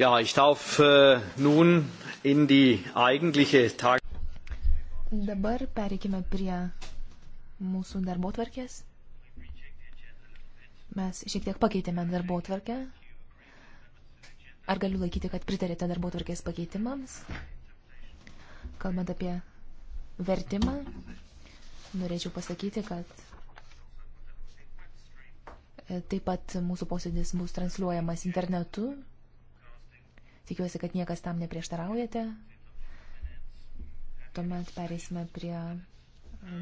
Ja, ich darf äh, nun in die eigentliche Tag. Dabar pereikime prie mūsų darbotvarkės. Mes šiek tiek pakeitėme darbotvarkę. Ar galiu laikyti, kad pritarėte darbotvarkės pakeitimams? Kalbant apie vertimą, norėčiau pasakyti, kad e, taip pat mūsų posėdis bus transliuojamas internetu Tikiuosi, kad niekas tam neprieštaraujate. Tuomet pereisime prie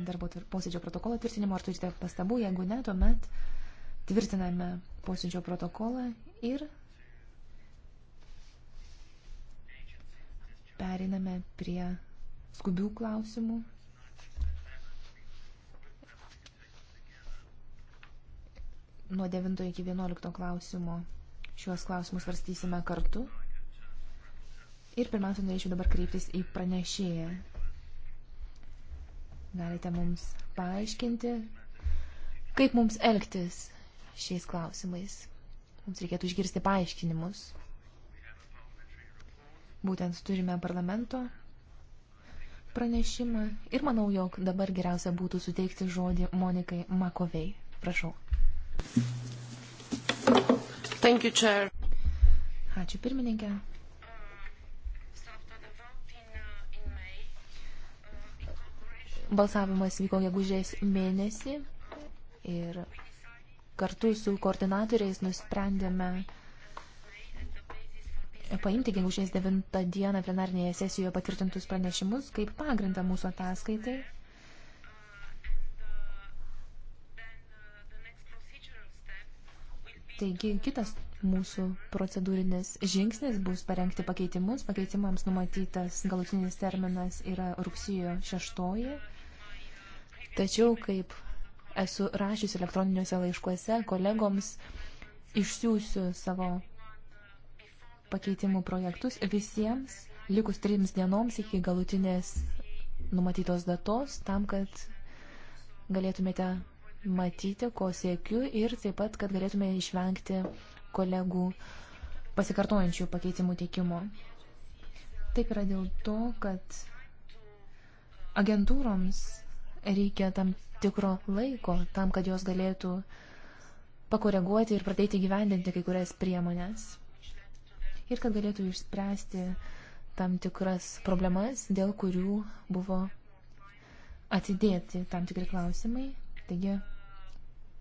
darbo posėdžio protokolo tvirtinimo. Ar turite pastabų? Jeigu ne, tuomet tvirtiname posėdžio protokolą ir pereiname prie skubių klausimų. Nuo 9 iki 11 klausimo šiuos klausimus varstysime kartu. Ir pirmiausia, norėčiau dabar kreiptis į pranešėją. Galite mums paaiškinti, kaip mums elgtis šiais klausimais. Mums reikėtų išgirsti paaiškinimus. Būtent turime parlamento pranešimą ir manau, jog dabar geriausia būtų suteikti žodį Monikai Makovei. Prašau. Thank you, Chair. Ačiū pirmininkė. Balsavimas vyko gegužės mėnesį ir kartu su koordinatoriais nusprendėme paimti gegužės 9 dieną plenarnėje sesijoje patvirtintus pranešimus kaip pagrindą mūsų ataskaitai. Taigi kitas mūsų procedūrinis žingsnis bus parengti pakeitimus. Pakeitimams numatytas galutinis terminas yra rugsėjo 6. Tačiau, kaip esu rašęs elektroniniuose laiškuose kolegoms, išsiųsiu savo pakeitimų projektus visiems likus trims dienoms iki galutinės numatytos datos, tam, kad galėtumėte matyti, ko siekiu ir taip pat, kad galėtume išvengti kolegų pasikartojančių pakeitimų teikimo. Taip yra dėl to, kad agentūroms reikia tam tikro laiko tam, kad jos galėtų pakoreguoti ir pradėti gyvendinti kai kurias priemonės. Ir kad galėtų išspręsti tam tikras problemas, dėl kurių buvo atidėti tam tikri klausimai. Taigi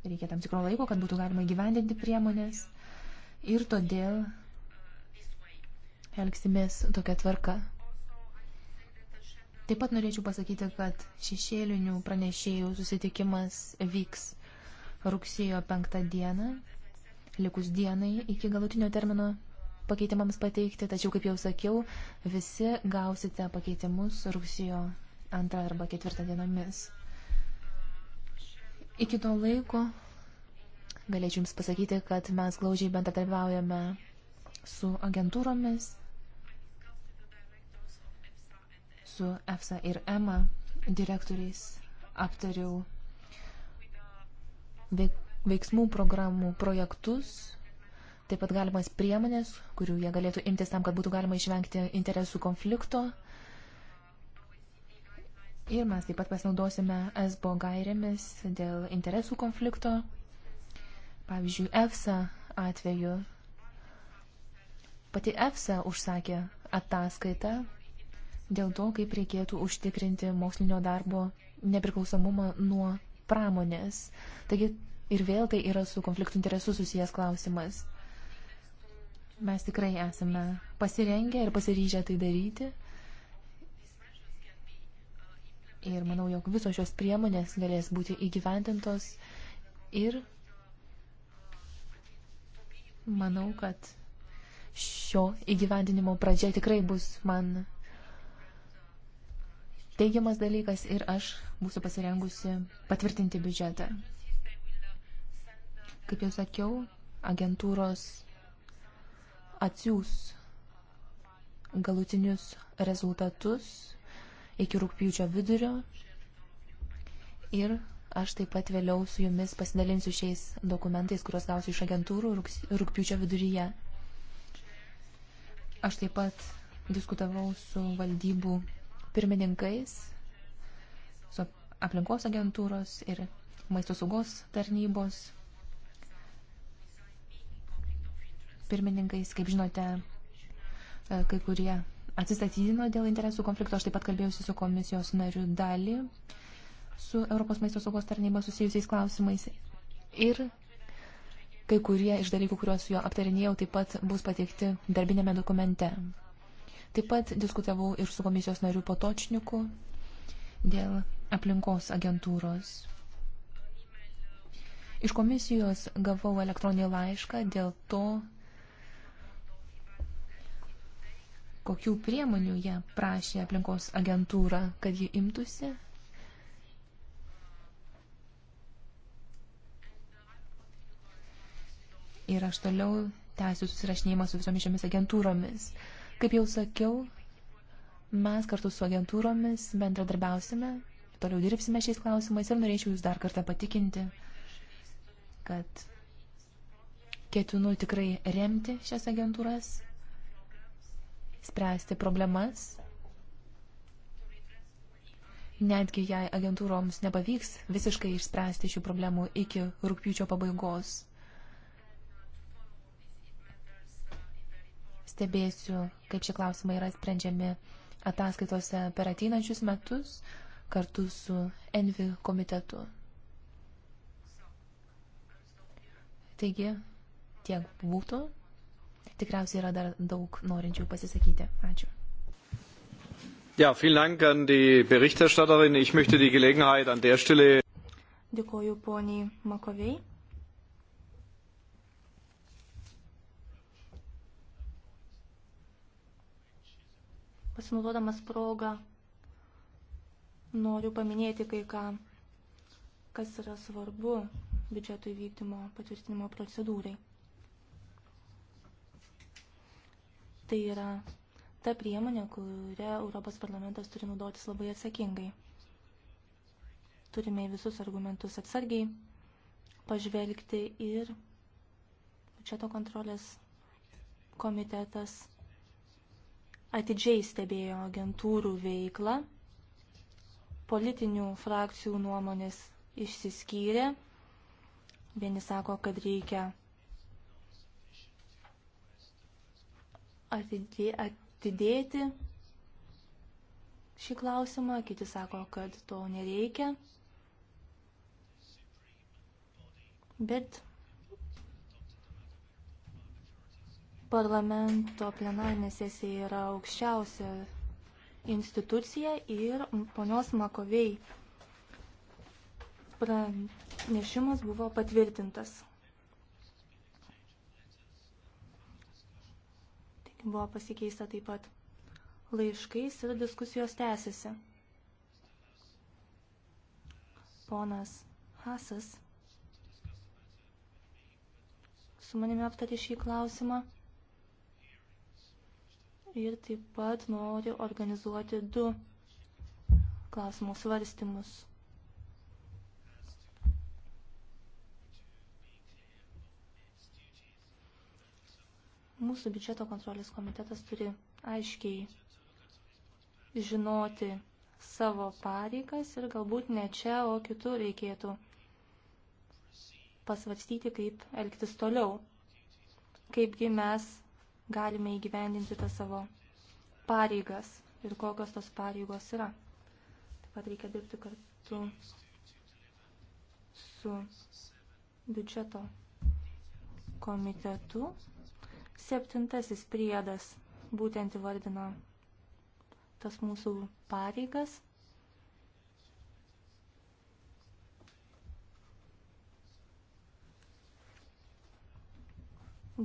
reikia tam tikro laiko, kad būtų galima gyvendinti priemonės. Ir todėl elgsimės tokia tvarka. Taip pat norėčiau pasakyti, kad šešėlinių pranešėjų susitikimas vyks rugsėjo 5 dieną, likus dienai iki galutinio termino pakeitimams pateikti, tačiau, kaip jau sakiau, visi gausite pakeitimus rugsėjo 2 arba 4 dienomis. Iki to laiko galėčiau Jums pasakyti, kad mes glaužiai bendradarbiaujame su agentūromis su EFSA ir EMA direktoriais aptariau veiksmų programų projektus, taip pat galimas priemonės, kurių jie galėtų imtis tam, kad būtų galima išvengti interesų konflikto. Ir mes taip pat pasinaudosime ESBO gairėmis dėl interesų konflikto. Pavyzdžiui, EFSA atveju. Pati EFSA užsakė ataskaitą dėl to, kaip reikėtų užtikrinti mokslinio darbo nepriklausomumą nuo pramonės. Taigi ir vėl tai yra su konfliktų interesų susijęs klausimas. Mes tikrai esame pasirengę ir pasiryžę tai daryti. Ir manau, jog visos šios priemonės galės būti įgyvendintos. Ir manau, kad šio įgyvendinimo pradžia tikrai bus man teigiamas dalykas ir aš būsiu pasirengusi patvirtinti biudžetą. Kaip jau sakiau, agentūros atsiūs galutinius rezultatus iki rūpjūčio vidurio ir aš taip pat vėliau su jumis pasidalinsiu šiais dokumentais, kuriuos gausiu iš agentūrų rūpjūčio viduryje. Aš taip pat diskutavau su valdybų pirmininkais, su aplinkos agentūros ir maisto saugos tarnybos pirmininkais. Kaip žinote, e, kai kurie atsistatydino dėl interesų konflikto. Aš taip pat kalbėjausi su komisijos nariu dalį, su Europos maisto saugos tarnyba susijusiais klausimais. Ir kai kurie iš dalykų, kuriuos su juo aptarinėjau, taip pat bus pateikti darbinėme dokumente. Taip pat diskutavau ir su komisijos nariu Potočniku dėl aplinkos agentūros. Iš komisijos gavau elektroninį laišką dėl to, kokių priemonių jie prašė aplinkos agentūrą, kad ji imtųsi. Ir aš toliau tęsiu susirašinėjimą su visomis šiomis agentūromis. Uh, Kaip jau sakiau, mes kartu su agentūromis bendradarbiausime, toliau dirbsime šiais klausimais ir norėčiau Jūs dar kartą patikinti, kad ketinu tikrai remti šias agentūras, spręsti problemas, netgi jei agentūroms nepavyks visiškai išspręsti šių problemų iki rūpjūčio pabaigos stebėsiu, kaip šie klausimai yra sprendžiami ataskaitose per ateinančius metus kartu su Envi komitetu. Taigi, tiek būtų. Tikriausiai yra dar daug norinčių pasisakyti. Ačiū. Ja, vielen Dank an die Berichterstatterin. Ich möchte die Gelegenheit an der Stelle. Dėkoju poniai Makovei. Pasinaudodamas progą noriu paminėti kai ką, kas yra svarbu biudžeto įvykdymo patvirtinimo procedūrai. Tai yra ta priemonė, kurią Europos parlamentas turi naudotis labai atsakingai. Turime į visus argumentus atsargiai pažvelgti ir biudžeto kontrolės komitetas atidžiai stebėjo agentūrų veiklą, politinių frakcijų nuomonės išsiskyrė. Vieni sako, kad reikia atidėti šį klausimą, kiti sako, kad to nereikia. Bet Parlamento plenarinė sesija yra aukščiausia institucija ir ponios Makovei pranešimas buvo patvirtintas. Taigi buvo pasikeista taip pat laiškais ir diskusijos tęsiasi. Ponas Hasas su manimi aptarė šį klausimą ir taip pat nori organizuoti du klausimų svarstymus. Mūsų biudžeto kontrolės komitetas turi aiškiai žinoti savo pareigas ir galbūt ne čia, o kitur reikėtų pasvarstyti, kaip elgtis toliau. Kaipgi mes galime įgyvendinti tą savo pareigas ir kokios tos pareigos yra. Taip pat reikia dirbti kartu su biudžeto komitetu. Septintasis priedas būtent įvardina tas mūsų pareigas.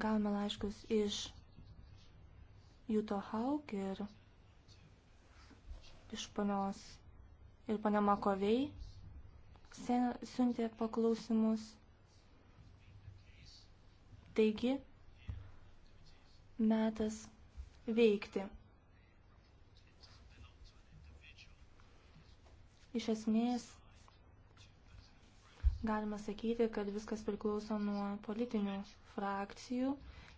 Gavome laiškus iš Juto Haug ir iš panios ir pane Makovei siuntė paklausimus. Taigi, metas veikti. Iš esmės, galima sakyti, kad viskas priklauso nuo politinių frakcijų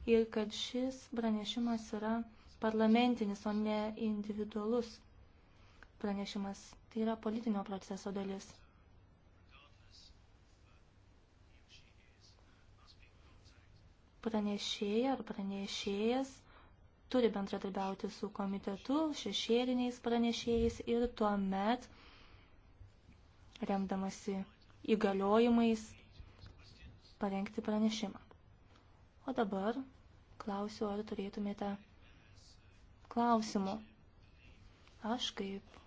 ir kad šis pranešimas yra parlamentinis, o ne individualus pranešimas. Tai yra politinio proceso dalis. Pranešėja ar pranešėjas turi bendradarbiauti su komitetu, šešėliniais pranešėjais ir tuomet, remdamasi įgaliojimais, parengti pranešimą. O dabar klausiu, ar turėtumėte klausimų. Aš kaip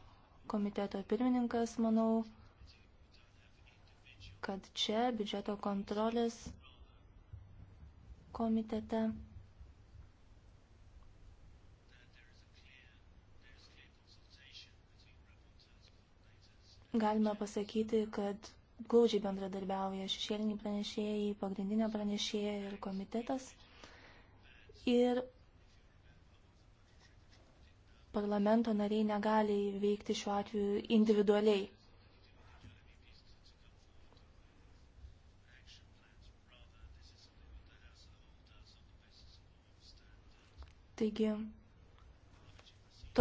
komiteto pirmininkas manau, kad čia biudžeto kontrolės komitete galime pasakyti, kad glaudžiai bendradarbiauja šešėliniai pranešėjai, pagrindinė pranešėja ir komitetas – ir parlamento nariai negali veikti šiuo atveju individualiai. Taigi,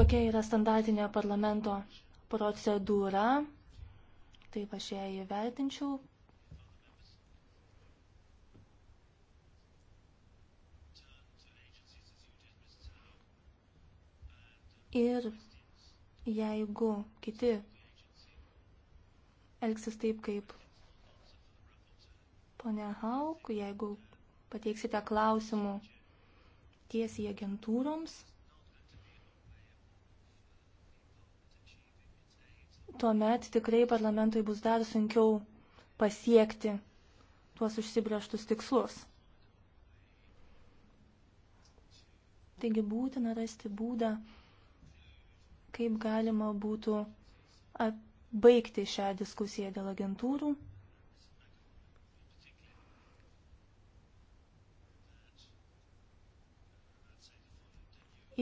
tokia yra standartinė parlamento procedūra. Taip aš ją įvertinčiau. Ir jeigu kiti elgsis taip, kaip ponia Hauk, jeigu pateiksite klausimų tiesiai agentūroms, tuomet tikrai parlamentui bus dar sunkiau pasiekti tuos užsibrieštus tikslus. Taigi būtina rasti būdą kaip galima būtų baigti šią diskusiją dėl agentūrų.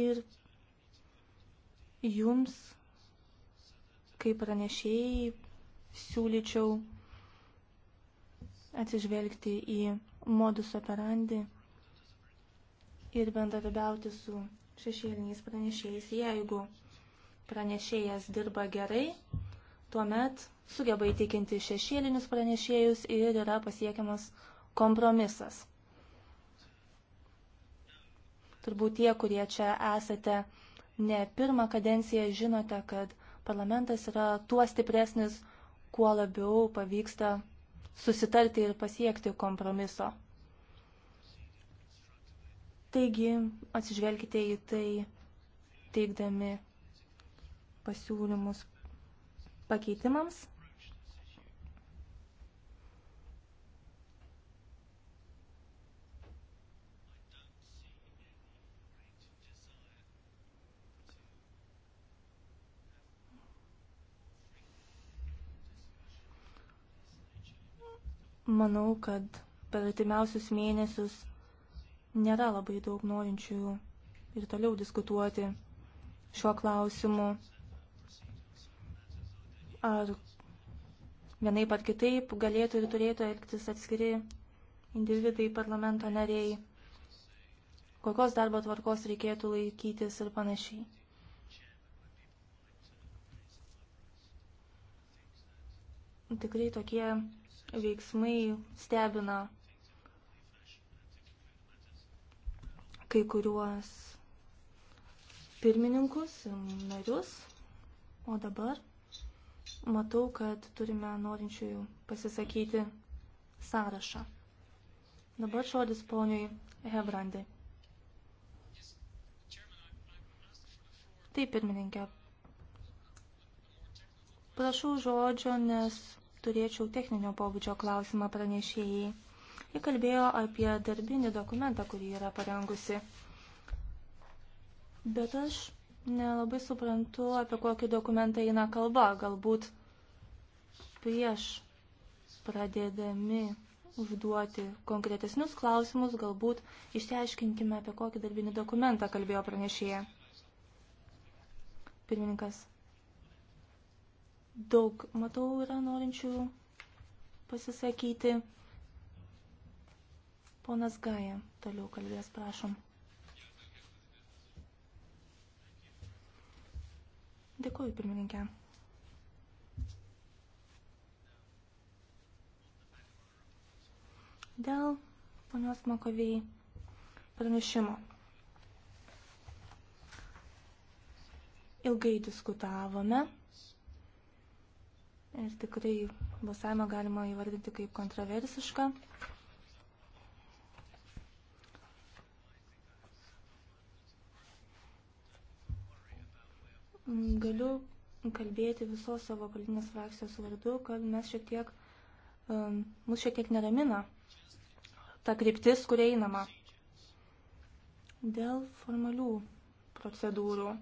Ir jums, kaip pranešėjai, siūlyčiau atsižvelgti į modus operandi ir bendradarbiauti su šešėliniais pranešėjais, jeigu pranešėjas dirba gerai, tuomet sugeba įtikinti šešėlinius pranešėjus ir yra pasiekiamas kompromisas. Turbūt tie, kurie čia esate ne pirmą kadenciją, žinote, kad parlamentas yra tuo stipresnis, kuo labiau pavyksta susitarti ir pasiekti kompromiso. Taigi, atsižvelkite į tai, teikdami pasiūlymus pakeitimams. Manau, kad per artimiausius mėnesius nėra labai daug norinčių ir toliau diskutuoti šiuo klausimu ar vienaip ar kitaip galėtų ir turėtų elgtis atskiri individai, parlamento nariai, kokios darbo tvarkos reikėtų laikytis ir panašiai. Tikrai tokie veiksmai stebina kai kuriuos pirmininkus, narius, o dabar Matau, kad turime norinčiųjų pasisakyti sąrašą. Dabar žodis poniui Hebrandi. Taip, pirmininkė. Prašau žodžio, nes turėčiau techninio pobūdžio klausimą pranešėjai. Ji kalbėjo apie darbinį dokumentą, kurį yra parengusi. Bet aš Nelabai suprantu, apie kokį dokumentą eina kalba. Galbūt prieš pradėdami užduoti konkretesnius klausimus, galbūt išteiškinkime, apie kokį darbinį dokumentą kalbėjo pranešėja. Pirmininkas. Daug, matau, yra norinčių pasisakyti. Ponas Gaja, toliau kalbės, prašom. Dėkuoju, pirmininkė. Dėl ponios Makovėjai pranešimo. Ilgai diskutavome ir tikrai balsavimą galima įvardinti kaip kontroversišką. Galiu kalbėti visos savo politinės frakcijos vardu, kad mes šiek tiek, um, mus šiek tiek neramina ta kryptis, kuria einama. Dėl formalių procedūrų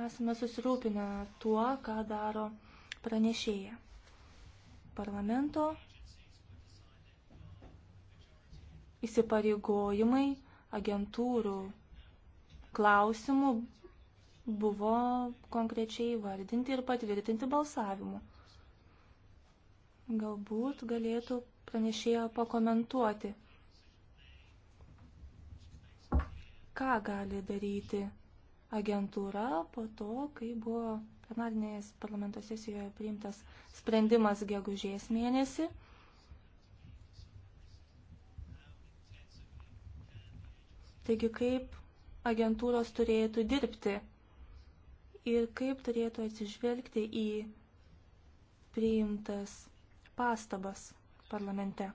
esame susirūpinę tuo, ką daro pranešėja. Parlamento įsipareigojimai agentūrų klausimų buvo konkrečiai įvardinti ir patvirtinti balsavimu. Galbūt galėtų pranešėja pakomentuoti, ką gali daryti agentūra po to, kai buvo plenarinės parlamento sesijoje priimtas sprendimas gegužės mėnesį. Taigi kaip agentūros turėtų dirbti ir kaip turėtų atsižvelgti į priimtas pastabas parlamente.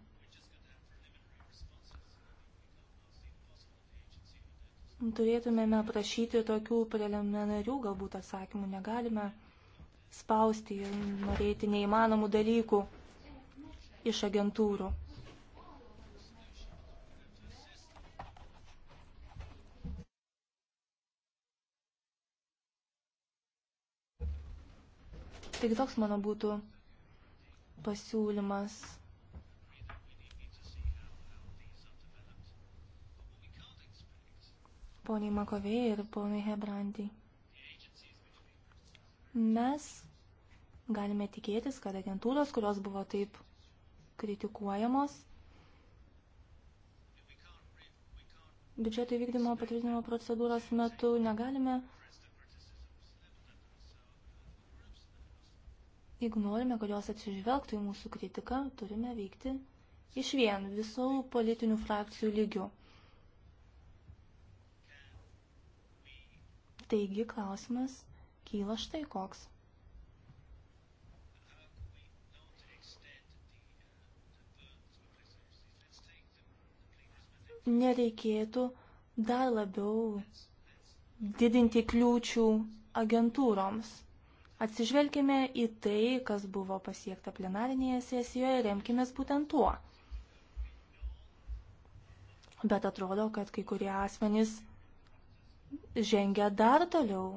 Turėtumėme prašyti tokių preliminarių galbūt atsakymų, negalime spausti ir norėti neįmanomų dalykų iš agentūrų. Taigi toks mano būtų pasiūlymas. Poniai Makovėjai ir poniai Hebrandai. Mes galime tikėtis, kad agentūros, kurios buvo taip kritikuojamos, biudžeto įvykdymo patvirtinimo procedūros metu negalime Jeigu norime, kad jos atsižvelgtų į mūsų kritiką, turime veikti iš vien visų politinių frakcijų lygių. Taigi klausimas kyla štai koks. Nereikėtų dar labiau didinti kliūčių agentūroms. Atsižvelkime į tai, kas buvo pasiekta plenarinėje sesijoje, remkimės būtent tuo. Bet atrodo, kad kai kurie asmenys žengia dar toliau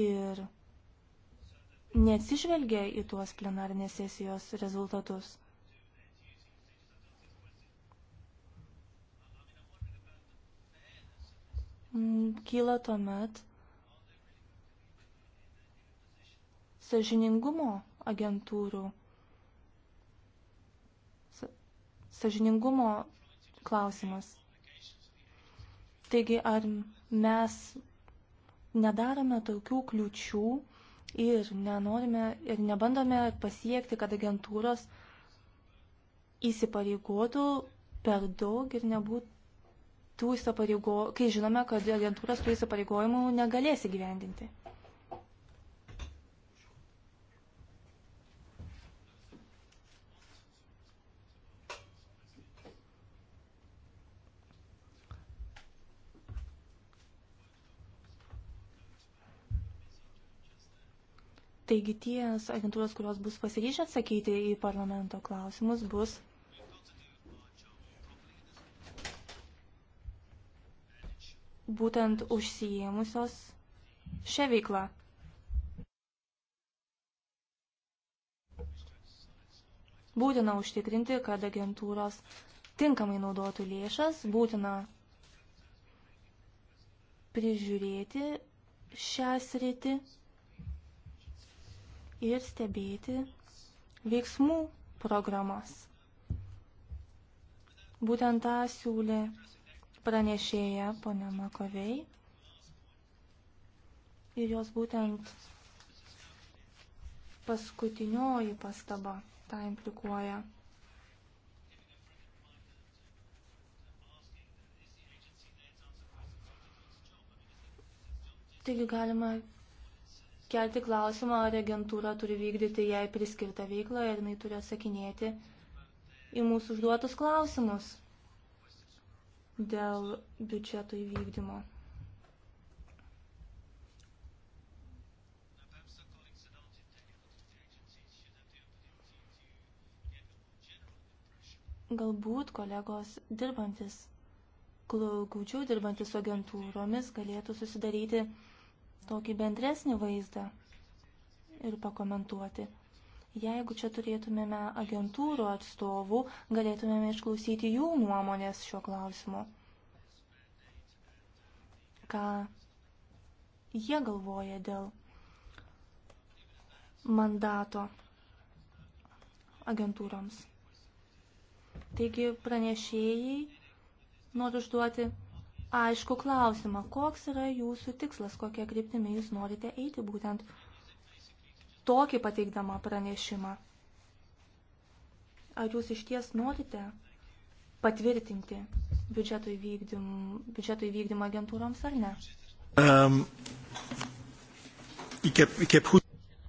ir neatsižvelgia į tuos plenarinės sesijos rezultatus. Kyla tuomet sažiningumo agentūrų, sažiningumo klausimas. Taigi, ar mes nedarome tokių kliučių ir nenorime ir nebandome pasiekti, kad agentūros įsipareigotų per daug ir nebūtų įsipareigojimų, kai žinome, kad agentūros tų įsipareigojimų negalės įgyvendinti. Taigi ties agentūros, kurios bus pasiryžę atsakyti į parlamento klausimus, bus. būtent užsijėmusios šią veiklą. Būtina užtikrinti, kad agentūros tinkamai naudotų lėšas, būtina prižiūrėti šią sritį ir stebėti veiksmų programas. Būtent tą siūlė pranešėja ponia Makovei ir jos būtent paskutinioji pastaba tą implikuoja. Taigi galima kelti klausimą, ar agentūra turi vykdyti jai priskirtą veiklą ir jinai turi atsakinėti į mūsų užduotus klausimus dėl biudžeto įvykdymo. Galbūt kolegos dirbantis, glaudžiau dirbantis agentūromis galėtų susidaryti tokį bendresnį vaizdą ir pakomentuoti. Jeigu čia turėtumėme agentūrų atstovų, galėtumėme išklausyti jų nuomonės šiuo klausimu. Ką jie galvoja dėl mandato agentūroms. Taigi pranešėjai noriu užduoti aišku klausimą, koks yra jūsų tikslas, kokia kryptimi jūs norite eiti būtent tokį pateikdama pranešimą. Ar jūs iš ties norite patvirtinti biudžeto įvykdymą, biudžeto įvykdymą agentūroms ar ne? Um, ik heb, ik heb goed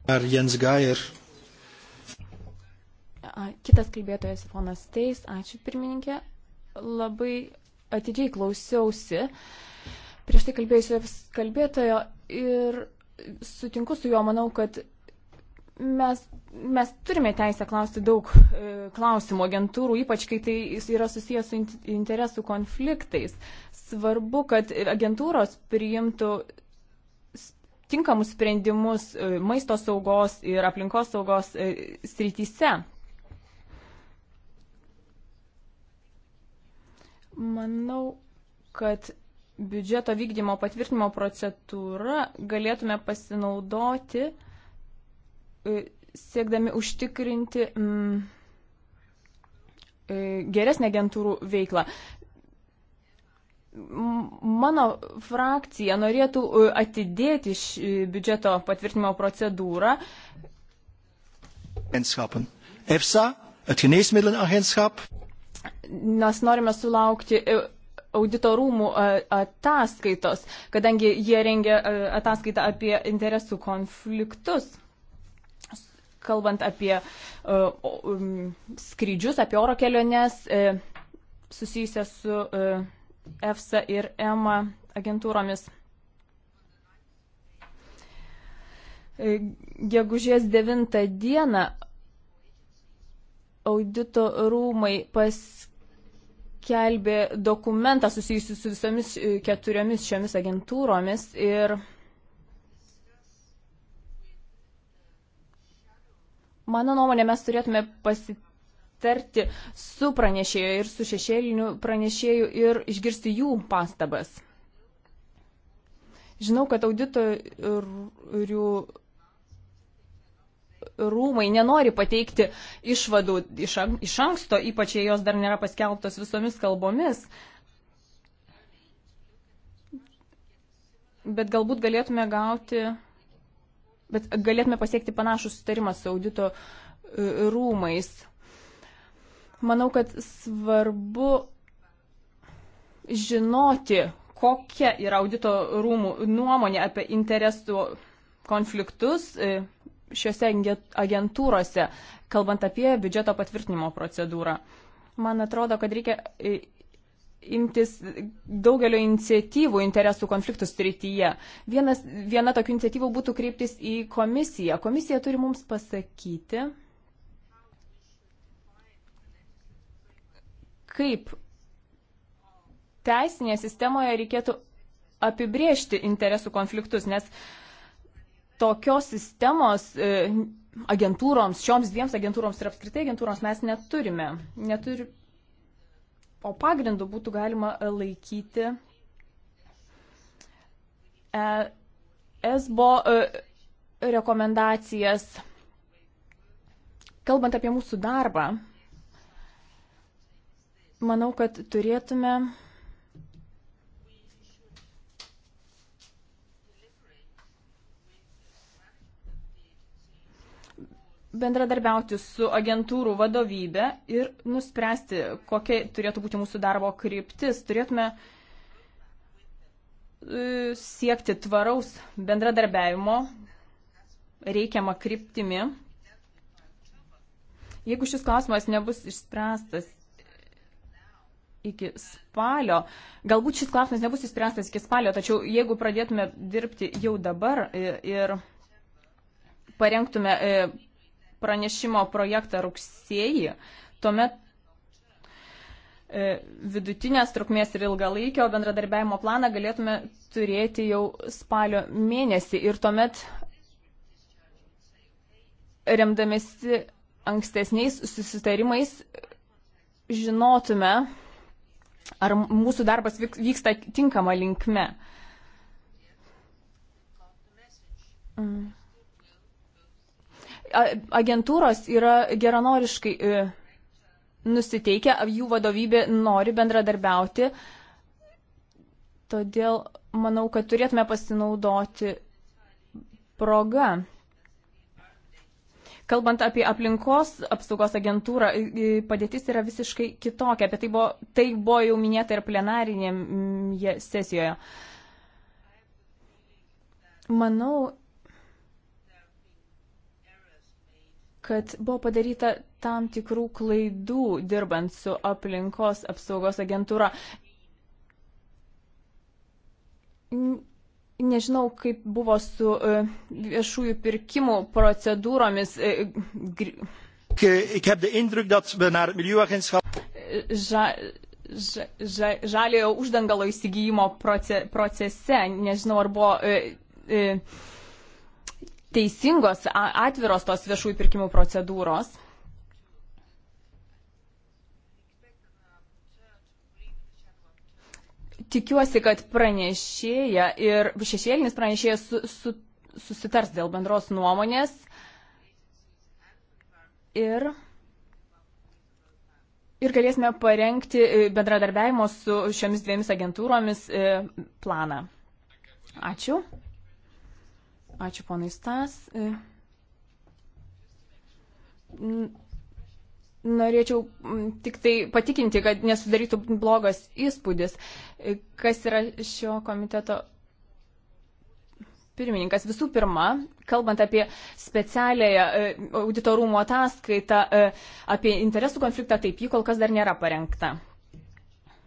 naar Jens Geier. Kitas kalbėtojas, ponas Teis, ačiū pirmininkė. Labai atidžiai klausiausi prieš tai kalbėjusio kalbėtojo ir sutinku su juo, manau, kad mes, mes turime teisę klausti daug e, klausimų agentūrų, ypač kai tai yra susijęs su interesų konfliktais. Svarbu, kad agentūros priimtų tinkamus sprendimus e, maisto saugos ir aplinkos saugos e, srityse. Manau, kad biudžeto vykdymo patvirtinimo procedūra galėtume pasinaudoti e, siekdami užtikrinti mm, e, geresnę agentūrų veiklą. Mano frakcija norėtų e, atidėti biudžeto patvirtinimo procedūrą. EFSA, het geneesmiddelenagentschap. Mes norime sulaukti e, auditorumų e, ataskaitos, kadangi jie rengia e, ataskaitą apie interesų konfliktus, kalbant apie skrydžius, apie oro keliones susijusias su EFSA ir EMA agentūromis. Gegužės 9 dieną Audito rūmai paskelbė dokumentą susijusiu su visomis e, keturiomis šiomis agentūromis ir mano nuomonė mes turėtume pasitikėti aptarti su pranešėju ir su šešėliniu pranešėju ir išgirsti jų pastabas. Žinau, kad auditorių rūmai nenori pateikti išvadų iš, iš anksto, ypač jei jos dar nėra paskelbtos visomis kalbomis. Bet galbūt galėtume gauti, bet galėtume pasiekti panašų sutarimą su audito e, rūmais. Manau, kad svarbu žinoti, kokia yra audito rūmų nuomonė apie interesų konfliktus, e, šiuose agentūrose, kalbant apie biudžeto patvirtinimo procedūrą. Man atrodo, kad reikia imtis daugelio iniciatyvų interesų konfliktų srityje. Vienas, viena tokių iniciatyvų būtų kreiptis į komisiją. Komisija turi mums pasakyti, kaip teisinėje sistemoje reikėtų apibriežti interesų konfliktus, nes uh, tokios sistemos e, agentūroms, šioms dviems agentūroms ir apskritai agentūroms mes neturime. Neturi... O pagrindu būtų galima laikyti ESBO e, rekomendacijas. Kalbant apie mūsų darbą, manau, kad turėtume bendradarbiauti su agentūrų vadovybė ir nuspręsti, kokia turėtų būti mūsų darbo kryptis. Turėtume e, siekti tvaraus bendradarbiavimo reikiamą kryptimi. Jeigu šis klausimas nebus išspręstas iki spalio, galbūt šis klausimas nebus išspręstas iki spalio, tačiau jeigu pradėtume dirbti jau dabar e, ir parengtume e, pranešimo projektą rugsėjį, tuomet e, vidutinės trukmės ir ilgalaikio bendradarbiavimo planą galėtume turėti jau spalio mėnesį ir tuomet remdamėsi ankstesniais susitarimais žinotume, ar mūsų darbas vyksta tinkama linkme. Mm agentūros yra geranoriškai e, nusiteikę, jų vadovybė nori bendradarbiauti. Todėl manau, kad turėtume pasinaudoti proga. Kalbant apie aplinkos apsaugos agentūrą, padėtis yra visiškai kitokia. Apie tai buvo, tai buvo jau minėta ir plenarinėje sesijoje. Manau, kad buvo padaryta tam tikrų klaidų dirbant su aplinkos apsaugos agentūra. Nežinau, kaip buvo su e, viešųjų pirkimų procedūromis. E, eh, ik heb de indruk dat we naar het milieuagentschap. E, ža, ža, ža, žaliojo uždangalo įsigijimo proce, procese, nežinau, ar buvo. E, e, teisingos, atviros tos viešųjų pirkimų procedūros. Tikiuosi, kad pranešėja ir šešėlinis pranešėjas su, su, susitars dėl bendros nuomonės ir, ir galėsime parengti e, bendradarbiavimo su šiomis dviemis agentūromis e, planą. Ačiū. Ačiū ponai Stas. E, norėčiau tik tai patikinti, kad nesudarytų blogas įspūdis, e, kas yra šio komiteto pirmininkas. Visų pirma, kalbant apie specialiąją e, auditorumo ataskaitą, apie interesų konfliktą, taip jį kol kas dar nėra parengta.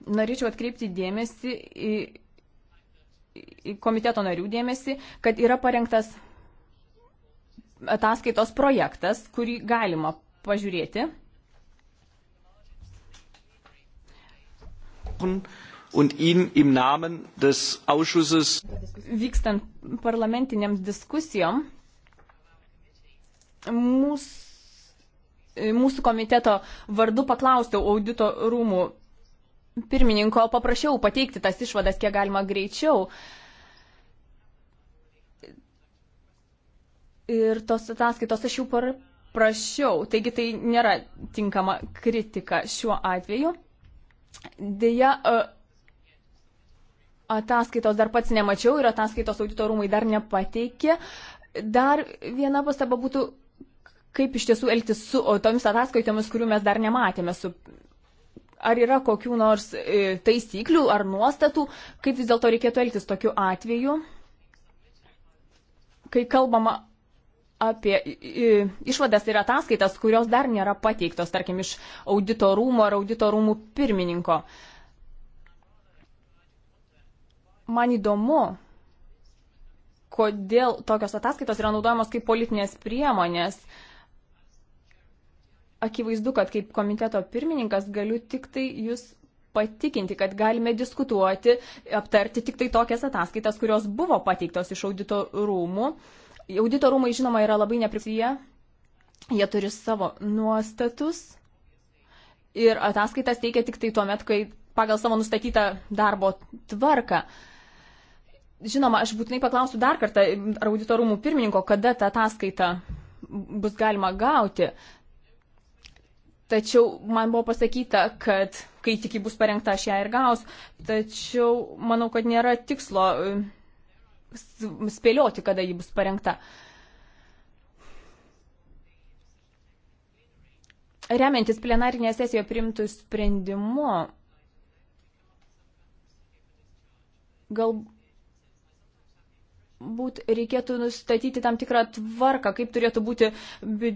Norėčiau atkreipti dėmesį į komiteto narių dėmesį, kad yra parengtas ataskaitos projektas, kurį galima pažiūrėti. Und ihn im Namen des Ausschusses. Vykstant parlamentiniams diskusijom, mūsų, mūsų komiteto vardu paklausiau audito rūmų pirmininko paprašiau pateikti tas išvadas kiek galima greičiau. Ir tos ataskaitos aš jau prašiau, taigi tai nėra tinkama kritika šiuo atveju. Deja, e, ataskaitos dar pats nemačiau ir ataskaitos auditorumai dar nepateikė. Dar viena pastaba būtų, kaip iš tiesų elgtis su tomis ataskaitomis, kurių mes dar nematėme, su ar yra kokių nors e, taisyklių ar nuostatų, kaip vis dėlto reikėtų elgtis tokiu atveju, kai kalbama apie išvadas ir ataskaitas, kurios dar nėra pateiktos, tarkim, iš audito rūmo ar audito rūmų pirmininko. Man įdomu, kodėl tokios ataskaitos yra naudojamos kaip politinės priemonės. Uh, akivaizdu, kad kaip komiteto pirmininkas galiu tik tai jūs patikinti, kad galime diskutuoti, aptarti tik tai tokias ataskaitas, kurios buvo pateiktos iš audito rūmų. Audito rūmai, žinoma, yra labai neprisie, jie turi savo nuostatus ir ataskaitas teikia tik tai tuo met, kai pagal savo nustatytą darbo tvarką. Žinoma, aš būtinai paklausiu dar kartą auditorumų pirmininko, kada tą ataskaitą bus galima gauti. Uh, Tačiau man buvo pasakyta, kad kai tik ji bus parengta, aš ją ir gaus. Tačiau manau, kad nėra tikslo um, spėlioti, kada ji bus parengta. Remiantis plenarinėje sesijoje primtų sprendimu, gal, Būt reikėtų nustatyti tam tikrą tvarką, kaip turėtų būti bi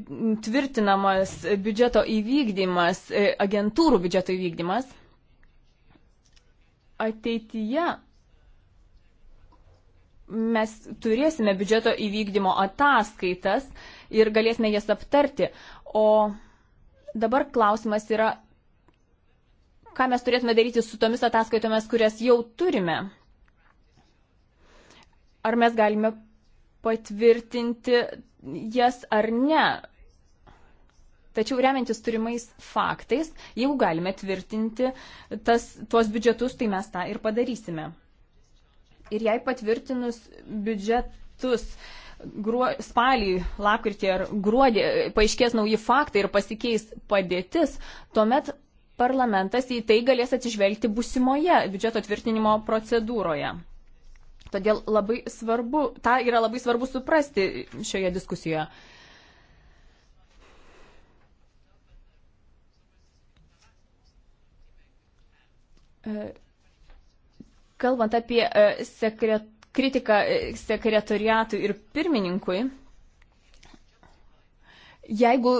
tvirtinamas biudžeto įvykdymas, e, agentūrų biudžeto įvykdymas. Ateityje mes turėsime biudžeto įvykdymo ataskaitas ir galėsime jas aptarti. O dabar klausimas yra, ką mes turėtume daryti su tomis ataskaitomis, kurias jau turime ar mes galime patvirtinti jas ar ne. Tačiau remiantis turimais faktais, jeigu galime tvirtinti tas, tuos biudžetus, tai mes tą ir padarysime. Ir jei patvirtinus biudžetus gruo, spalį, lakrytį ar gruodį paaiškės nauji faktai ir pasikeis padėtis, tuomet parlamentas į tai galės atsižvelgti busimoje biudžeto tvirtinimo procedūroje. Todėl labai svarbu, tą yra labai svarbu suprasti šioje diskusijoje. E, kalbant apie e, sekret, kritiką e, sekretariatui ir pirmininkui, jeigu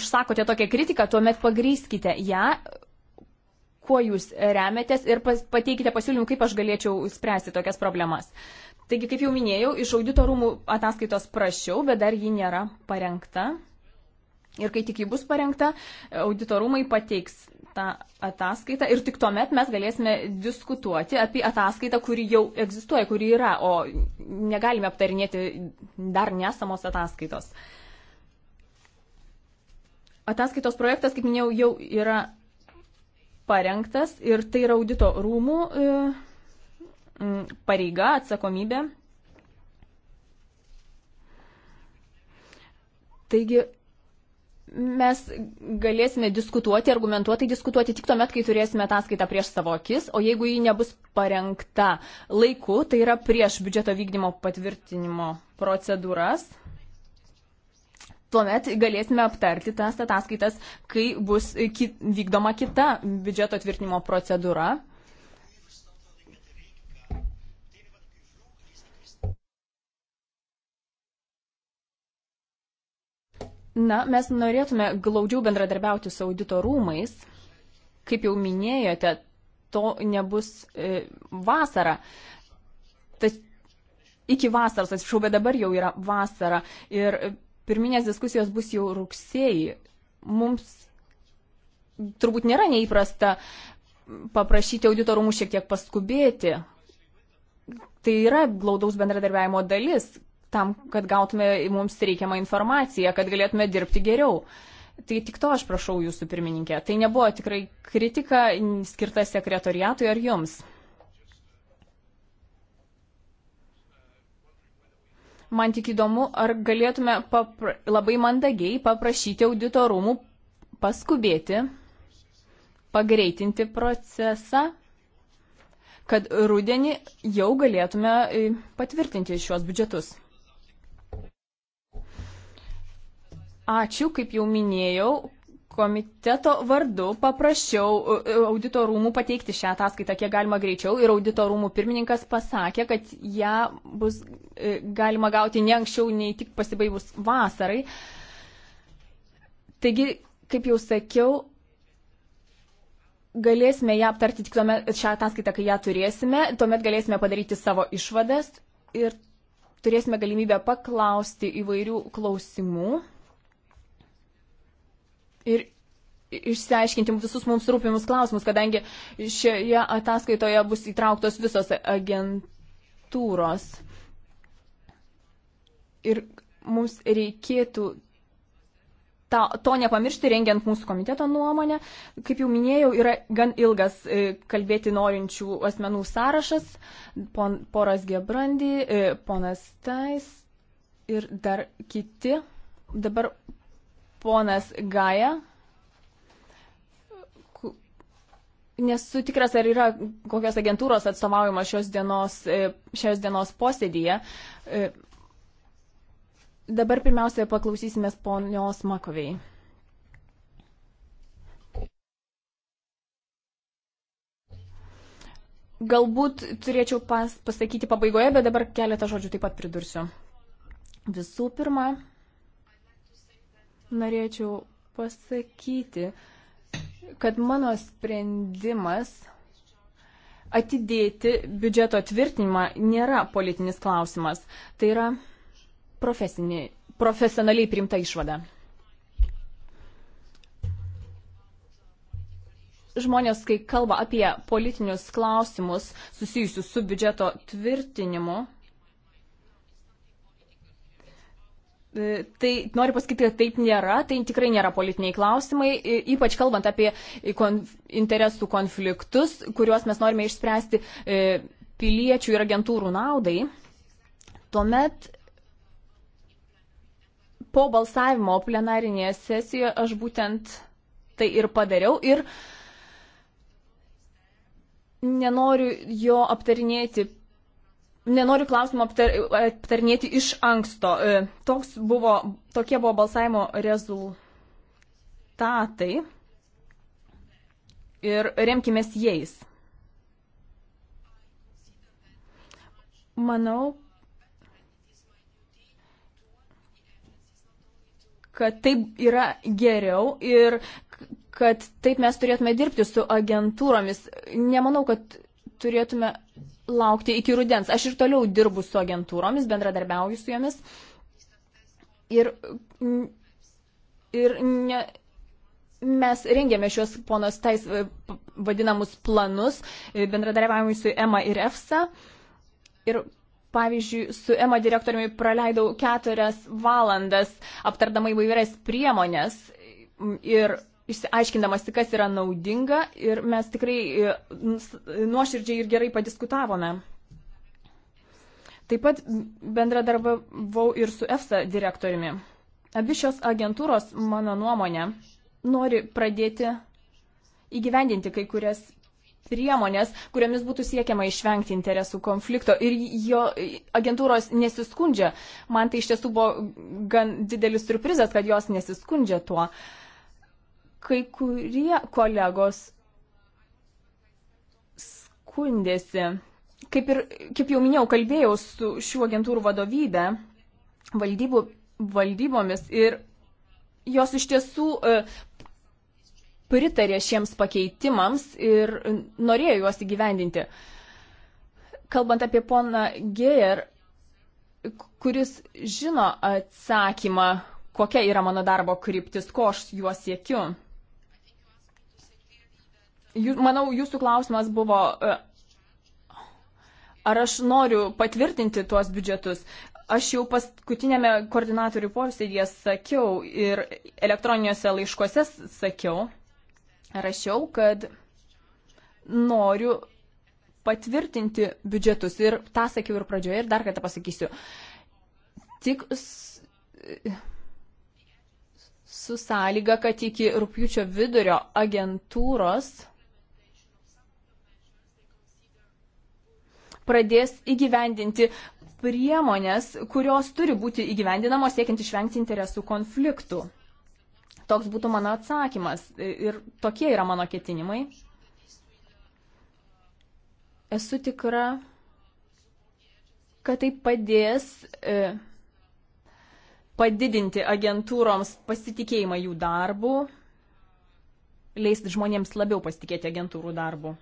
išsakote tokią kritiką, tuomet pagryskite ją kuo jūs remiatės ir pateikite pasiūlymų, kaip aš galėčiau spręsti tokias problemas. Taigi, kaip jau minėjau, iš audito rūmų ataskaitos prašiau, bet dar ji nėra parengta. Ir kai tik ji bus parengta, auditorumai pateiks tą ataskaitą ir tik tuomet mes galėsime diskutuoti apie ataskaitą, kuri jau egzistuoja, kuri yra, o negalime aptarinėti dar nesamos ataskaitos. Ataskaitos projektas, kaip minėjau, jau yra parengtas ir tai yra audito rūmų e, pareiga, atsakomybė. Taigi mes galėsime diskutuoti, argumentuotai diskutuoti tik tuomet, kai turėsime ataskaitą prieš savo akis, o jeigu ji nebus parengta laiku, tai yra prieš biudžeto vykdymo patvirtinimo procedūras, Tuomet galėsime aptarti tas ataskaitas, kai bus ki vykdoma kita biudžeto tvirtinimo procedūra. Na, mes norėtume glaudžiau bendradarbiauti su audito rūmais. Kaip jau minėjote, to nebus e, vasara. Tačiau iki vasaros, atsiprašau, bet dabar jau yra vasara. Ir Pirminės diskusijos bus jau rugsėjai. Mums turbūt nėra neįprasta paprašyti auditorumų šiek tiek paskubėti. Tai yra glaudaus bendradarbiavimo dalis, tam, kad gautume mums reikiamą informaciją, kad galėtume dirbti geriau. Tai tik to aš prašau jūsų pirmininkė. Tai nebuvo tikrai kritika skirta sekretoriatui ar jums. Man tik įdomu, ar galėtume papra... labai mandagiai paprašyti auditorumų paskubėti, pagreitinti procesą, kad rudenį jau galėtume e, patvirtinti šios biudžetus. Ačiū, kaip jau minėjau, komiteto vardu paprašiau e, e, audito rūmų pateikti šią ataskaitą kiek galima greičiau ir audito rūmų pirmininkas pasakė, kad ją bus e, galima gauti ne anksčiau, nei tik pasibaigus vasarai. Taigi, kaip jau sakiau, galėsime ją aptarti tik tuomet šią ataskaitą, kai ją turėsime, tuomet galėsime padaryti savo išvadas ir turėsime galimybę paklausti įvairių klausimų ir išsiaiškinti visus mums rūpimus klausimus, kadangi šioje ataskaitoje bus įtrauktos visos agentūros. Ir mums reikėtų ta, to nepamiršti, rengiant mūsų komiteto nuomonę. Kaip jau minėjau, yra gan ilgas e, kalbėti norinčių asmenų sąrašas. Pon, poras Gebrandy, e, ponas Tais ir dar kiti. Dabar ponas Gaja. Nesu tikras, ar yra kokios agentūros atstovaujama šios dienos, e, šios dienos posėdyje. E, dabar pirmiausia paklausysime ponios Makoviai. Galbūt turėčiau pas, pasakyti pabaigoje, bet dabar keletą žodžių taip pat pridursiu. Visų pirma, norėčiau pasakyti, kad mano sprendimas atidėti biudžeto tvirtinimą nėra politinis klausimas. Tai yra profesionaliai priimta išvada. Žmonės, kai kalba apie politinius klausimus susijusius su biudžeto tvirtinimu, E, tai noriu pasakyti, kad taip nėra, tai tikrai nėra politiniai klausimai, e, ypač kalbant apie konf interesų konfliktus, kuriuos mes norime išspręsti e, piliečių ir agentūrų naudai. Tuomet po balsavimo plenarinėje sesijoje aš būtent tai ir padariau ir nenoriu jo aptarinėti nenoriu klausimą aptar, aptarnėti iš anksto. E, toks buvo, tokie buvo balsavimo rezultatai ir remkimės jais. Manau, kad taip yra geriau ir kad taip mes turėtume dirbti su agentūromis. Nemanau, kad turėtume laukti iki rudens. Aš ir toliau dirbu su agentūromis, bendradarbiauju su jomis. Ir, ir ne, mes rengėme šios ponos tais e, vadinamus planus, e, bendradarbiavimui su EMA ir EFSA. Ir pavyzdžiui, su EMA direktoriumi praleidau keturias valandas aptardama įvairias priemonės ir išsiaiškindamasi, kas yra naudinga ir mes tikrai e, nuoširdžiai ir gerai padiskutavome. Taip pat bendradarbiavau ir su EFSA direktoriumi. Abi šios agentūros, mano nuomonė, nori pradėti įgyvendinti kai kurias priemonės, kuriamis būtų siekiama išvengti interesų konflikto. Ir jo agentūros nesiskundžia. Man tai iš tiesų buvo gan didelis surprizas, kad jos nesiskundžia tuo. Uh, Kai kurie kolegos skundėsi. Kaip, ir, kaip jau minėjau, kalbėjau su šių agentūrų vadovybė, valdybų, valdybomis ir jos iš tiesų e, pritarė šiems pakeitimams ir norėjo juos įgyvendinti. Kalbant apie poną Geir, kuris žino atsakymą, kokia yra mano darbo kryptis, ko aš juos siekiu. Jūs, manau, jūsų klausimas buvo, e, ar aš noriu patvirtinti tuos biudžetus. Aš jau paskutinėme koordinatorių posėdėje sakiau ir elektroniniuose laiškuose sakiau, rašiau, kad noriu patvirtinti biudžetus. Ir tą sakiau ir pradžioje, ir dar kartą pasakysiu. Tik su sąlyga, kad iki rūpjūčio vidurio agentūros pradės įgyvendinti priemonės, kurios turi būti įgyvendinamos siekiant išvengti interesų konfliktų. Toks būtų mano atsakymas ir tokie yra mano ketinimai. Esu tikra, kad tai padės e, padidinti agentūroms pasitikėjimą jų darbu, leisti žmonėms labiau pasitikėti agentūrų darbu.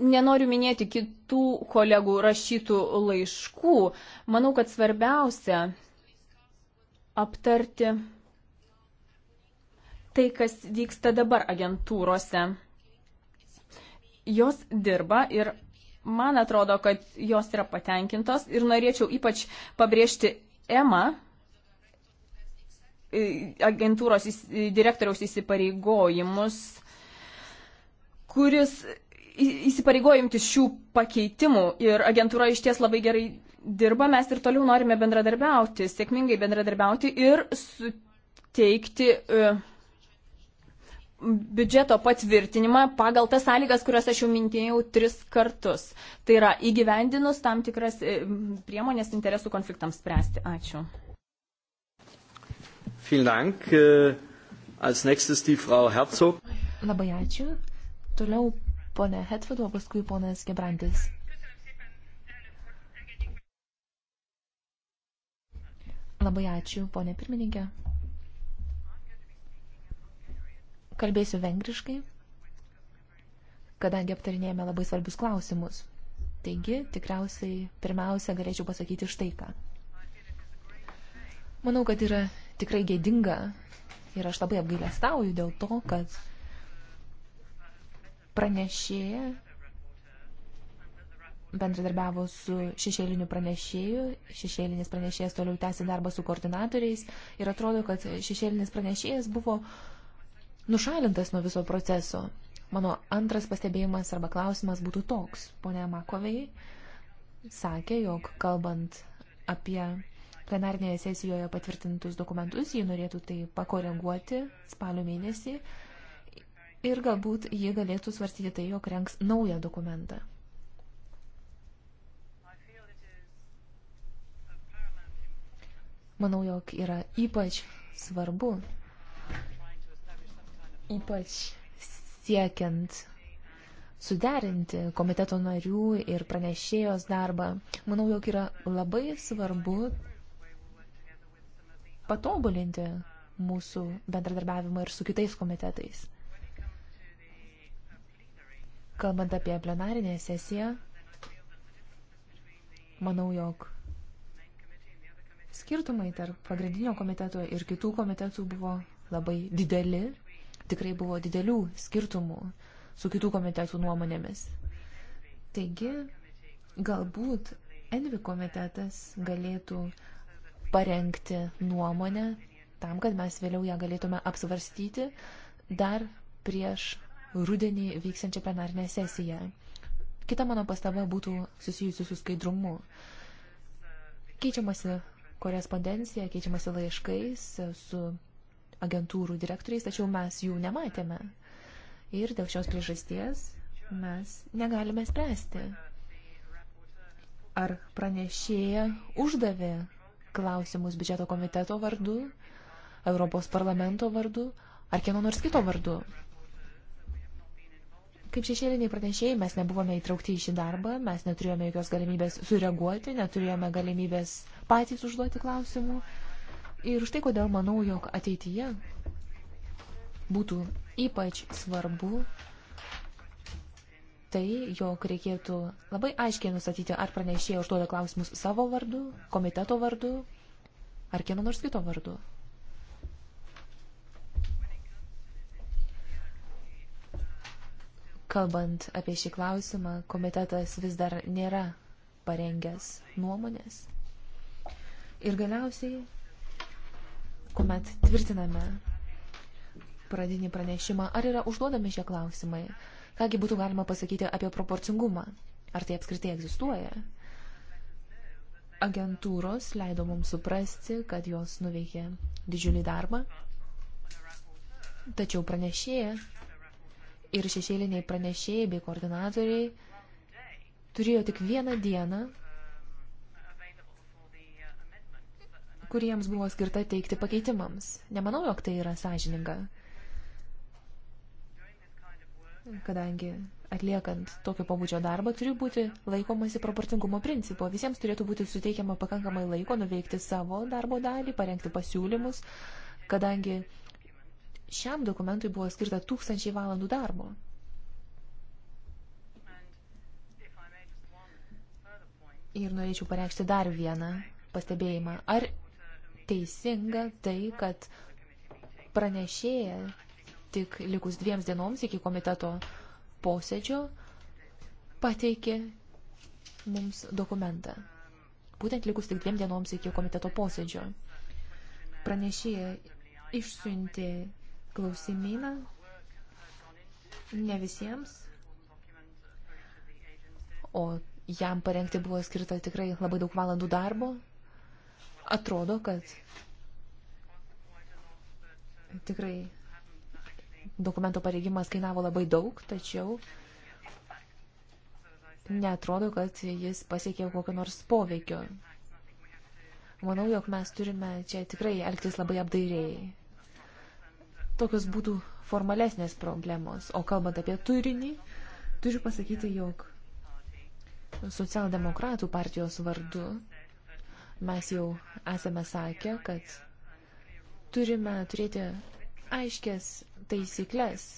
Nenoriu minėti kitų kolegų rašytų laiškų. Manau, kad svarbiausia aptarti tai, kas vyksta dabar agentūrose. Jos dirba ir man atrodo, kad jos yra patenkintos ir norėčiau ypač pabrėžti EMA agentūros direktoriaus įsipareigojimus, kuris įsipareigojimtis šių pakeitimų ir agentūra iš ties labai gerai dirba, mes ir toliau norime bendradarbiauti, sėkmingai bendradarbiauti ir suteikti e, biudžeto patvirtinimą pagal tas sąlygas, kurias aš jau mintėjau tris kartus. Tai yra įgyvendinus tam tikras e, priemonės interesų konfliktams spręsti. Ačiū. Dank. Äh, als nächstes die Frau Herzog. Labai ačiū. Toliau Pone Hetfield, o paskui ponas Gebrantis. Labai ačiū, ponė pirmininkė. Kalbėsiu vengriškai, kadangi aptarinėjame labai svarbius klausimus. Taigi, tikriausiai, pirmiausia, galėčiau pasakyti štai ką. Manau, kad yra tikrai gėdinga ir aš labai apgailestauju dėl to, kad Pranešėja bendradarbiavo su šešėliniu pranešėju, šešėlinis pranešėjas toliau tęsė darbą su koordinatoriais ir atrodo, kad šešėlinis pranešėjas buvo nušalintas nuo viso proceso. Mano antras pastebėjimas arba klausimas būtų toks. Pone Makovei sakė, jog kalbant apie plenarnėje sesijoje patvirtintus dokumentus, ji norėtų tai pakoreguoti spalio mėnesį ir galbūt jie galėtų svarstyti tai, jog renks naują dokumentą. Manau, jog yra ypač svarbu, ypač siekiant suderinti komiteto narių ir pranešėjos darbą. Manau, jog yra labai svarbu patobulinti mūsų bendradarbiavimą ir su kitais komitetais. Kalbant apie plenarinę sesiją, manau, jog skirtumai tarp pagrindinio komiteto ir kitų komitetų buvo labai dideli. Tikrai buvo didelių skirtumų su kitų komitetų nuomonėmis. Taigi, galbūt Envi komitetas galėtų parengti nuomonę tam, kad mes vėliau ją galėtume apsvarstyti dar prieš rudenį vyksiančią plenarinę sesiją. Kita mano pastaba būtų susijusi su skaidrumu. Keičiamasi korespondencija, keičiamasi laiškais su agentūrų direktoriais, tačiau mes jų nematėme. Ir dėl šios priežasties mes negalime spręsti, ar pranešėja uždavė klausimus biudžeto komiteto vardu, Europos parlamento vardu ar kieno nors kito vardu. Kaip šešėliniai pranešėjai mes nebuvome įtraukti į šį darbą, mes neturėjome jokios galimybės sureaguoti, neturėjome galimybės patys užduoti klausimų. Ir štai kodėl manau, jog ateityje būtų ypač svarbu tai, jog reikėtų labai aiškiai nustatyti, ar pranešėjai užduoda klausimus savo vardu, komiteto vardu, ar kieno nors kito vardu. Kalbant apie šį klausimą, komitetas vis dar nėra parengęs nuomonės. Ir galiausiai, kuomet tvirtiname pradinį pranešimą, ar yra užduodami šie klausimai, kągi būtų galima pasakyti apie proporcingumą, ar tai apskritai egzistuoja. Agentūros leido mums suprasti, kad jos nuveikė didžiulį darbą, tačiau pranešėja ir šešėliniai pranešėjai bei koordinatoriai turėjo tik vieną dieną, kuriems buvo skirta teikti pakeitimams. Nemanau, jog tai yra sąžininga. Kadangi atliekant tokio pabudžio darbą turi būti laikomasi proporcingumo principo. Visiems turėtų būti suteikiama pakankamai laiko nuveikti savo darbo dalį, parengti pasiūlymus, kadangi Šiam dokumentui buvo skirta tūkstančiai valandų darbo. Ir norėčiau pareikšti dar vieną pastebėjimą. Ar teisinga tai, kad pranešėja tik likus dviems dienoms iki komiteto posėdžio pateikė mums dokumentą. Būtent likus tik dviem dienoms iki komiteto posėdžio. Pranešėja išsiuntė klausimyną. Ne visiems. O jam parengti buvo skirta tikrai labai daug valandų darbo. Atrodo, kad tikrai dokumento pareigimas kainavo labai daug, tačiau netrodo, kad jis pasiekė kokio nors poveikio. Manau, jog mes turime čia tikrai elgtis labai apdairiai. Tokios būtų formalesnės problemos. O kalbant apie turinį, turiu pasakyti, jog socialdemokratų partijos vardu mes jau esame sakę, kad turime turėti aiškės taisyklės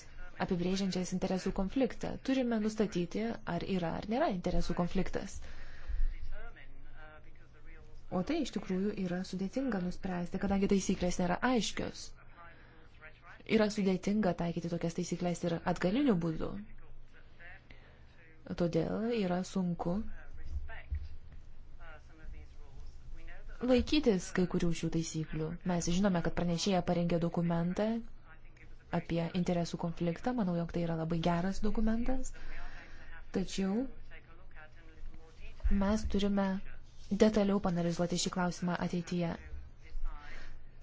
apibrėžiančias interesų konfliktą. Turime nustatyti, ar yra ar nėra interesų konfliktas. O tai iš tikrųjų yra sudėtinga nuspręsti, kadangi taisyklės nėra aiškios. Yra sudėtinga taikyti tokias taisyklės ir atgaliniu būdu. Todėl yra sunku laikytis kai kurių šių taisyklių. Mes žinome, kad pranešėja parengė dokumentą apie interesų konfliktą. Manau, jog tai yra labai geras dokumentas. Tačiau mes turime detaliau panalizuoti šį klausimą ateityje.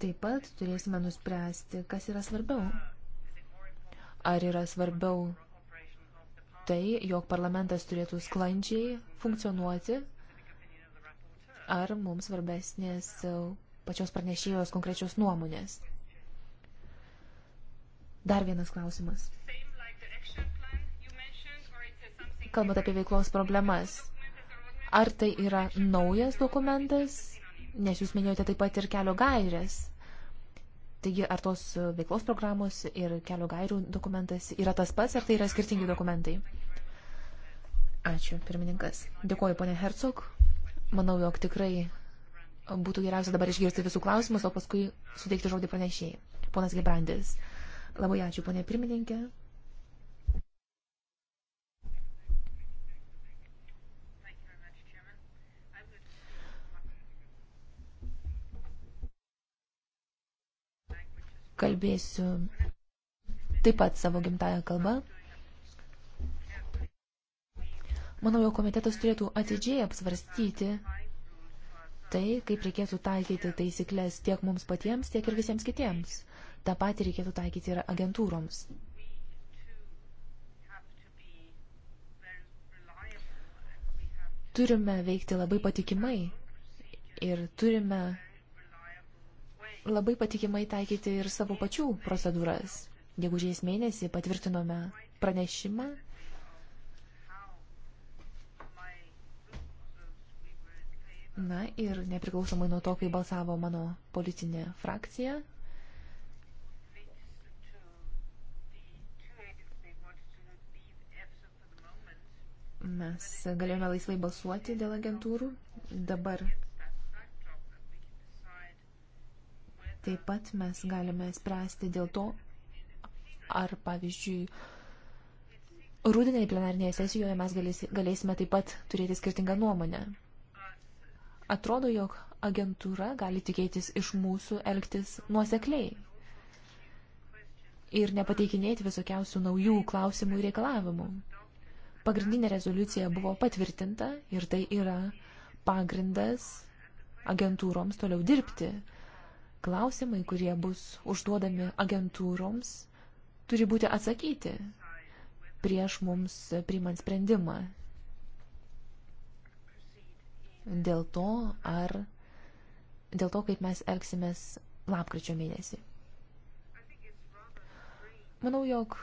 Taip pat turėsime nuspręsti, kas yra svarbiau. Ar yra svarbiau tai, jog parlamentas turėtų sklandžiai funkcionuoti, ar mums svarbesnės pačios pranešėjos konkrečios nuomonės. Dar vienas klausimas. Kalbant apie veiklos problemas, ar tai yra naujas dokumentas, nes jūs minėjote taip pat ir kelio gairės. Taigi, ar tos veiklos programos ir kelio gairių dokumentas yra tas pats, ar tai yra skirtingi dokumentai? Ačiū, pirmininkas. Dėkuoju, ponė Hercog. Manau, jog tikrai būtų geriausia dabar išgirsti visų klausimus, o paskui suteikti žodį pranešėjai. Ponas Gebrandis. Labai ačiū, ponė pirmininkė. kalbėsiu taip pat savo gimtają kalbą. Manau, jau komitetas turėtų atidžiai apsvarstyti tai, kaip reikėtų taikyti taisyklės tiek mums patiems, tiek ir visiems kitiems. Ta pati reikėtų taikyti ir agentūroms. Turime veikti labai patikimai ir turime labai patikimai taikyti ir savo pačių procedūras. Gegužės mėnesį patvirtinome pranešimą. Na ir nepriklausomai nuo to, kai balsavo mano politinė frakcija, mes galėjome laisvai balsuoti dėl agentūrų. Dabar Taip pat mes galime spręsti dėl to, ar pavyzdžiui, rūdiniai plenarnėje sesijoje mes galėsime taip pat turėti skirtingą nuomonę. Atrodo, jog agentūra gali tikėtis iš mūsų elgtis nuosekliai ir nepateikinėti visokiausių naujų klausimų ir reikalavimų. Pagrindinė rezoliucija buvo patvirtinta ir tai yra pagrindas agentūroms toliau dirbti klausimai, kurie bus užduodami agentūroms, turi būti atsakyti prieš mums priimant sprendimą. Dėl to, ar dėl to, kaip mes elgsimės lapkričio mėnesį. Manau, jog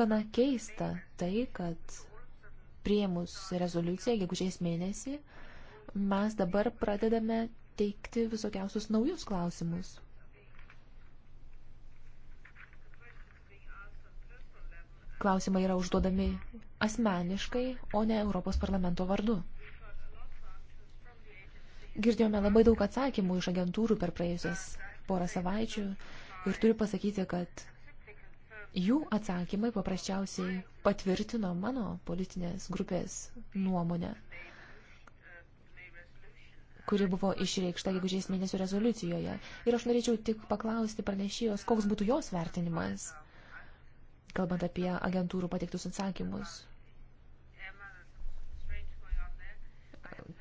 gana keista tai, kad prieimus rezoliuciją gegužės mėnesį mes dabar pradedame teikti visokiausius naujus klausimus. Klausimai yra užduodami asmeniškai, o ne Europos parlamento vardu. Girdėjome labai daug atsakymų iš agentūrų per praėjusias porą savaičių ir turiu pasakyti, kad jų atsakymai paprasčiausiai patvirtino mano politinės grupės nuomonę kuri buvo išreikšta gegužės mėnesio rezoliucijoje. Ir aš norėčiau tik paklausti pranešėjos, koks būtų jos vertinimas, kalbant apie agentūrų pateiktus atsakymus.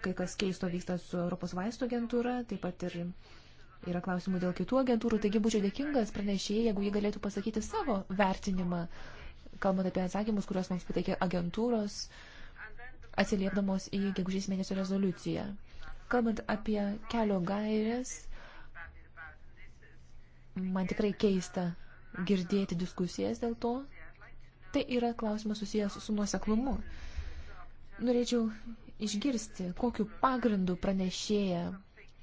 Kai kas keisto vyksta su Europos vaistų agentūra, taip pat ir yra klausimų dėl kitų agentūrų, taigi būčiau dėkingas pranešėjai, jeigu jie galėtų pasakyti savo vertinimą, kalbant apie atsakymus, kuriuos mums pateikė agentūros, atsiliepdamos į gegužės mėnesio rezoliuciją. Kalbant apie kelio gairias, man tikrai keista girdėti diskusijas dėl to. Tai yra klausimas susijęs su nuoseklumu. Norėčiau išgirsti, kokiu pagrindu pranešėja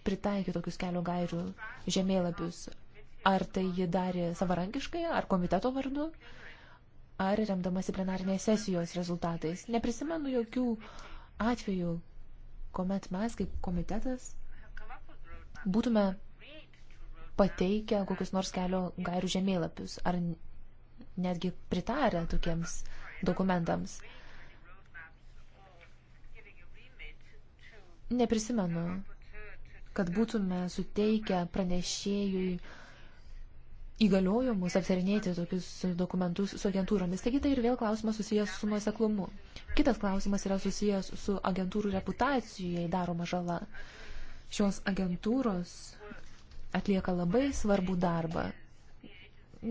pritaikė tokius kelio gairių žemėlapius. Ar tai ji darė savarankiškai, ar komiteto vardu, ar remdamasi plenarinės sesijos rezultatais. Neprisimenu jokių atvejų, kuomet mes kaip komitetas būtume pateikę kokius nors kelio gairių žemėlapius ar netgi pritarę tokiems dokumentams. Neprisimenu, kad būtume suteikę pranešėjui įgaliojimus aptarinėti tokius dokumentus su agentūromis. Taigi tai ir vėl klausimas susijęs su nuoseklumu. Kitas klausimas yra susijęs su agentūrų reputacijai daroma žala. Šios agentūros atlieka labai svarbų darbą.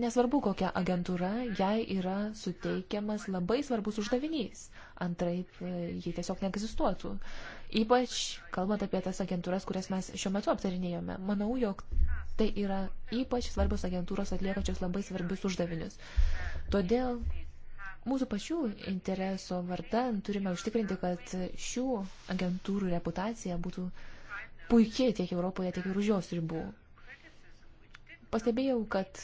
Nesvarbu, kokia agentūra, jai yra suteikiamas labai svarbus uždavinys. Antraip, e, ji tiesiog neegzistuotų. Ypač kalbant apie tas agentūras, kurias mes šiuo metu aptarinėjome. Manau, jog Tai yra ypač svarbios agentūros atliekačios labai svarbius uždavinius. Todėl mūsų pačių intereso vardan turime užtikrinti, kad šių agentūrų reputacija būtų puikiai tiek Europoje, tiek ir už jos ribų. Pastebėjau, kad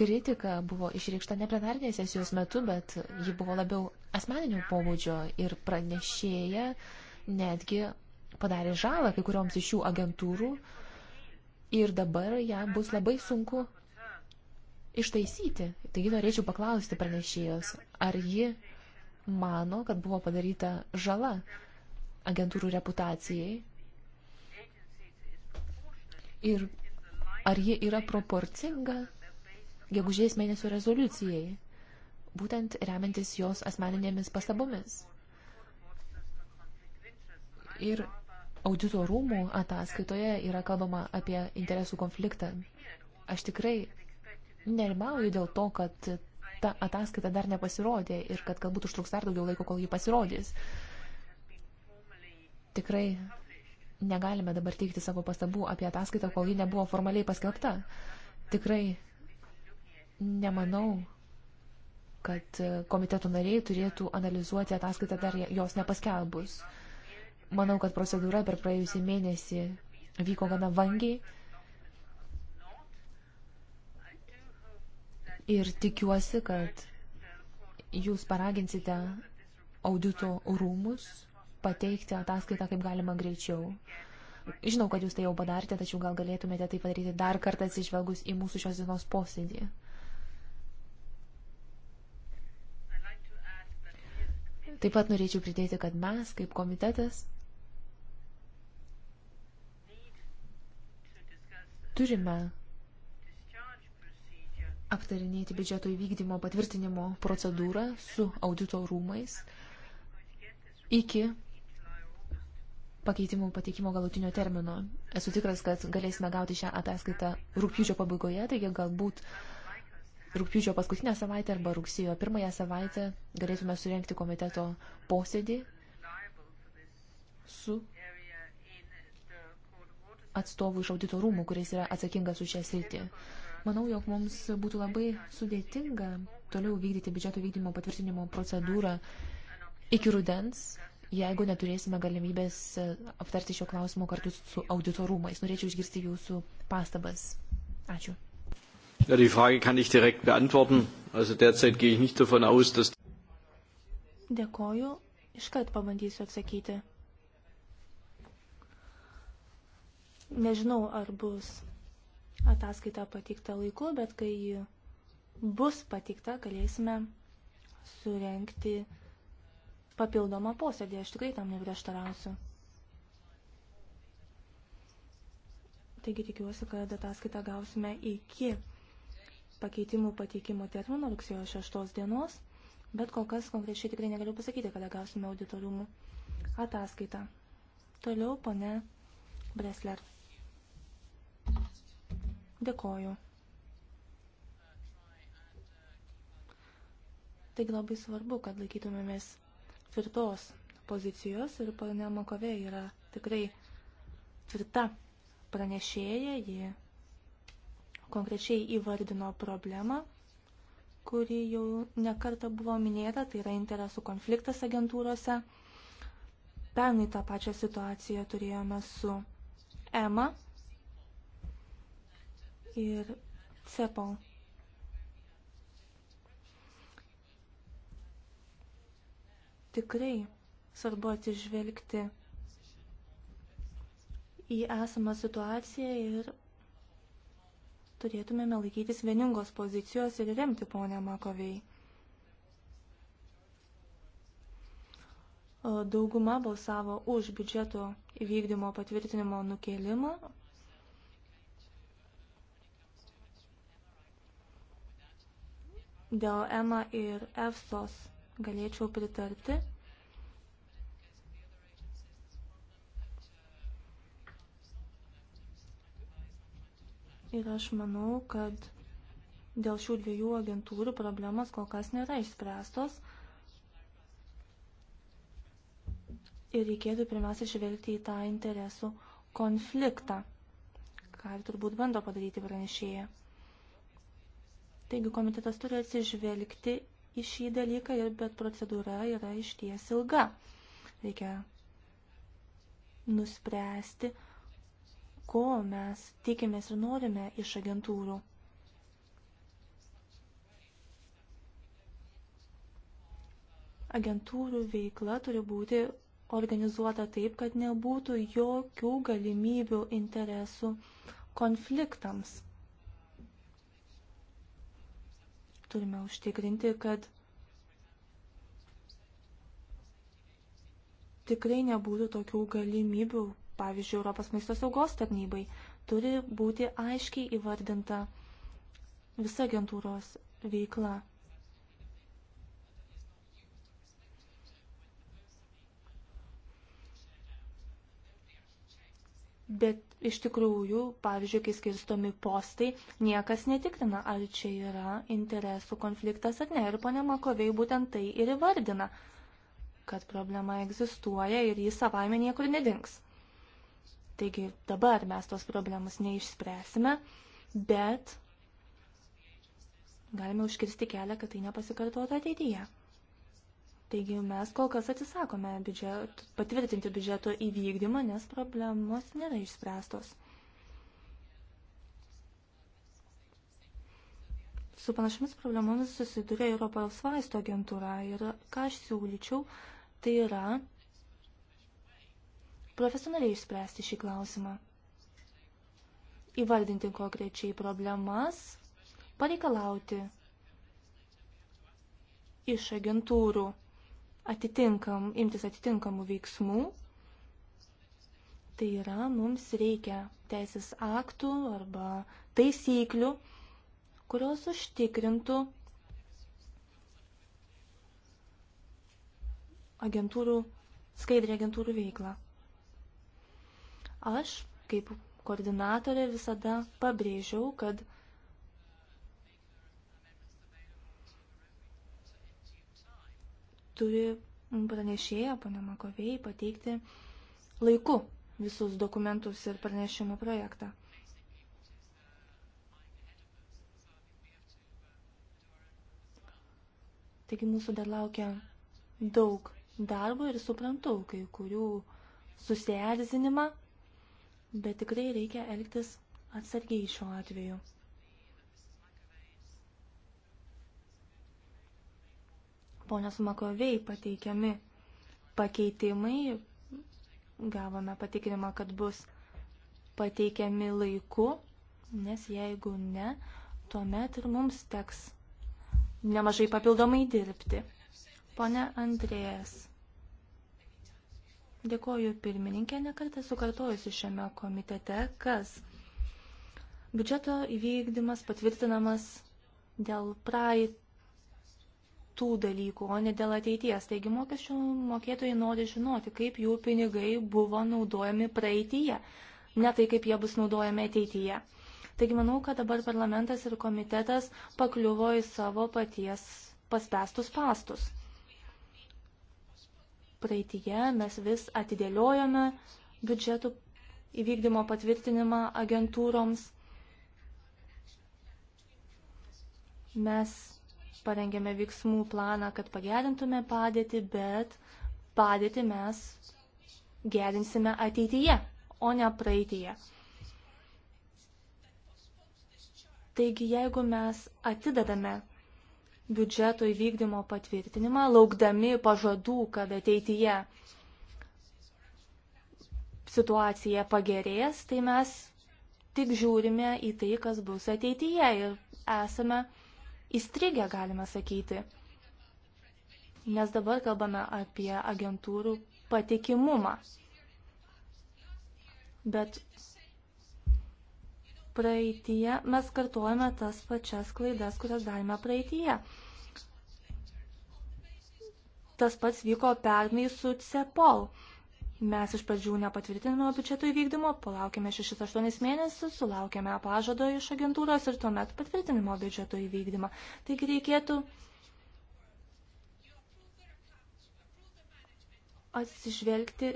kritika buvo išreikšta ne plenarinės sesijos metu, bet ji buvo labiau asmeninio pobūdžio ir pranešėja netgi padarė žalą kai kurioms iš šių agentūrų, uh, ir dabar ją bus labai sunku ištaisyti. Taigi norėčiau paklausti pranešėjos, ar ji mano, kad buvo padaryta žala agentūrų reputacijai ir ar ji yra proporcinga gegužės mėnesio rezoliucijai, būtent remiantis jos asmeninėmis pastabomis. Ir audito rūmų ataskaitoje yra kalbama apie interesų konfliktą. Aš tikrai nerimauju dėl to, kad ta ataskaita dar nepasirodė ir kad galbūt užtruks dar daugiau laiko, kol ji pasirodys. Tikrai negalime dabar teikti savo pastabų apie ataskaitą, kol ji nebuvo formaliai paskelbta. Tikrai nemanau, kad komiteto nariai turėtų analizuoti ataskaitą dar jos nepaskelbus. Manau, kad procedūra per praėjusį mėnesį vyko gana vangiai. Ir tikiuosi, kad jūs paraginsite audito rūmus pateikti ataskaitą kaip galima greičiau. Žinau, kad jūs tai jau padarėte, tačiau gal galėtumėte tai padaryti dar kartą atsižvelgus į mūsų šios dienos posėdį. Taip pat norėčiau pridėti, kad mes, kaip komitetas, turime aptarinėti biudžeto įvykdymo patvirtinimo procedūrą su audito rūmais iki pakeitimų pateikimo galutinio termino. Esu tikras, kad galėsime gauti šią ataskaitą rūpjūčio pabaigoje, taigi galbūt rūpjūčio paskutinę savaitę arba rugsėjo pirmąją savaitę galėtume surenkti komiteto posėdį su atstovų iš audito rūmų, kuris yra atsakingas už šią sritį. Manau, jog mums būtų labai sudėtinga toliau vykdyti biudžeto vykdymo patvirtinimo procedūrą iki rudens, jeigu neturėsime galimybės e, aptarti šio klausimo kartu su audito rūmais. Norėčiau išgirsti jūsų pastabas. Ačiū. Ja, die Frage kann ich direkt beantworten. Also derzeit gehe ich nicht davon aus, dass. Dėkoju. Iškart pabandysiu atsakyti. Nežinau, ar bus ataskaita patikta laiku, bet kai bus patikta, galėsime surenkti papildomą posėdį. Aš tikrai tam neprieštarausiu. Taigi tikiuosi, kad ataskaitą gausime iki pakeitimų pateikimo termino rugsėjo 6 dienos, bet kol kas konkrečiai tikrai negaliu pasakyti, kada gausime auditorumų ataskaitą. Toliau, pone Bresler. Dėkoju. Taigi labai svarbu, kad laikytumėmės tvirtos pozicijos ir ponė Makovė yra tikrai tvirta pranešėja, ji konkrečiai įvardino problemą, kuri jau nekarta buvo minėta, tai yra interesų konfliktas agentūrose. Pernai tą pačią situaciją turėjome su EMA, ir CEPOL. Tikrai svarbu atsižvelgti į esamą situaciją ir turėtumėme laikytis vieningos pozicijos ir remti ponę Makovei. Dauguma balsavo už biudžeto įvykdymo patvirtinimo nukėlimą, Dėl EMA ir EFSOS galėčiau pritarti. Ir aš manau, kad dėl šių dviejų agentūrų problemas kol kas nėra išspręstos. Ir reikėtų pirmiausia žvelgti į tą interesų konfliktą, ką ir turbūt bando padaryti pranešėja. Taigi komitetas turi atsižvelgti į šį dalyką, ir, bet procedūra yra išties ilga. Reikia nuspręsti, ko mes tikimės ir norime iš agentūrų. Agentūrų veikla turi būti organizuota taip, kad nebūtų jokių galimybių interesų konfliktams. Turime užtikrinti, kad tikrai nebūtų tokių galimybių, pavyzdžiui, Europos maisto saugos tarnybai. Turi būti aiškiai įvardinta visa agentūros veikla. Bet iš tikrųjų, pavyzdžiui, kai skirstomi postai, niekas netikrina, ar čia yra interesų konfliktas ar ne. Ir ponia Makovei būtent tai ir įvardina, kad problema egzistuoja ir jis savaime niekur nedings. Taigi dabar mes tos problemas neišspręsime, bet galime užkirsti kelią, kad tai nepasikartotų ateityje. Taigi mes kol kas atsisakome biudžet, patvirtinti biudžeto įvykdymą, nes problemos nėra išspręstos. Su panašiamis problemomis susiduria Europos vaisto agentūra ir ką aš siūlyčiau, tai yra profesionaliai išspręsti šį klausimą. Įvardinti konkrečiai problemas, pareikalauti iš agentūrų atitinkam, imtis atitinkamų veiksmų. Tai yra, mums reikia teisės aktų arba taisyklių, kurios užtikrintų agentūrų, skaidrį agentūrų veiklą. Aš, kaip koordinatorė, visada pabrėžiau, kad turi mm, pranešėja, pana Makovėjai, pateikti laiku visus dokumentus ir pranešimų projektą. Taigi mūsų dar laukia daug darbo ir suprantu kai kurių susierzinimą, bet tikrai reikia elgtis atsargiai šiuo atveju. ponios Makovei pateikiami pakeitimai. Gavome patikrinimą, kad bus pateikiami laiku, nes jeigu ne, tuomet ir mums teks nemažai papildomai dirbti. Pone Andrėjas, dėkoju pirmininkė, nekartą sukartojusi šiame komitete, kas biudžeto įvykdymas patvirtinamas dėl praeit tų dalykų, o ne dėl ateities. Taigi mokesčių mokėtojai nori žinoti, kaip jų pinigai buvo naudojami praeityje, ne tai, kaip jie bus naudojami ateityje. Taigi manau, kad dabar parlamentas ir komitetas pakliuvo į savo paties paspestus pastus. Praeityje mes vis atidėliojame biudžetų įvykdymo patvirtinimą agentūroms. Mes parengėme veiksmų planą, kad pagerintume padėtį, bet padėtį mes gerinsime ateityje, o ne praeityje. Taigi, jeigu mes atidedame biudžeto įvykdymo patvirtinimą, laukdami pažadų, kad ateityje situacija pagerės, tai mes tik žiūrime į tai, kas bus ateityje ir esame įstrigę, galima sakyti. Nes dabar kalbame apie agentūrų patikimumą. Bet praeitie mes kartuojame tas pačias klaidas, kurias darėme praeitie. Tas pats vyko pernai su CEPOL. Mes iš pradžių nepatvirtinome biudžeto įvykdymo, palaukėme 6-8 mėnesius, sulaukėme pažado iš agentūros ir tuomet patvirtinimo biudžeto įvykdymą. Taigi reikėtų atsižvelgti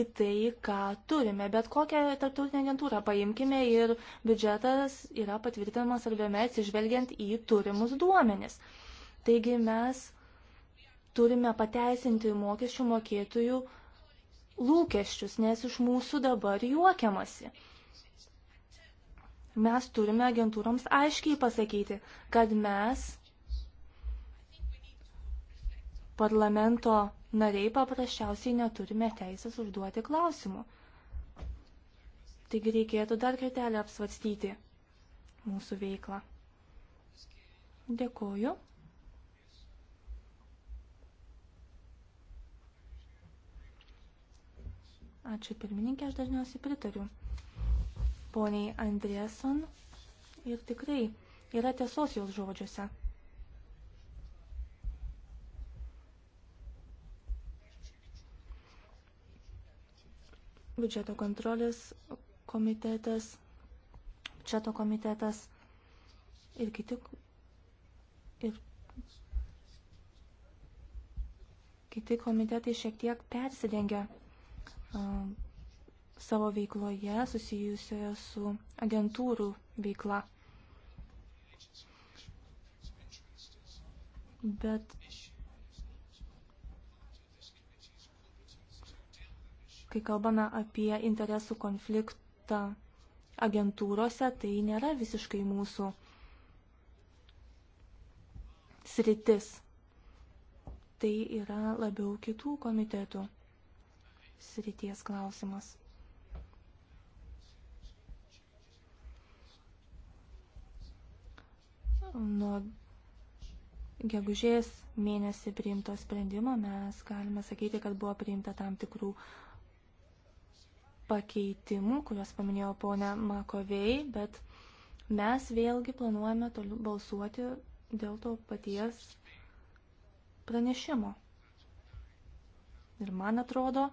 į tai, ką turime. Bet kokią tarptautinę agentūrą paimkime ir biudžetas yra patvirtinamas arbiame atsižvelgiant į turimus duomenis. Taigi mes turime pateisinti mokesčių mokėtojų lūkesčius, nes iš mūsų dabar juokiamasi. Mes turime agentūroms aiškiai pasakyti, kad mes parlamento nariai paprasčiausiai neturime teisės užduoti klausimų. Taigi reikėtų dar kartelį apsvarstyti mūsų veiklą. Dėkuoju. Ačiū pirmininkė, aš dažniausiai pritariu. Poniai Andrieson ir tikrai yra tiesos jos žodžiuose. Biudžeto kontrolės komitetas, biudžeto komitetas ir kiti ir kiti komitetai šiek tiek persidengia savo veikloje susijusioje su agentūrų veikla. Bet kai kalbame apie interesų konfliktą agentūrose, tai nėra visiškai mūsų sritis. Tai yra labiau kitų komitetų srities klausimas. Nuo gegužės mėnesį priimto sprendimo mes galime sakyti, kad buvo priimta tam tikrų pakeitimų, kuriuos paminėjo ponia Makovei, bet mes vėlgi planuojame toliau balsuoti dėl to paties pranešimo. Ir man atrodo,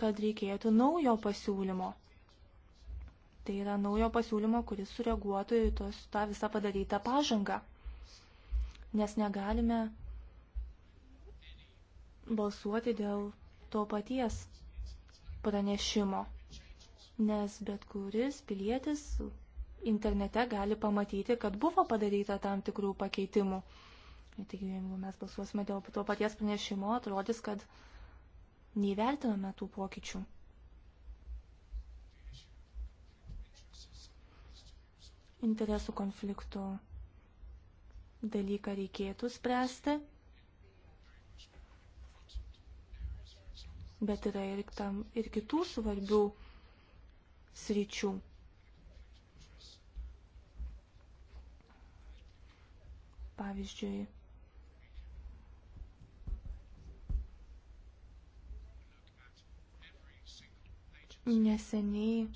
kad reikėtų naujo pasiūlymo. Tai yra naujo pasiūlymo, kuris sureaguotų į tos, tą visą padarytą pažangą. Nes negalime balsuoti dėl to paties pranešimo. Nes bet kuris pilietis internete gali pamatyti, kad buvo padaryta tam tikrų pakeitimų. Taigi, jeigu mes balsuosime dėl to paties pranešimo, atrodys, kad neįvertiname tų pokyčių. Interesų konflikto dalyką reikėtų spręsti, bet yra ir, tam, ir kitų svarbių sričių. Pavyzdžiui, Neseniai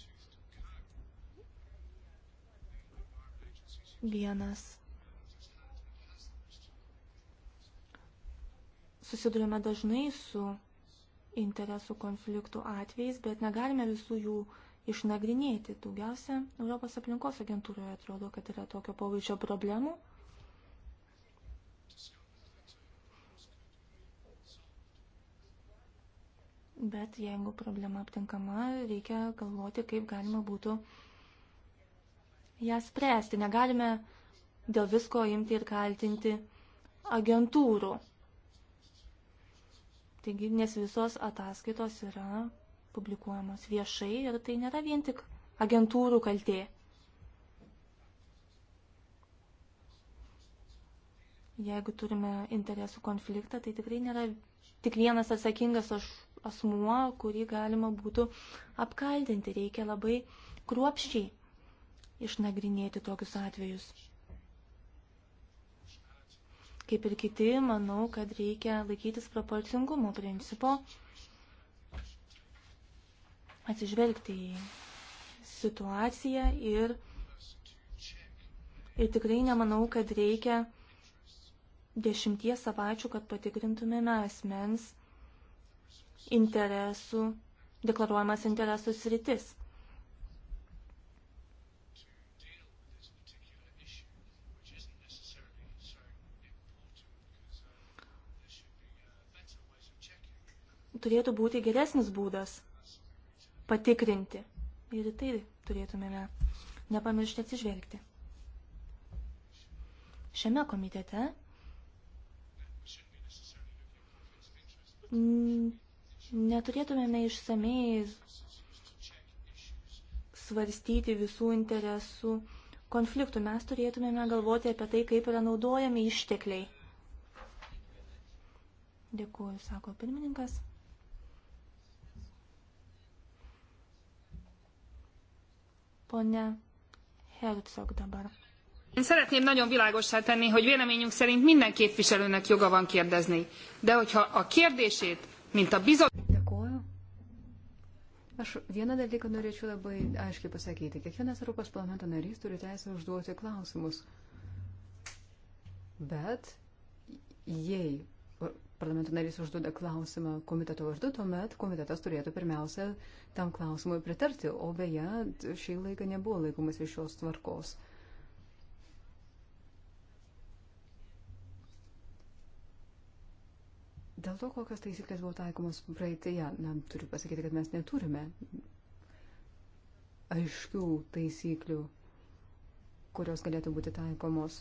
vienas susidurime dažnai su interesų konfliktų atvejais, bet negalime visų jų išnagrinėti. Daugiausia Europos aplinkos agentūroje atrodo, kad yra tokio pavyzdžio problemų. Bet jeigu problema aptinkama, reikia galvoti, kaip galima būtų ją spręsti. Negalime dėl visko imti ir kaltinti agentūrų. Taigi, nes visos ataskaitos yra publikuojamos viešai ir tai nėra vien tik agentūrų kaltė. Jeigu turime interesų konfliktą, tai tikrai nėra tik vienas atsakingas už asmuo, kurį galima būtų apkaltinti. Reikia labai kruopščiai išnagrinėti tokius atvejus. Kaip ir kiti, manau, kad reikia laikytis proporcingumo principo, atsižvelgti į situaciją ir, ir tikrai nemanau, kad reikia dešimties savaičių, kad patikrintumėme asmens interesų, deklaruojamas interesų sritis. Turėtų būti geresnis būdas patikrinti. Ir tai turėtumėme nepamiršti atsižvelgti. Šiame komitete neturėtumėme išsamei svarstyti visų interesų konfliktų. Mes turėtumėme galvoti apie tai, kaip yra naudojami ištekliai. Dėkuoju, sako pirmininkas. Pone Herzog dabar. Én szeretném nagyon világossá tenni, hogy véleményünk szerint minden képviselőnek joga van kérdezni. De hogyha a kérdését, mint a bizottság... Aš vieną dalyką norėčiau labai aiškiai pasakyti. Kiekvienas Europos parlamento narys turi teisę užduoti klausimus. Bet jei parlamento narys užduoda klausimą komiteto vardu, tuomet komitetas turėtų pirmiausia tam klausimui pritarti, o beje, šį laiką nebuvo laikomasi šios tvarkos. Dėl to, kokios taisyklės buvo taikomos praeitėje, na, turiu pasakyti, kad mes neturime aiškių taisyklių, kurios galėtų būti taikomos.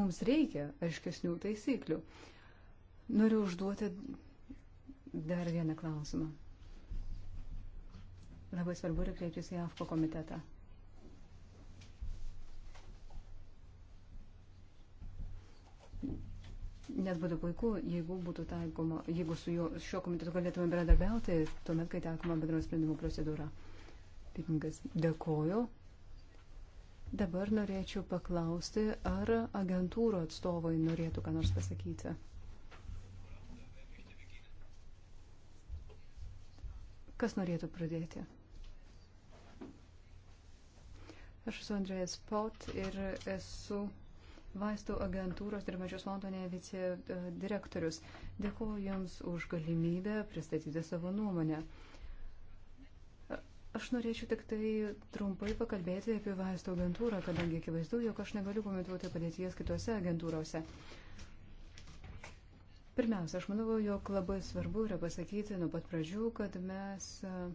Mums reikia aiškesnių taisyklių. Noriu užduoti dar vieną klausimą. Labai svarbu yra kreiptis į AFKO komitetą. Nes būtų puiku, jeigu būtų taikoma, jeigu su jo, šiuo komitetu galėtume bendradarbiauti, tuomet, kai taikoma bendro sprendimo procedūra. Pirmingas, dėkoju. Dabar norėčiau paklausti, ar agentūrų atstovai norėtų ką nors pasakyti. Kas norėtų pradėti? Aš esu Andrėjas Pot ir esu vaistų agentūros dirbančios Londone vicedirektorius. Dėkuoju Jums už galimybę pristatyti savo nuomonę. Aš norėčiau tik tai trumpai pakalbėti apie vaistų agentūrą, kadangi akivaizdu, jog aš negaliu komentuoti padėties kitose agentūrose. Pirmiausia, aš manau, jog labai svarbu yra pasakyti nuo pat pradžių, kad mes uh,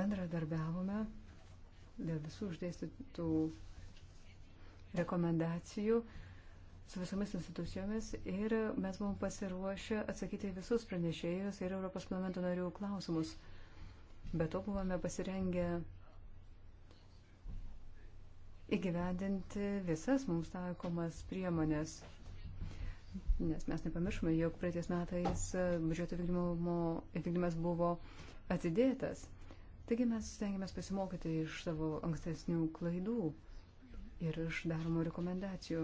bendradarbiavome dėl visų uždėstytų rekomendacijų su visomis institucijomis ir mes buvom pasiruošę atsakyti visus pranešėjus ir Europos parlamento narių klausimus. Be to buvome pasirengę įgyvendinti visas mums taikomas priemonės. Nes mes nepamiršome, jog praeitais metais e, biudžeto vykdymas buvo atidėtas. Taigi mes stengiamės pasimokyti iš savo ankstesnių klaidų ir iš daromų rekomendacijų.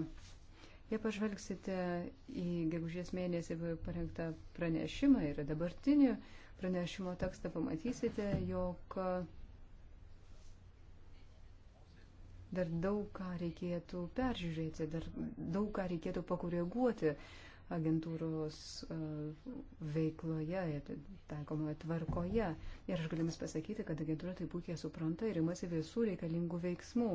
Jei pažvelgsite į gegužės mėnesį parengtą pranešimą ir dabartinį pranešimo tekstą, pamatysite, jog dar daug ką reikėtų peržiūrėti, dar daug ką reikėtų pakoreguoti agentūros e, veikloje ir taikomoje tvarkoje. Ir aš galiu Jums pasakyti, kad agentūra tai puikiai supranta ir imasi visų reikalingų veiksmų.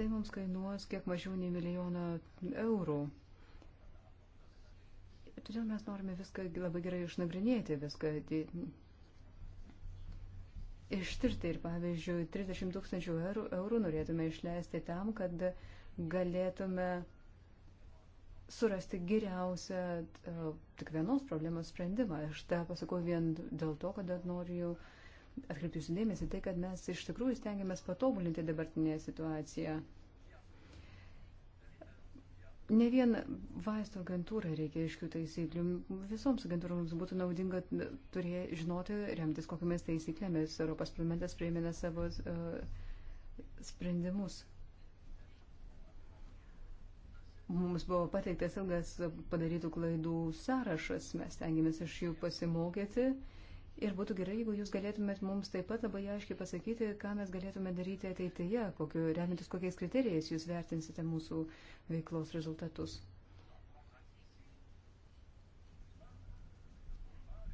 tai mums kainuos kiek mažiau nei milijoną eurų. Ir todėl mes norime viską labai gerai išnagrinėti, viską ištirti. Ir pavyzdžiui, 30 tūkstančių eurų, eurų norėtume išleisti tam, kad galėtume surasti geriausią e, tik vienos problemos sprendimą. Aš tą pasakau vien dėl to, kad noriu atkreipti jūsų dėmesį tai, kad mes iš tikrųjų stengiamės patobulinti dabartinę situaciją. Ne vien vaisto agentūrai reikia iškių taisyklių. Visoms agentūroms būtų naudinga turė, žinoti, remtis kokiamis taisyklėmis Europos parlamentas prieimina savo uh, sprendimus. Mums buvo pateiktas ilgas padarytų klaidų sąrašas, mes tengiamės iš jų pasimokyti. Uh, Ir būtų gerai, jeigu jūs galėtumėt mums taip pat labai aiškiai pasakyti, ką mes galėtume daryti ateityje, kokiu, remintis kokiais kriterijais jūs vertinsite mūsų veiklos rezultatus.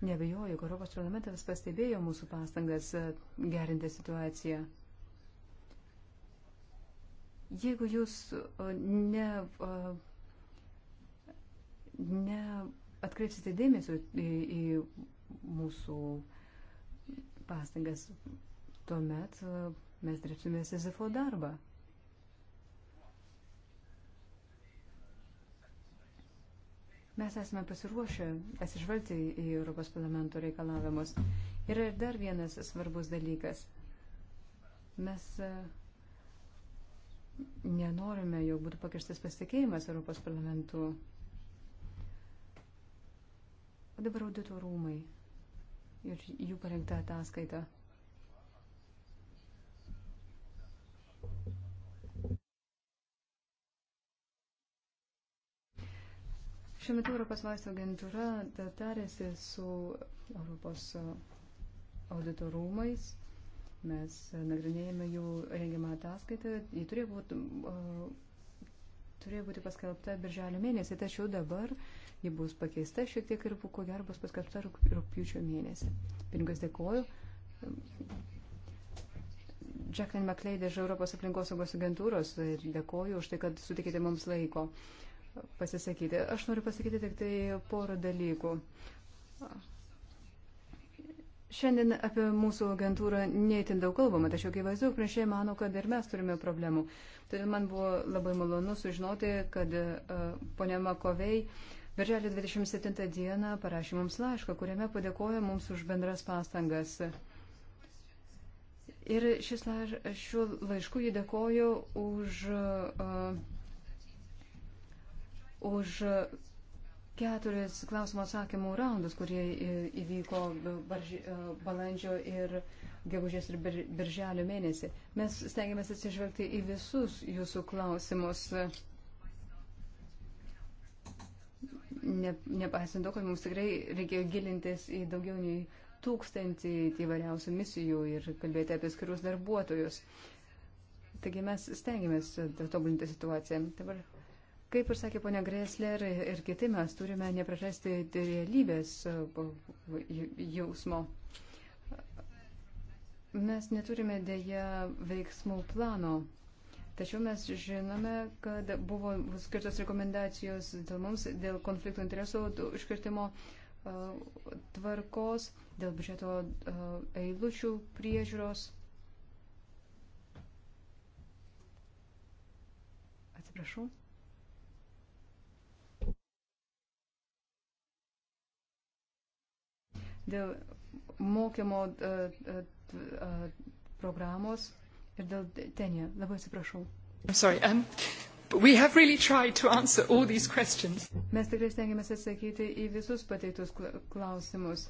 Nebejoju, Europos parlamentas pastebėjo mūsų pastangas e, gerinti situaciją. Jeigu jūs e, ne, e, ne atkreipsite dėmesio į, į mūsų pastangas, tuomet e, mes dirbsime Sizifo darbą. Mes esame pasiruošę atsižvelgti į Europos parlamento reikalavimus. Yra ir dar vienas svarbus dalykas. Mes e, nenorime, jog būtų pakirstas pasitikėjimas Europos parlamentu. O dabar audito rūmai ir jų parengta ataskaita. Šiuo metu Europos vaisto agentūra tarėsi su Europos audito rūmais. Mes nagrinėjame jų rengiamą ataskaitą. Ji turėjo būti, uh, turėjo būti paskelbta birželio mėnesį, tačiau dabar uh, ji bus pakeista šiek tiek ir ko gero bus paskelbta rūpiučio mėnesį. Pinigas dėkoju. Jacqueline McLeod iš Europos aplinkosaugos agentūros dėkoju už tai, kad sutikite mums laiko pasisakyti. Aš noriu pasakyti tik tai porą dalykų. Šiandien apie mūsų agentūrą neįtin daug kalbama, tačiau kai vaizdu, pranešėjai mano, kad ir mes turime problemų. Todėl man buvo labai malonu sužinoti, kad uh, ponia Makovei uh, Birželio 27 dieną parašė mums laišką, kuriame padėkoja mums už bendras pastangas. Ir šis laiš, šiuo laišku jį dėkoju už, uh, už keturis klausimų atsakymų raundus, kurie įvyko barži, uh, balandžio ir gegužės ir birželio mėnesį. Mes stengiamės atsižvelgti į visus jūsų klausimus. Uh, ne, nepaisant to, kad mums tikrai reikėjo gilintis į daugiau nei tūkstantį įvairiausių misijų ir kalbėti apie skirus darbuotojus. Taigi mes stengiamės tobulinti situaciją. Dabar, kaip ir sakė ponia Gresler ir kiti, mes turime neprarasti realybės e, jausmo. Mes neturime dėja veiksmų plano Tačiau mes žinome, kad buvo skirtos rekomendacijos dėl mums, dėl konfliktų interesų iškirtimo tvarkos, dėl biudžeto eilučių priežiūros. Atsiprašau. Dėl mokymo programos ir dėl tenio. Labai atsiprašau. Sorry, um, really mes tikrai stengiamės atsakyti į visus pateiktus klausimus.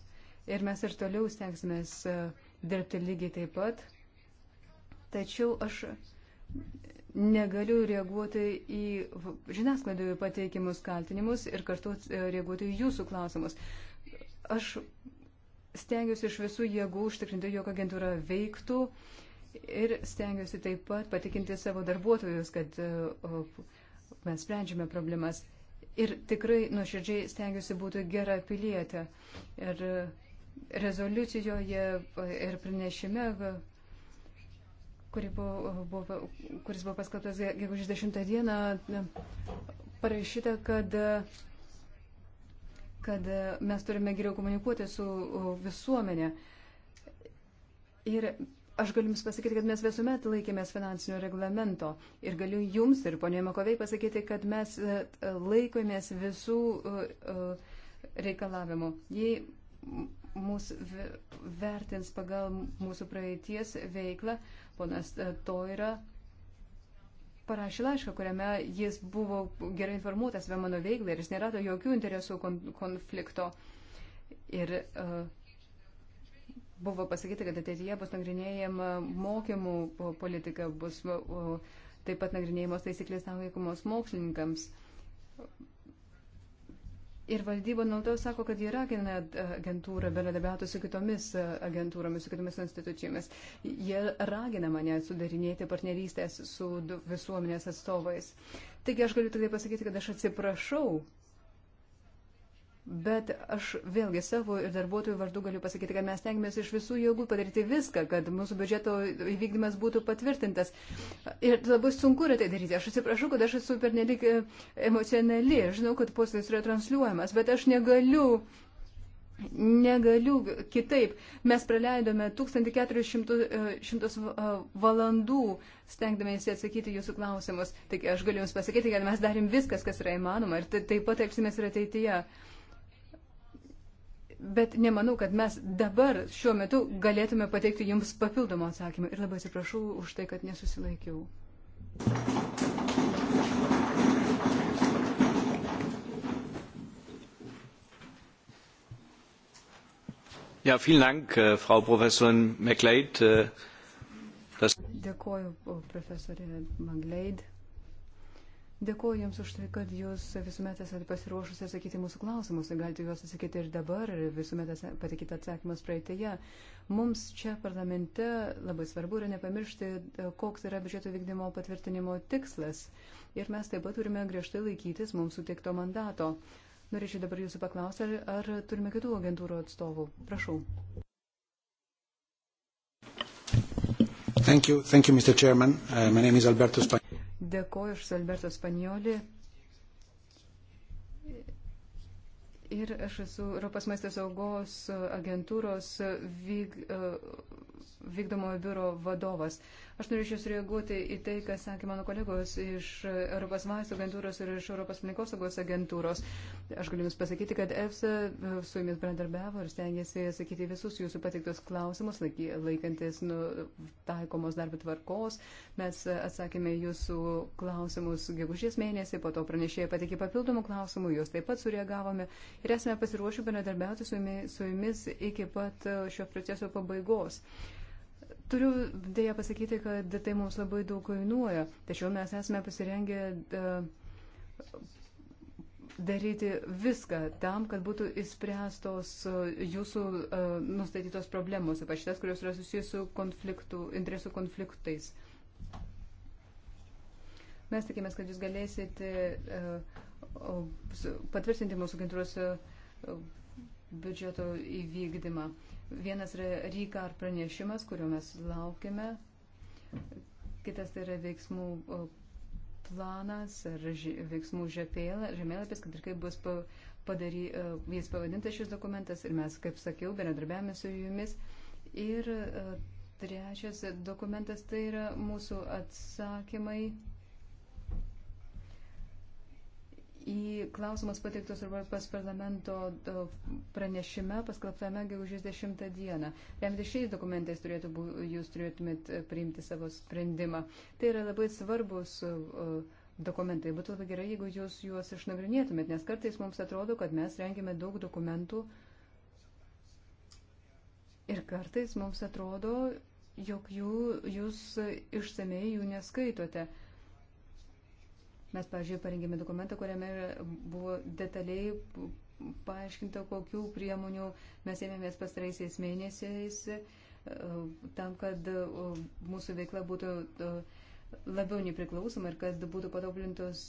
Ir mes ir toliau stengsimės uh, dirbti lygiai taip pat. Tačiau aš negaliu reaguoti į žiniasklaidoje pateikimus kaltinimus ir kartu uh, reaguoti į jūsų klausimus. Aš stengiuosi iš visų jėgų užtikrinti, jog agentūra veiktų ir stengiuosi taip pat patikinti savo darbuotojus, kad e, mes sprendžiame problemas. Ir tikrai nuoširdžiai stengiuosi būti gera pilietė. Ir rezoliucijoje e, ir pranešime, e, buvo, buvo, kuris buvo paskaltas gegužės 10 dieną, parašyta, kad kad mes turime geriau komunikuoti su visuomenė. Ir Aš galiu Jums pasakyti, kad mes visuomet laikėmės finansinio reglamento ir galiu Jums ir ponė Makovei pasakyti, kad mes e, laikomės visų e, e, reikalavimų. Jei mūsų vertins pagal mūsų praeities veiklą, ponas Toira parašė laišką, kuriame jis buvo gerai informuotas apie mano veiklą ir jis nerado jokių interesų konflikto. Ir uh, buvo pasakyta, kad ateityje bus nagrinėjama mokymų politika, bus taip pat nagrinėjamos taisyklės taikomos mokslininkams. Ir valdyba nuolatos sako, kad jie ragina agentūrą bendradarbiauti su kitomis agentūromis, su kitomis institucijomis. Jie ragina mane sudarinėti partnerystės su visuomenės atstovais. Taigi aš galiu tik tai pasakyti, kad aš atsiprašau Bet aš vėlgi savo ir darbuotojų vardu galiu pasakyti, kad mes tengiamės iš visų jėgų padaryti viską, kad mūsų biudžeto įvykdymas būtų patvirtintas. Ir labai sunku yra tai daryti. Aš atsiprašau, kad aš esu pernelik e, emocionali. Žinau, kad postas yra transliuojamas, bet aš negaliu. Negaliu kitaip. Mes praleidome 1400 e, e, valandų stengdamėsi atsakyti jūsų klausimus. Tik aš galiu jums pasakyti, kad mes darim viskas, kas yra įmanoma ir tai, taip pat elgsimės ir ateityje. Uh, Bet nemanau, kad mes dabar šiuo metu galėtume pateikti jums papildomą atsakymą. Ir labai atsiprašau už tai, kad nesusilaikiau. Ja, vielen Dank, äh, Frau Professorin McLeod. Äh, das Dėkuoju, profesorė McLeod. Dėkuoju Jums už tai, kad Jūs visuomet esate pasiruošusi atsakyti mūsų klausimus. Tai galite juos atsakyti ir dabar, ir visuomet patikite atsakymus praeitėje. Mums čia parlamente labai svarbu yra nepamiršti, e, koks yra biudžeto vykdymo patvirtinimo tikslas. Ir mes taip pat turime griežtai laikytis mums suteikto mandato. Norėčiau dabar Jūsų paklausti, ar, ar turime kitų agentūrų atstovų. Prašau. Thank you, thank you, Mr. Chairman. Uh, my name is Alberto Spagna. Dėkoju, aš Alberto Spanioli. Ir aš esu Europos maisto saugos agentūros vyg, vykdomojo biuro vadovas. Aš norėčiau sureaguoti į tai, ką sakė mano kolegos iš Europos vaistų agentūros ir iš Europos aplinkosaugos agentūros. Aš galiu Jums pasakyti, kad EFSA e, su Jumis bendarbiavo ir stengiasi atsakyti visus Jūsų pateiktus klausimus, laikantis nu, taikomos darbo tvarkos. Mes atsakėme Jūsų klausimus gegužės mėnesį, po to pranešėjai pateikė papildomų klausimų, Jūs taip pat sureagavome ir esame pasiruošę bendradarbiauti su Jumis, su jumis iki pat e, šio proceso pabaigos. Uh, Turiu dėja pasakyti, kad tai mums labai daug kainuoja, tačiau mes esame pasirengę e, daryti viską tam, kad būtų įspręstos e, jūsų e, nustatytos problemos, ypač tas, kurios yra susijęs su konfliktų, interesų konfliktais. Mes tikimės, kad jūs galėsite patvirtinti mūsų agentūros biudžeto įvykdymą. Vienas yra Rykar pranešimas, kurio mes laukiame. Kitas tai yra veiksmų planas ar veiksmų žemėlapis, kad ir kaip bus padary, jis pavadintas šis dokumentas ir mes, kaip sakiau, bendradarbiavame su jumis. Ir trečias dokumentas tai yra mūsų atsakymai į klausimus pateiktus Europos parlamento pranešime paskelbtame gegužės 10 dieną. Remti šiais dokumentais turėtų bū, jūs turėtumėt e, priimti savo sprendimą. Tai yra labai svarbus dokumentai. Būtų labai gerai, jeigu jūs juos išnagrinėtumėt, nes kartais mums atrodo, kad mes rengėme daug dokumentų ir kartais mums atrodo, jog jų, jūs išsamei jų neskaitote. Mes, pažiūrėjau, parengėme dokumentą, kuriame buvo detaliai paaiškinta, kokių priemonių mes ėmėmės pastaraisiais mėnesiais e, tam, kad mūsų veikla būtų labiau nepriklausoma ir kad būtų patobulintos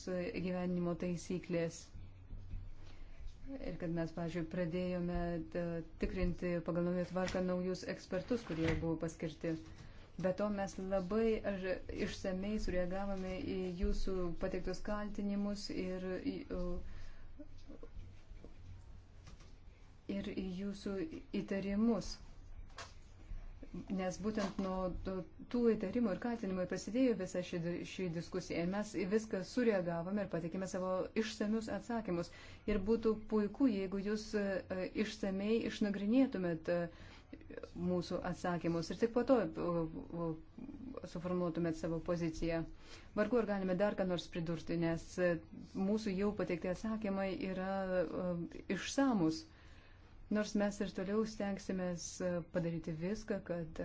gyvenimo taisyklės. Ir kad mes, pažiūrėjau, pradėjome e, tikrinti pagal naują tvarką naujus ekspertus, kurie buvo paskirti. Be to mes labai išsamei sureagavome į jūsų pateiktus kaltinimus ir, ir į jūsų įtarimus. Nes būtent nuo tų įtarimų ir kaltinimų prasidėjo visa ši, ši diskusija. Mes į viską sureagavome ir patikėme savo išsamius atsakymus. Ir būtų puiku, jeigu jūs e, išsamei išnagrinėtumėt uh, mūsų atsakymus ir tik po to suformuotumėt savo poziciją. Vargu ar galime dar ką nors pridurti, nes mūsų jau pateikti atsakymai yra išsamus. Nors mes ir toliau stengsimės padaryti viską, kad,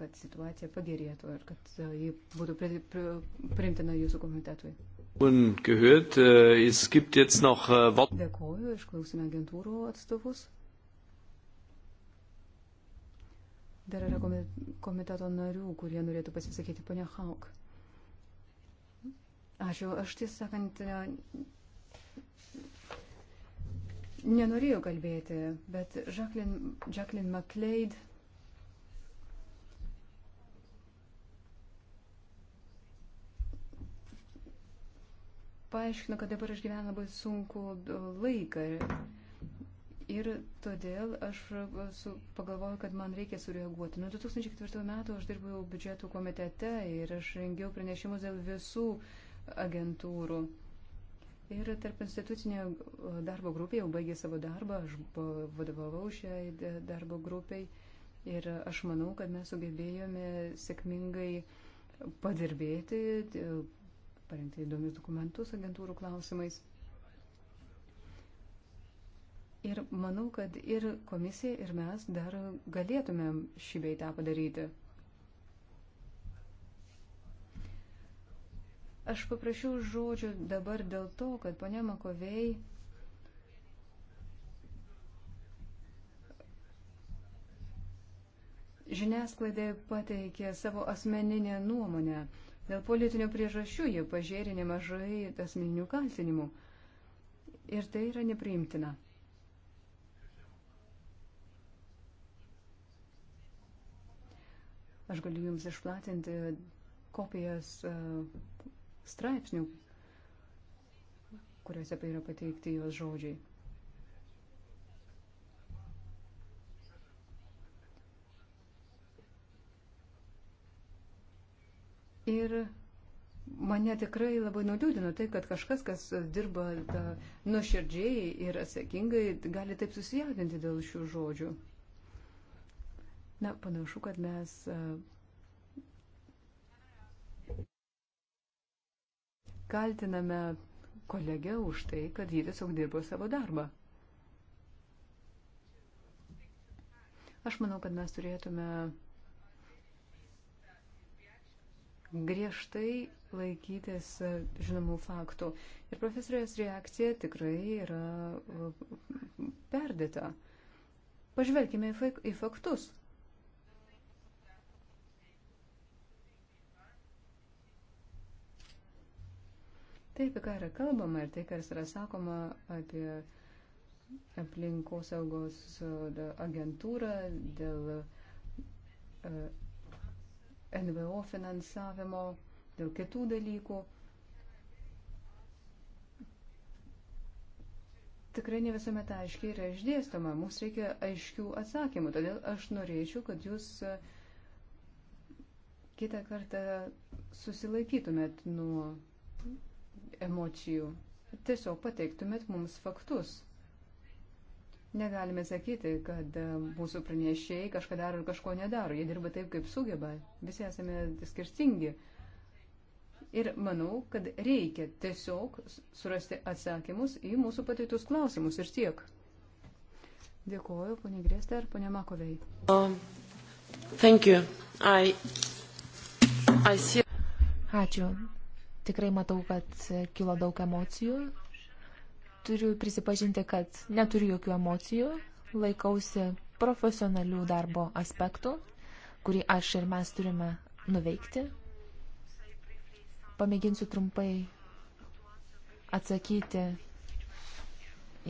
kad situacija pagerėtų ir kad e, ji būtų primtina jūsų komitetui. Äh, äh, Dėkuoju, išklausime agentūrų atstovus. Dar yra komiteto narių, kurie norėtų pasisakyti, ponia Hauk. Ačiū, aš tiesą sakant, nenorėjau kalbėti, bet Jacqueline, Jacqueline McLeod paaiškino, kad dabar aš gyvenu labai sunku laiką Ir todėl aš su, pagalvoju, kad man reikia sureaguoti. Nuo 2004 metų aš dirbau biudžeto komitete ir aš rengiau pranešimus dėl visų agentūrų. Ir tarp institucinė darbo grupė jau baigė savo darbą, aš vadovavau šiai darbo grupiai ir aš manau, kad mes sugebėjome sėkmingai padirbėti, parengti įdomius dokumentus agentūrų klausimais. Ir manau, kad ir komisija, ir mes dar galėtumėm šį beitą padaryti. Aš paprašiau žodžių dabar dėl to, kad ponia Makovei žiniasklaidai pateikė savo asmeninę nuomonę. Dėl politinių priežasčių jie pažėrė nemažai asmeninių kaltinimų. Ir tai yra nepriimtina. Aš galiu jums išplatinti kopijas e, straipsnių, kuriuose yra pateikti jos žodžiai. Ir mane tikrai labai nuliūdino tai, kad kažkas, kas dirba e, nuoširdžiai ir atsakingai, gali taip susijaudinti dėl šių žodžių. Na, panašu, kad mes. E, kaltiname kolegę už tai, kad ji tiesiog dirbo savo darbą. Aš manau, kad mes turėtume griežtai laikytis žinomų faktų. Ir profesorės reakcija tikrai yra e, perdėta. Pažvelkime į faktus. Tai, apie ką yra kalbama ir tai, kas yra sakoma apie aplinkosaugos e, agentūrą dėl e, NVO finansavimo, dėl kitų dalykų. Tikrai ne visuomet aiškiai yra išdėstoma. Mums reikia aiškių atsakymų. Todėl aš norėčiau, kad jūs e, kitą kartą susilaikytumėt nuo emocijų. Tiesiog pateiktumėt mums faktus. Negalime sakyti, kad e, mūsų pranešėjai kažką daro ir kažko nedaro. Jie dirba taip, kaip sugeba. Visi esame skirtingi. Ir manau, kad reikia tiesiog surasti atsakymus į mūsų pateiktus klausimus ir tiek. Dėkuoju, ponė Grėstė ir ponė Makovei. Um, I, I see... Ačiū. Tikrai matau, kad kilo daug emocijų. Turiu prisipažinti, kad neturiu jokių emocijų. Laikausi profesionalių darbo aspektų, kurį aš ir mes turime nuveikti. Pamėginsiu trumpai atsakyti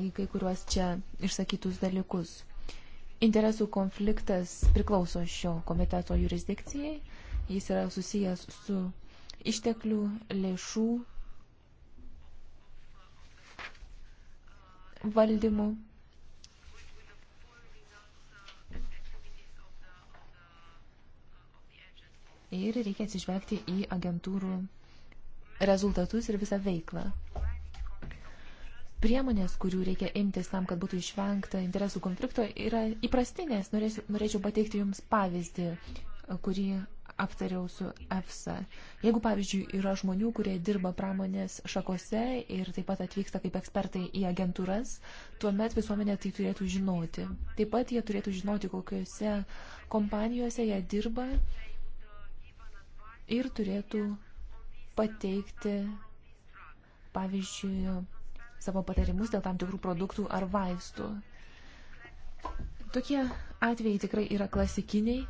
į kai kuriuos čia išsakytus dalykus. Interesų konfliktas priklauso šio komiteto jurisdikcijai. Jis yra susijęs su išteklių, lėšų valdymu. Ir reikia atsižvelgti į agentūrų rezultatus ir visą veiklą. Priemonės, kurių reikia imtis tam, kad būtų išvengta interesų konflikto, yra įprastinės. Norėčiau, norėčiau pateikti Jums pavyzdį, kurį aptariau su EFSA. Jeigu, pavyzdžiui, yra žmonių, kurie dirba pramonės šakose ir taip pat atvyksta kaip ekspertai į agentūras, tuomet visuomenė tai turėtų žinoti. Taip pat jie turėtų žinoti, kokiuose kompanijose jie dirba ir turėtų pateikti, pavyzdžiui, savo patarimus dėl tam tikrų produktų ar vaistų. Tokie atvejai tikrai yra klasikiniai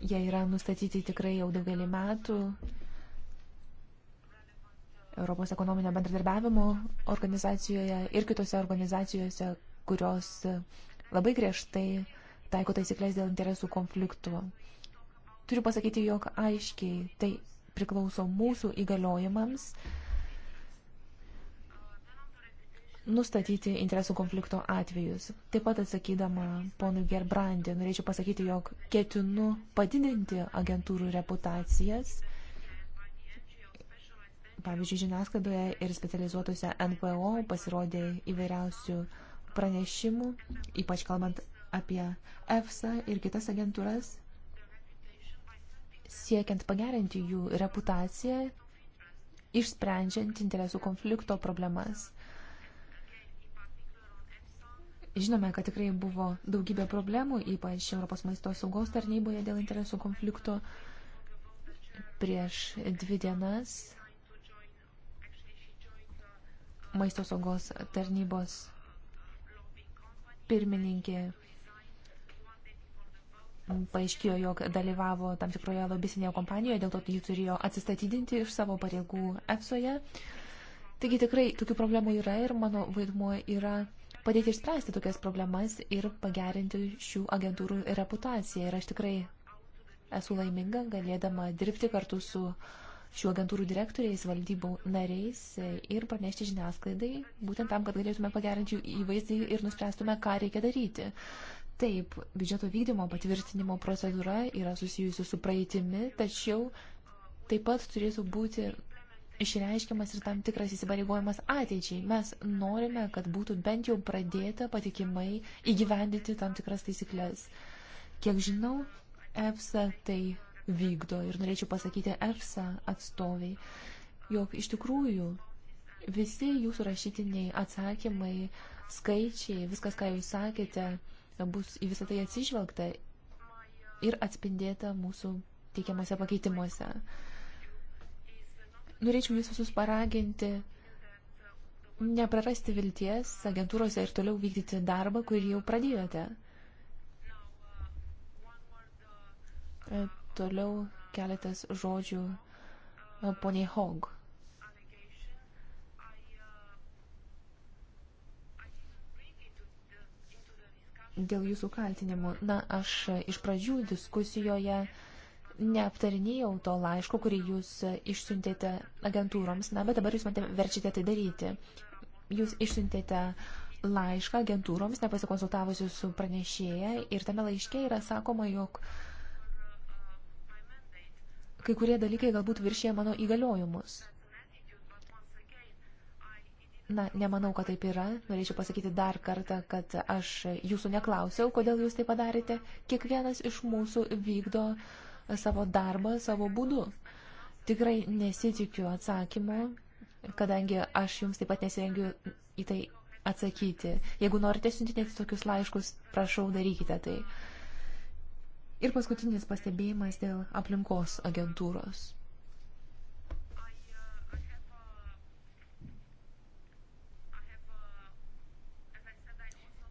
Jie yra nustatyti tikrai jau daugelį metų. Europos ekonominio bendradarbiavimo organizacijoje ir kitose organizacijose, kurios labai griežtai taiko taisyklės dėl interesų konfliktų. Turiu pasakyti, jog aiškiai tai priklauso mūsų įgaliojimams nustatyti interesų konflikto atvejus. Taip pat atsakydama ponui Gerbrandė, norėčiau pasakyti, jog ketinu padidinti agentūrų reputacijas, pavyzdžiui, žiniasklaidoje ir specializuotose NPO pasirodė įvairiausių pranešimų, ypač kalbant apie EFSA ir kitas agentūras, siekiant pagerinti jų reputaciją, išsprendžiant interesų konflikto problemas Žinome, kad tikrai buvo daugybė problemų, ypač Europos maisto saugos tarnyboje dėl interesų konflikto. Prieš dvi dienas maisto saugos tarnybos pirmininkė paaiškėjo, jog dalyvavo tam tikroje lobisinėje kompanijoje, dėl to jį turėjo atsistatydinti iš savo pareigų EFSOje. Taigi tikrai tokių problemų yra ir mano vaidmuo yra padėti išspręsti tokias problemas ir pagerinti šių agentūrų reputaciją. Ir aš tikrai esu laiminga galėdama dirbti kartu su šių agentūrų direktoriais, valdybų nariais ir pranešti žiniasklaidai, būtent tam, kad galėtume pagerinti jų įvaizdį ir nuspręstume, ką reikia daryti. Taip, biudžeto vykdymo patvirtinimo procedūra yra susijusi su praeitimi, tačiau taip pat turėtų būti išreiškiamas ir tam tikras įsipareigojimas ateičiai. Mes norime, kad būtų bent jau pradėta patikimai įgyvendyti tam tikras taisyklės. Kiek žinau, EFSA tai vykdo ir norėčiau pasakyti EFSA atstoviai, jog iš tikrųjų visi jūsų rašytiniai atsakymai, skaičiai, viskas, ką jūs sakėte, bus į visą tai atsižvelgta ir atspindėta mūsų teikiamuose pakeitimuose. Norėčiau jūs visus paraginti neprarasti vilties agentūrose ir toliau vykdyti darbą, kurį jau pradėjote. E, toliau keletas žodžių e, poniai Hog. Dėl jūsų kaltinimų. Na, aš iš pradžių diskusijoje uh, neaptarinėjau to laiško, kurį jūs išsiuntėte agentūroms, na, bet dabar jūs man verčiate tai daryti. Jūs išsiuntėte laišką agentūroms, nepasikonsultavusi su pranešėja, ir tame laiške yra sakoma, jog kai kurie dalykai galbūt viršė mano įgaliojimus. Na, nemanau, kad taip yra. Norėčiau pasakyti dar kartą, kad aš jūsų neklausiau, kodėl jūs tai padarėte. Kiekvienas iš mūsų vykdo uh, savo darbą savo būdu. Tikrai nesitikiu atsakymo, kadangi aš jums taip pat nesirengiu į tai atsakyti. Jeigu norite siuntinėti tokius laiškus, prašau, darykite tai. Ir paskutinis pastebėjimas dėl aplinkos agentūros.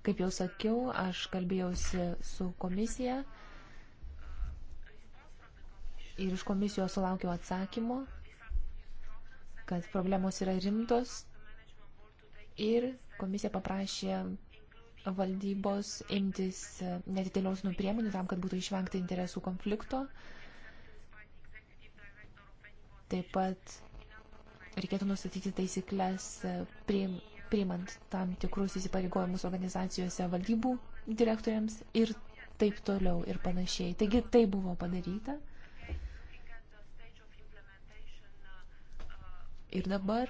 Kaip jau sakiau, aš kalbėjausi su komisija ir iš komisijos sulaukiau atsakymo, kad problemos yra rimtos ir komisija paprašė valdybos imtis netidėliausinų nu priemonių tam, kad būtų išvengta interesų konflikto. Taip pat reikėtų nustatyti taisyklės priim, priimant tam tikrus įsipareigojimus organizacijose valdybų direktoriams ir taip toliau ir panašiai. Taigi tai buvo padaryta. Ir dabar,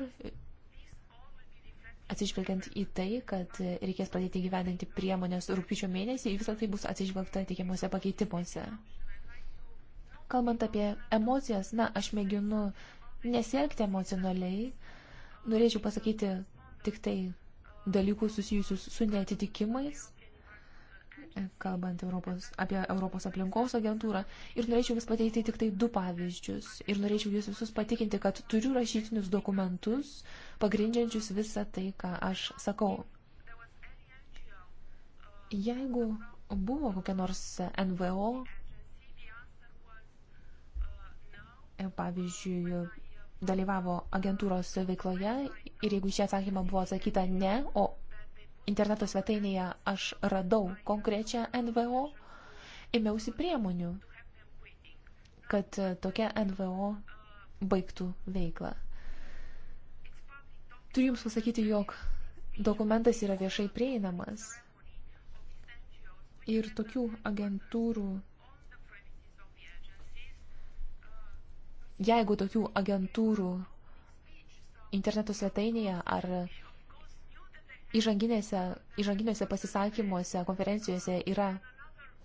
atsižvelgiant į tai, kad reikės pradėti gyvendinti priemonės rūpiučio mėnesį, visą tai bus atsižvelgta teikiamuose pakeitimuose. Kalbant apie emocijas, na, aš mėginu nesielgti emocionaliai, norėčiau pasakyti tik tai dalykus susijusius su netitikimais kalbant Europos, apie Europos aplinkos agentūrą. Ir norėčiau Jums pateikti tik tai du pavyzdžius. Ir norėčiau Jūs visus patikinti, kad turiu rašytinius dokumentus, pagrindžiančius visą tai, ką aš sakau. Jeigu buvo kokia nors NVO, pavyzdžiui, dalyvavo agentūros veikloje ir jeigu šį atsakymą buvo atsakyta ne, o interneto svetainėje aš radau konkrečią NVO, ėmiausi priemonių, kad tokia NVO baigtų veiklą. Turiu Jums pasakyti, jog dokumentas yra viešai prieinamas ir tokių agentūrų, jeigu tokių agentūrų interneto svetainėje ar įžanginiuose pasisakymuose, konferencijose yra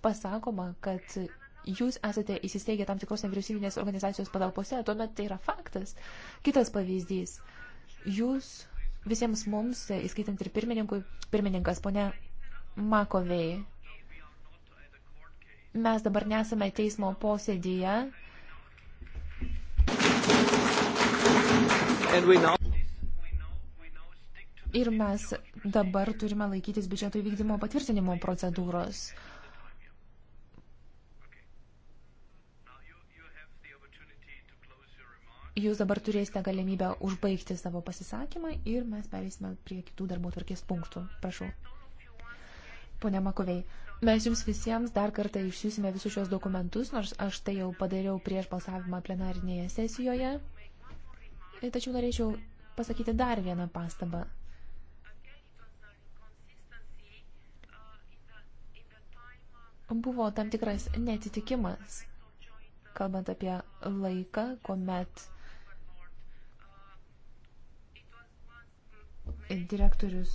pasakoma, kad jūs esate įsisteigę tam tikros nevyriausybinės organizacijos patalpose, tuomet tai yra faktas. Kitas pavyzdys. Jūs visiems mums, įskaitant ir pirmininkui, pirmininkas, ponia Makovei, mes dabar nesame teismo posėdyje. And we know. Ir mes dabar turime laikytis biudžeto įvykdymo patvirtinimo procedūros. Jūs dabar turėsite galimybę užbaigti savo pasisakymą ir mes perėsime prie kitų darbo tvarkės punktų. Prašau. Pone Makovei, mes jums visiems dar kartą išsiusime visus šios dokumentus, nors aš tai jau padariau prieš balsavimą plenarinėje sesijoje. Tačiau norėčiau pasakyti dar vieną pastabą. Buvo tam tikras netitikimas, kalbant apie laiką, kuomet direktorius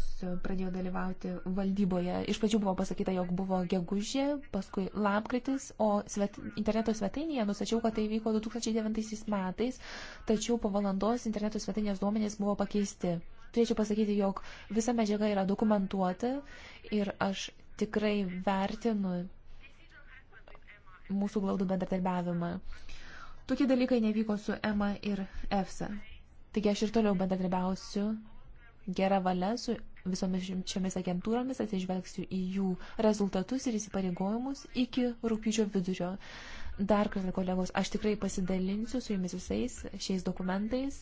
pradėjo dalyvauti valdyboje. Iš pradžių buvo pasakyta, jog buvo gegužė, paskui lapkritis, o svet, interneto svetainėje nusačiau, kad tai vyko 2009 metais, tačiau po valandos interneto svetainės duomenys buvo pakeisti. Turėčiau pasakyti, jog visa medžiaga yra dokumentuota ir aš tikrai vertinu mūsų glaudų bendradarbiavimą. Tokie dalykai nevyko su EMA ir EFSA. Taigi aš ir toliau bendradarbiausiu gerą valią su visomis šiomis agentūromis, atsižvelgsiu į jų rezultatus ir įsipareigojimus iki rūpyčio vidurio. Dar kartą, kolegos, aš tikrai pasidalinsiu su jumis visais šiais dokumentais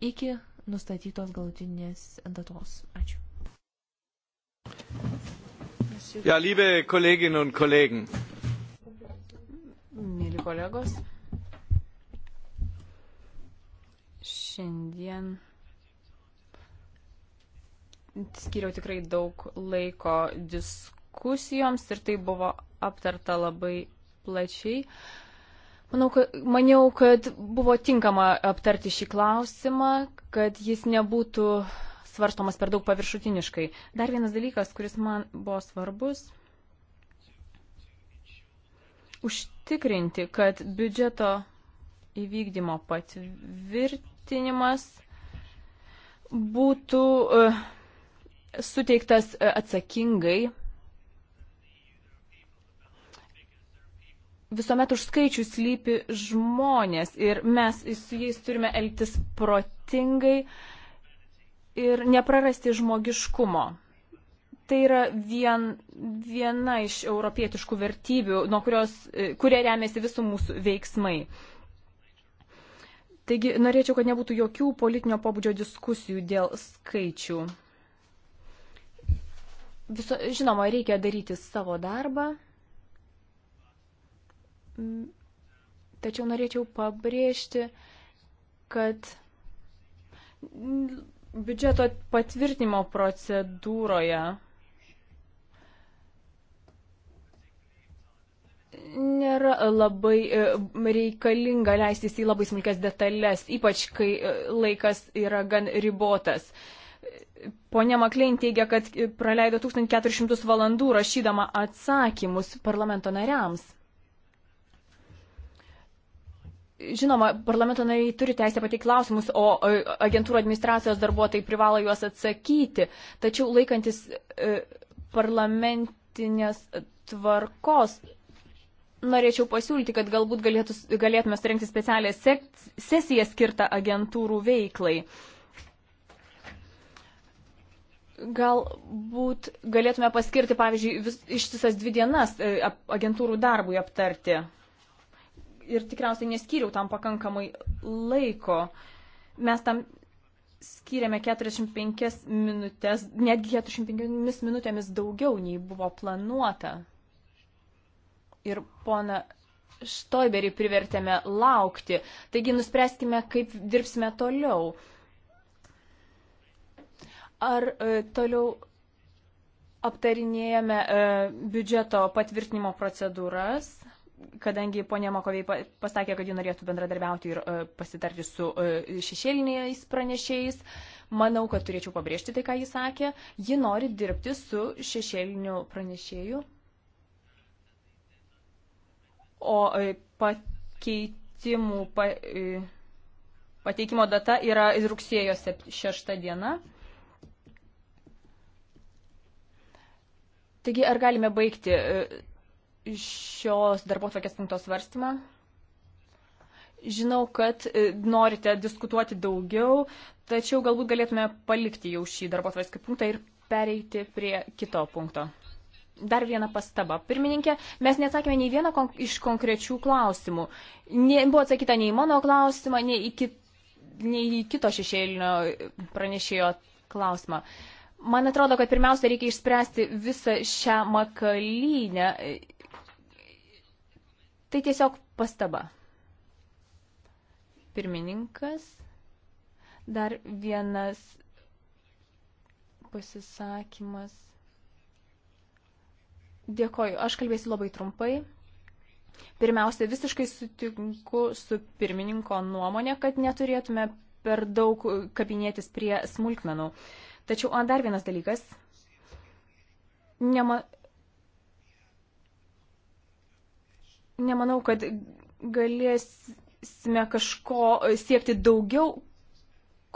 iki nustatytos galutinės datos. Ačiū. Ja, liebe Kolleginnen und Kollegen, Mėly kolegos, šiandien skiriau tikrai daug laiko diskusijoms ir tai buvo aptarta labai plačiai. Manau, kad, maniau, kad buvo tinkama aptarti šį klausimą, kad jis nebūtų svarstomas per daug paviršutiniškai. Dar vienas dalykas, kuris man buvo svarbus užtikrinti, kad biudžeto įvykdymo patvirtinimas būtų e, suteiktas e, atsakingai. Visuomet už skaičių slypi žmonės ir mes su jais turime elgtis protingai ir neprarasti žmogiškumo tai yra vien, viena iš europietiškų vertybių, nuo kurios, e, kurie remiasi visų mūsų veiksmai. Taigi norėčiau, kad nebūtų jokių politinio pobūdžio diskusijų dėl skaičių. Viso, žinoma, reikia daryti savo darbą. Tačiau norėčiau pabrėžti, kad biudžeto patvirtinimo procedūroje nėra labai e, reikalinga leistis į labai smulkes detalės, ypač kai e, laikas yra gan ribotas. Pone Maklein teigia, kad praleido 1400 valandų rašydama atsakymus parlamento nariams. Žinoma, parlamento nariai turi teisę pateikti klausimus, o agentūrų administracijos darbuotojai privalo juos atsakyti. Tačiau laikantis e, parlamentinės tvarkos norėčiau pasiūlyti, kad galbūt galėtų, galėtume surengti specialią sek, sesiją skirtą agentūrų veiklai. Galbūt galėtume paskirti, pavyzdžiui, vis, ištisas dvi dienas e, ap, agentūrų darbui aptarti. Ir tikriausiai neskyriau tam pakankamai laiko. Mes tam skyrėme 45 minutės, netgi 45 minutėmis daugiau nei buvo planuota ir pona Štoiberį privertėme laukti. Taigi nuspręskime, kaip dirbsime toliau. Ar e, toliau aptarinėjame e, biudžeto patvirtinimo procedūras, kadangi ponė Makoviai pasakė, kad ji norėtų bendradarbiauti ir e, pasitarti su e, šešėliniais pranešėjais, manau, kad turėčiau pabrėžti tai, ką ji sakė. Ji nori dirbti su šešėliniu pranešėju o e, pakeitimų pa, e, pateikimo data yra rugsėjo 6 diena. Taigi, ar galime baigti e, šios darbo tvarkės punkto svarstymą? Žinau, kad norite diskutuoti daugiau, tačiau galbūt galėtume palikti jau šį darbo tvarkės punktą ir pereiti prie kito punkto dar vieną pastabą. Pirmininkė, mes neatsakėme nei vieną kon iš konkrečių klausimų. Ne, buvo atsakyta nei mano klausimą, nei į, kit nei į kito šešėlinio pranešėjo klausimą. Man atrodo, kad pirmiausia reikia išspręsti visą šią makalynę. Tai tiesiog pastaba. Pirmininkas. Dar vienas pasisakymas. Dėkoju. Aš kalbėsiu labai trumpai. Pirmiausia, visiškai sutinku su pirmininko nuomonė, kad neturėtume per daug kabinėtis prie smulkmenų. Tačiau dar vienas dalykas. Nema... Nemanau, kad galėsime kažko siekti daugiau,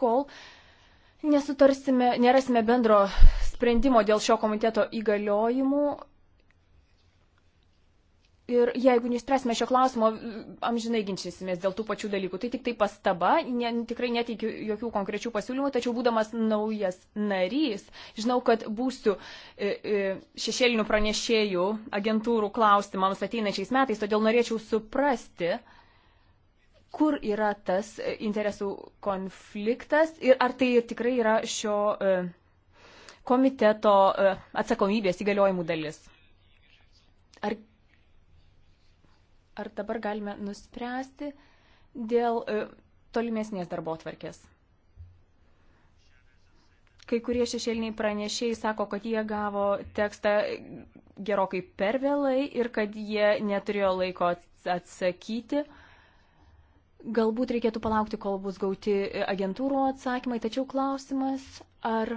kol nesutarsime, nerasime bendro sprendimo dėl šio komiteto įgaliojimų Ir jeigu nespręsime šio klausimo, amžinai ginčysimės dėl tų pačių dalykų. Tai tik tai pastaba, ne, tikrai neteikiu jokių konkrečių pasiūlymų, tačiau būdamas naujas narys, žinau, kad būsiu e, e, šešėlinių pranešėjų agentūrų klausimams ateinančiais metais, todėl norėčiau suprasti, kur yra tas interesų konfliktas ir ar tai tikrai yra šio e, komiteto e, atsakomybės įgaliojimų dalis. Ar ar dabar galime nuspręsti dėl e, tolimesnės darbo tvarkės. Kai kurie šešėliniai pranešėjai sako, kad jie gavo tekstą gerokai per vėlai ir kad jie neturėjo laiko atsakyti. Galbūt reikėtų palaukti, kol bus gauti agentūrų atsakymai, tačiau klausimas, ar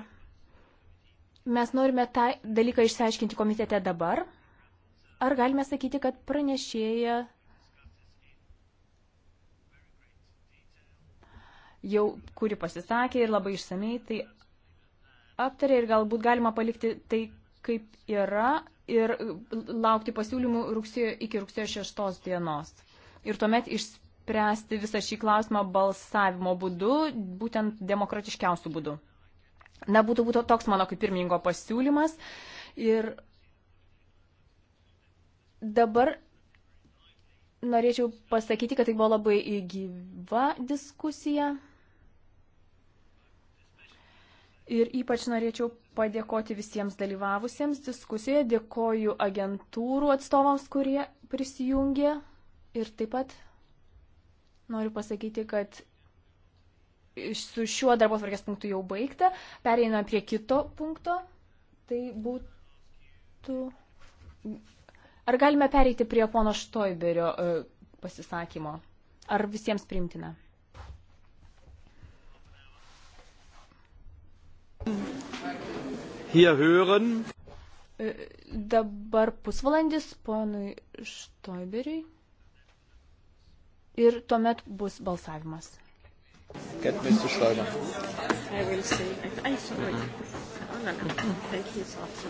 mes norime tą dalyką išsiaiškinti komitete dabar, Ar galime sakyti, kad pranešėja jau, kuri pasisakė ir labai išsamei, tai aptarė ir galbūt galima palikti tai, kaip yra ir laukti pasiūlymų rugsėjo, iki rugsėjo 6 dienos. Ir tuomet išspręsti visą šį klausimą balsavimo būdu, būtent demokratiškiausių būdų. Na, būtų būtų toks mano kaip pirmininko pasiūlymas. Ir Dabar norėčiau pasakyti, kad tai buvo labai gyva diskusija. Ir ypač norėčiau padėkoti visiems dalyvavusiems diskusijoje. Dėkoju agentūrų atstovams, kurie prisijungė. Ir taip pat noriu pasakyti, kad su šiuo darbo tvarkės punktu jau baigta. Pereiname prie kito punkto. Tai būtų Ar galime pereiti prie pono Štoiberio e, pasisakymo? Ar visiems primtina? Hier hören. E, dabar pusvalandis ponui Štoiberiui. Ir tuomet bus balsavimas. Get Mr. Schreiber. I will see. I, I saw it. Oh, no, no. Thank you, Sophie.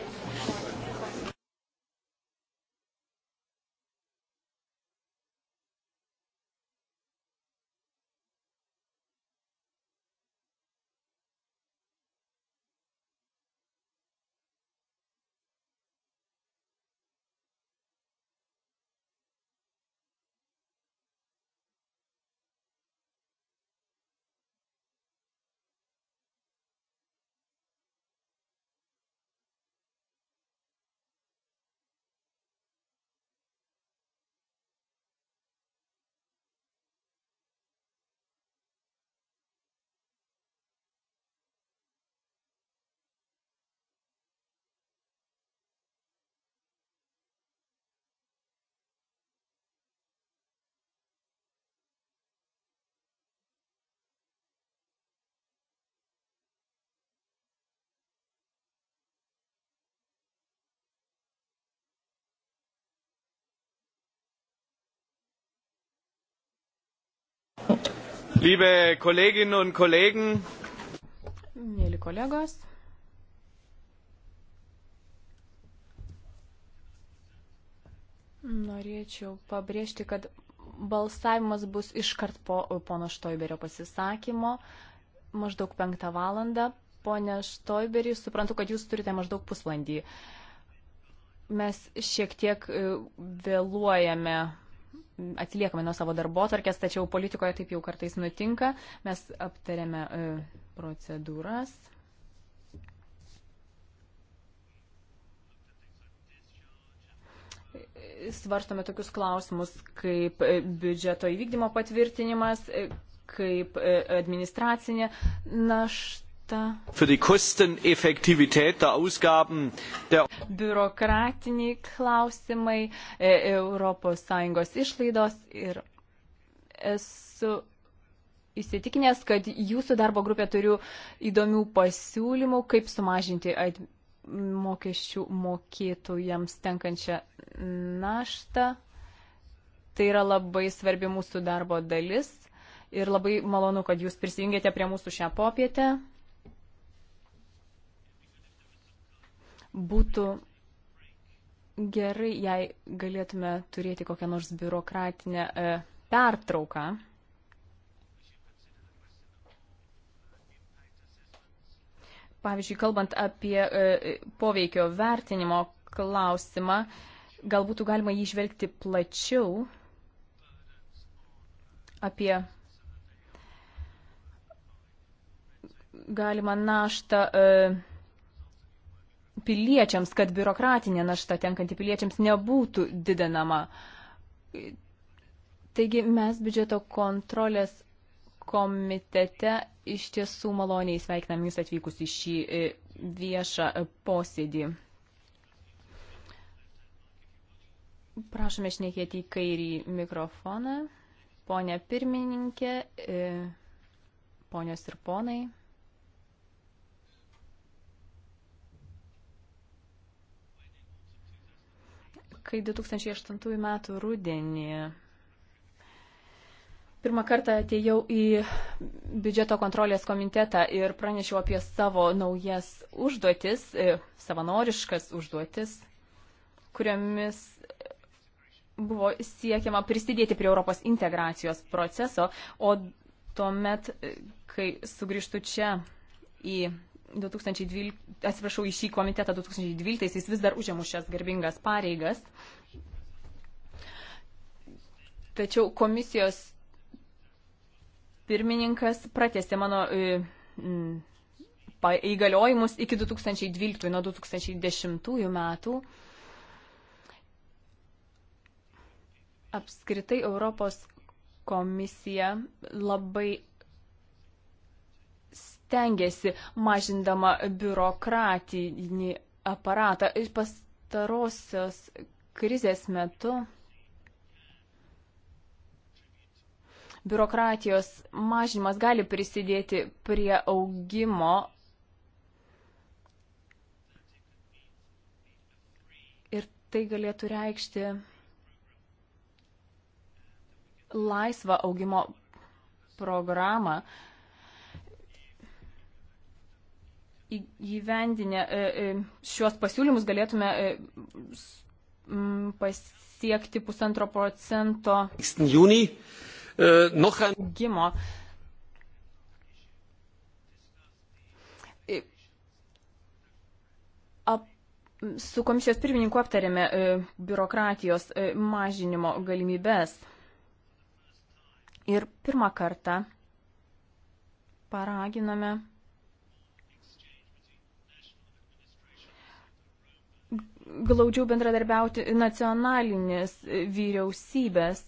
Liebe Kolleginnen und Kollegen, mėly kolegos, norėčiau pabrėžti, kad balsavimas bus iškart po pono Štoiberio pasisakymo, maždaug penktą valandą. Pone Štoiberį, suprantu, kad jūs turite maždaug pusvalandį. Mes šiek tiek e, vėluojame atsiliekame nuo savo darbo tarkės, tačiau politikoje taip jau kartais nutinka. Mes aptarėme e, procedūras. Svarstome tokius klausimus kaip e, biudžeto įvykdymo patvirtinimas, e, kaip administracinė našta nuostata biurokratiniai klausimai, ES išlaidos ir esu įsitikinęs, kad jūsų darbo grupė turiu įdomių pasiūlymų, kaip sumažinti mokesčių mokėtojams tenkančią naštą. Tai yra labai svarbi mūsų darbo dalis ir labai malonu, kad jūs prisijungėte prie mūsų šią popietę. Būtų gerai, jei galėtume turėti kokią nors biurokratinę e, pertrauką. Pavyzdžiui, kalbant apie e, poveikio vertinimo klausimą, galbūt galima jį žvelgti plačiau apie galimą naštą. E, piliečiams, kad biurokratinė našta tenkanti piliečiams nebūtų didinama. Taigi mes biudžeto kontrolės komitete iš tiesų maloniai sveikinam Jūs atvykus į šį e, viešą e, posėdį. Prašome šnekėti į kairį mikrofoną. Pone pirmininkė, e, ponios ir ponai. kai 2008 metų rudenį Pirmą kartą atėjau į biudžeto kontrolės komitetą ir pranešiau apie savo naujas užduotis, e, savanoriškas užduotis, kuriomis buvo siekiama prisidėti prie Europos integracijos proceso, o tuomet, e, kai sugrįžtu čia į 2012, atsiprašau, į šį komitetą 2012, jis vis dar užėmų šias garbingas pareigas. Tačiau komisijos pirmininkas pratėsi mano e, įgaliojimus iki 2012, nuo 2010 metų. Apskritai Europos komisija labai tengiasi mažindama biurokratinį aparatą. Ir pastarosios krizės metu biurokratijos mažinimas gali prisidėti prie augimo ir tai galėtų reikšti laisvą augimo programą, įgyvendinę e, e, šiuos pasiūlymus galėtume e, pasiekti pusantro procento augimo. Äh, su komisijos pirmininku aptarėme biurokratijos mažinimo galimybės. Ir pirmą kartą paraginame glaudžiau bendradarbiauti nacionalinės vyriausybės.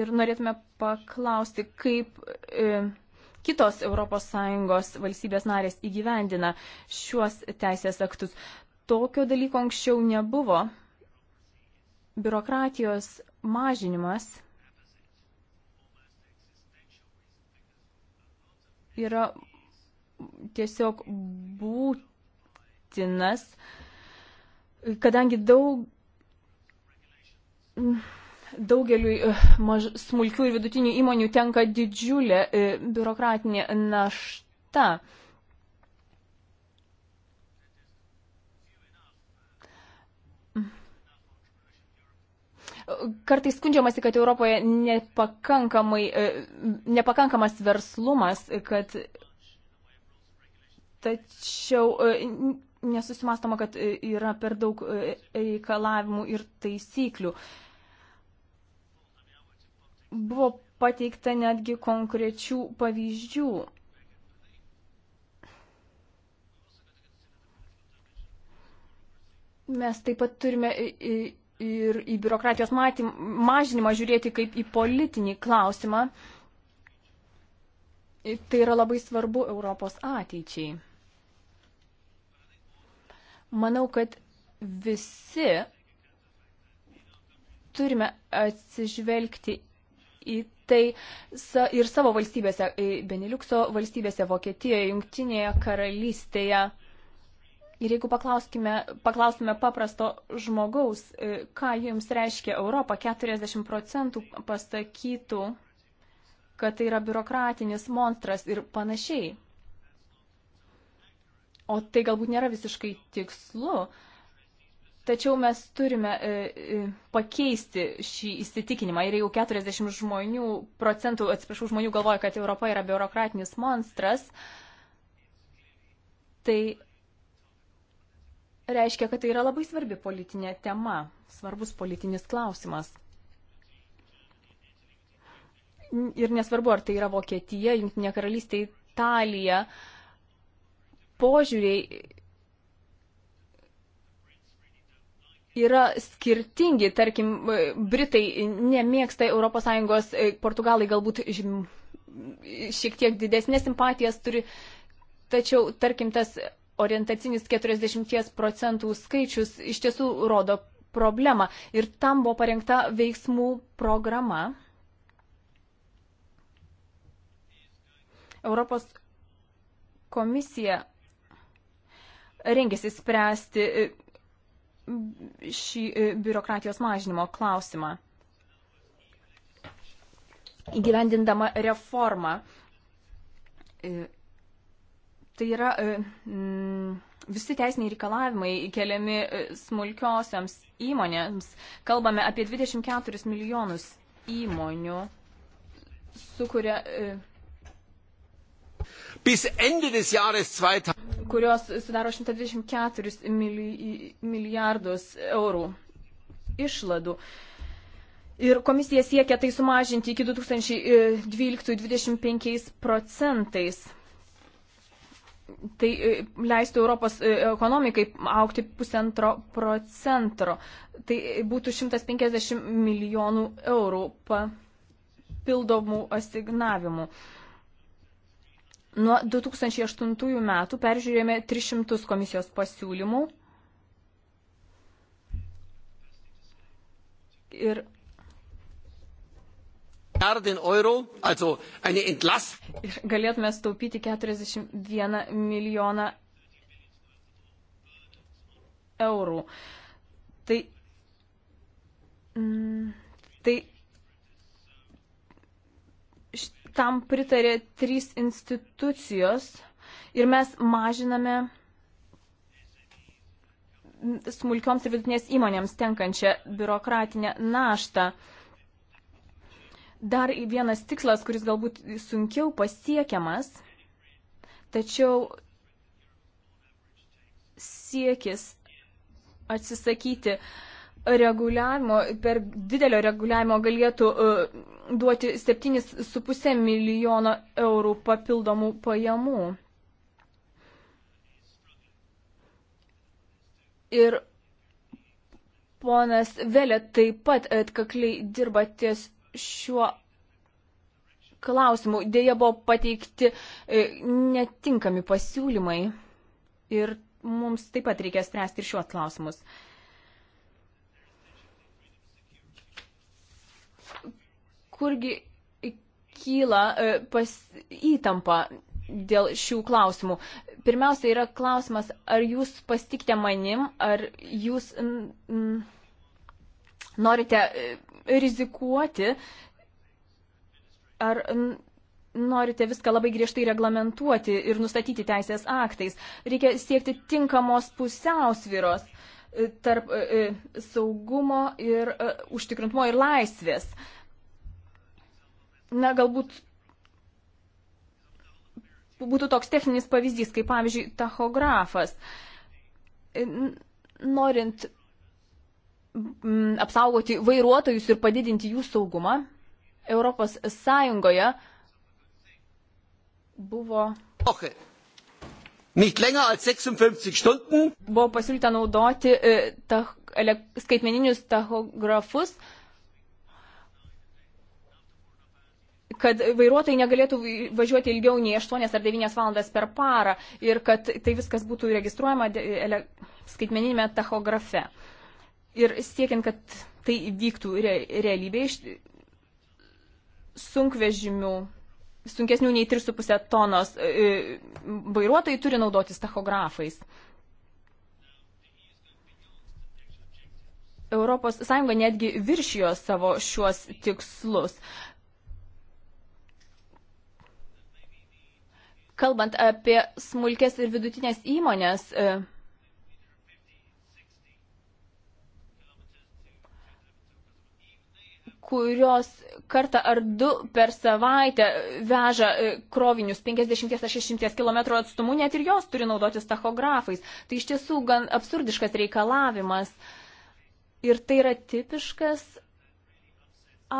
Ir norėtume paklausti, kaip e, kitos ES valstybės narės įgyvendina šiuos teisės aktus. Tokio dalyko anksčiau nebuvo. Biurokratijos mažinimas yra tiesiog būt primestinas, kadangi daug, daugeliui e, maž, smulkių ir vidutinių įmonių tenka didžiulė e, biurokratinė našta. kartais skundžiamasi, kad Europoje e, nepakankamas verslumas, kad tačiau nesusimastoma, kad e, yra per daug e, reikalavimų ir taisyklių. Buvo pateikta netgi konkrečių pavyzdžių. Mes taip pat turime e, ir į biurokratijos matym, mažinimą žiūrėti kaip į politinį klausimą. Tai yra labai svarbu Europos ateičiai. Manau, kad visi turime atsižvelgti į tai ir savo valstybėse, Beniliukso valstybėse, Vokietijoje, Junktinėje karalystėje. Ir jeigu paklaustume paprasto žmogaus, e, ką jums reiškia Europa, 40 procentų pasakytų, kad tai yra biurokratinis monstras ir panašiai. O tai galbūt nėra visiškai tikslu, tačiau mes turime e, e, pakeisti šį įsitikinimą. Ir jau 40 žmonių, procentų, atsiprašau, žmonių galvoja, kad Europa yra biurokratinis monstras. Tai reiškia, kad tai yra labai svarbi politinė tema, svarbus politinis klausimas. Ir nesvarbu, ar tai yra Vokietija, Junktinė karalystė, Italija. E, požiūriai yra skirtingi. Tarkim, Britai nemėgsta ES, Portugalai galbūt šiek tiek didesnės simpatijas turi, tačiau, tarkim, tas orientacinis 40 procentų skaičius iš tiesų rodo problemą. Ir tam buvo parengta veiksmų programa. Europos komisija rengėsi spręsti e, šį e, biurokratijos mažinimo klausimą. Įgyvendindama reformą. E, tai yra visi teisiniai reikalavimai keliami smulkiosioms įmonėms. Kalbame apie 24 milijonus įmonių, su kuria bis Ende des Jahres 2000 kurios sudaro 124 milijardus eurų išladų. Ir komisija siekia tai sumažinti iki 2012-25 procentais. Tai e, leistų Europos e, ekonomikai aukti pusantro procentro. Tai būtų 150 milijonų eurų papildomų asignavimų. Uh, Nuo 2008 metų peržiūrėjome 300 komisijos pasiūlymų ir Milliarden Euro, also eine Entlast. Ir galėtume staupyti 41 milijoną eurų. Tai, mm, tai tam pritarė trys institucijos ir mes mažiname smulkioms ir vidutinės įmonėms tenkančią biurokratinę naštą. Dar vienas tikslas, kuris galbūt sunkiau pasiekiamas, tačiau siekis atsisakyti uh, reguliavimo, per didelio reguliavimo galėtų e, duoti 7,5 milijono eurų papildomų pajamų. Ir ponas Velė taip pat atkakliai dirba ties šiuo klausimu. Dėja buvo pateikti e, netinkami pasiūlymai ir mums taip pat reikia spręsti ir šiuos klausimus. kurgi kyla e, pas, įtampa dėl šių klausimų. Pirmiausia yra klausimas, ar jūs pasitikite manim, ar jūs mm, norite e, rizikuoti, ar norite viską labai griežtai reglamentuoti ir nustatyti teisės aktais. Reikia siekti tinkamos pusiausviros e, tarp saugumo ir užtikrintumo ir laisvės. Uh, na, galbūt būtų toks techninis pavyzdys, kaip pavyzdžiui, tachografas. Norint apsaugoti vairuotojus ir padidinti jų saugumą, Europos Sąjungoje buvo. Okay. Buvo pasiūlyta naudoti e, tach, skaitmeninius tachografus uh, kad vairuotojai negalėtų važiuoti ilgiau nei 8 ar 9 valandas per parą ir kad tai viskas būtų registruojama skaitmeninėme tachografe. Ir siekiant, kad tai vyktų re, realybėje, sunkvežimių, sunkesnių nei 3,5 tonos e, vairuotojai turi naudotis tachografais. Europos Sąjunga netgi viršijo savo šiuos tikslus. Kalbant apie smulkės ir vidutinės įmonės, e, kurios kartą ar du per savaitę veža e, krovinius 50 ar 600 km atstumu, net ir jos turi naudotis tachografais. Tai iš tiesų gan absurdiškas reikalavimas. Ir tai yra tipiškas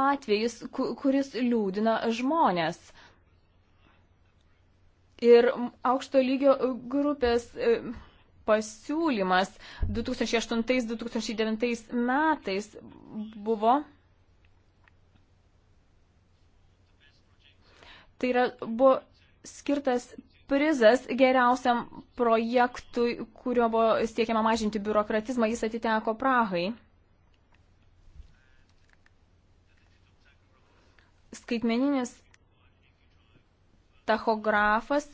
atvejis, kuris liūdina žmonės. Ir aukšto lygio grupės e, pasiūlymas 2008-2009 metais buvo. Tai yra, buvo skirtas prizas geriausiam projektui, kurio buvo siekiama mažinti biurokratizmą, jis atiteko Prahai. Skaitmeninis tachografas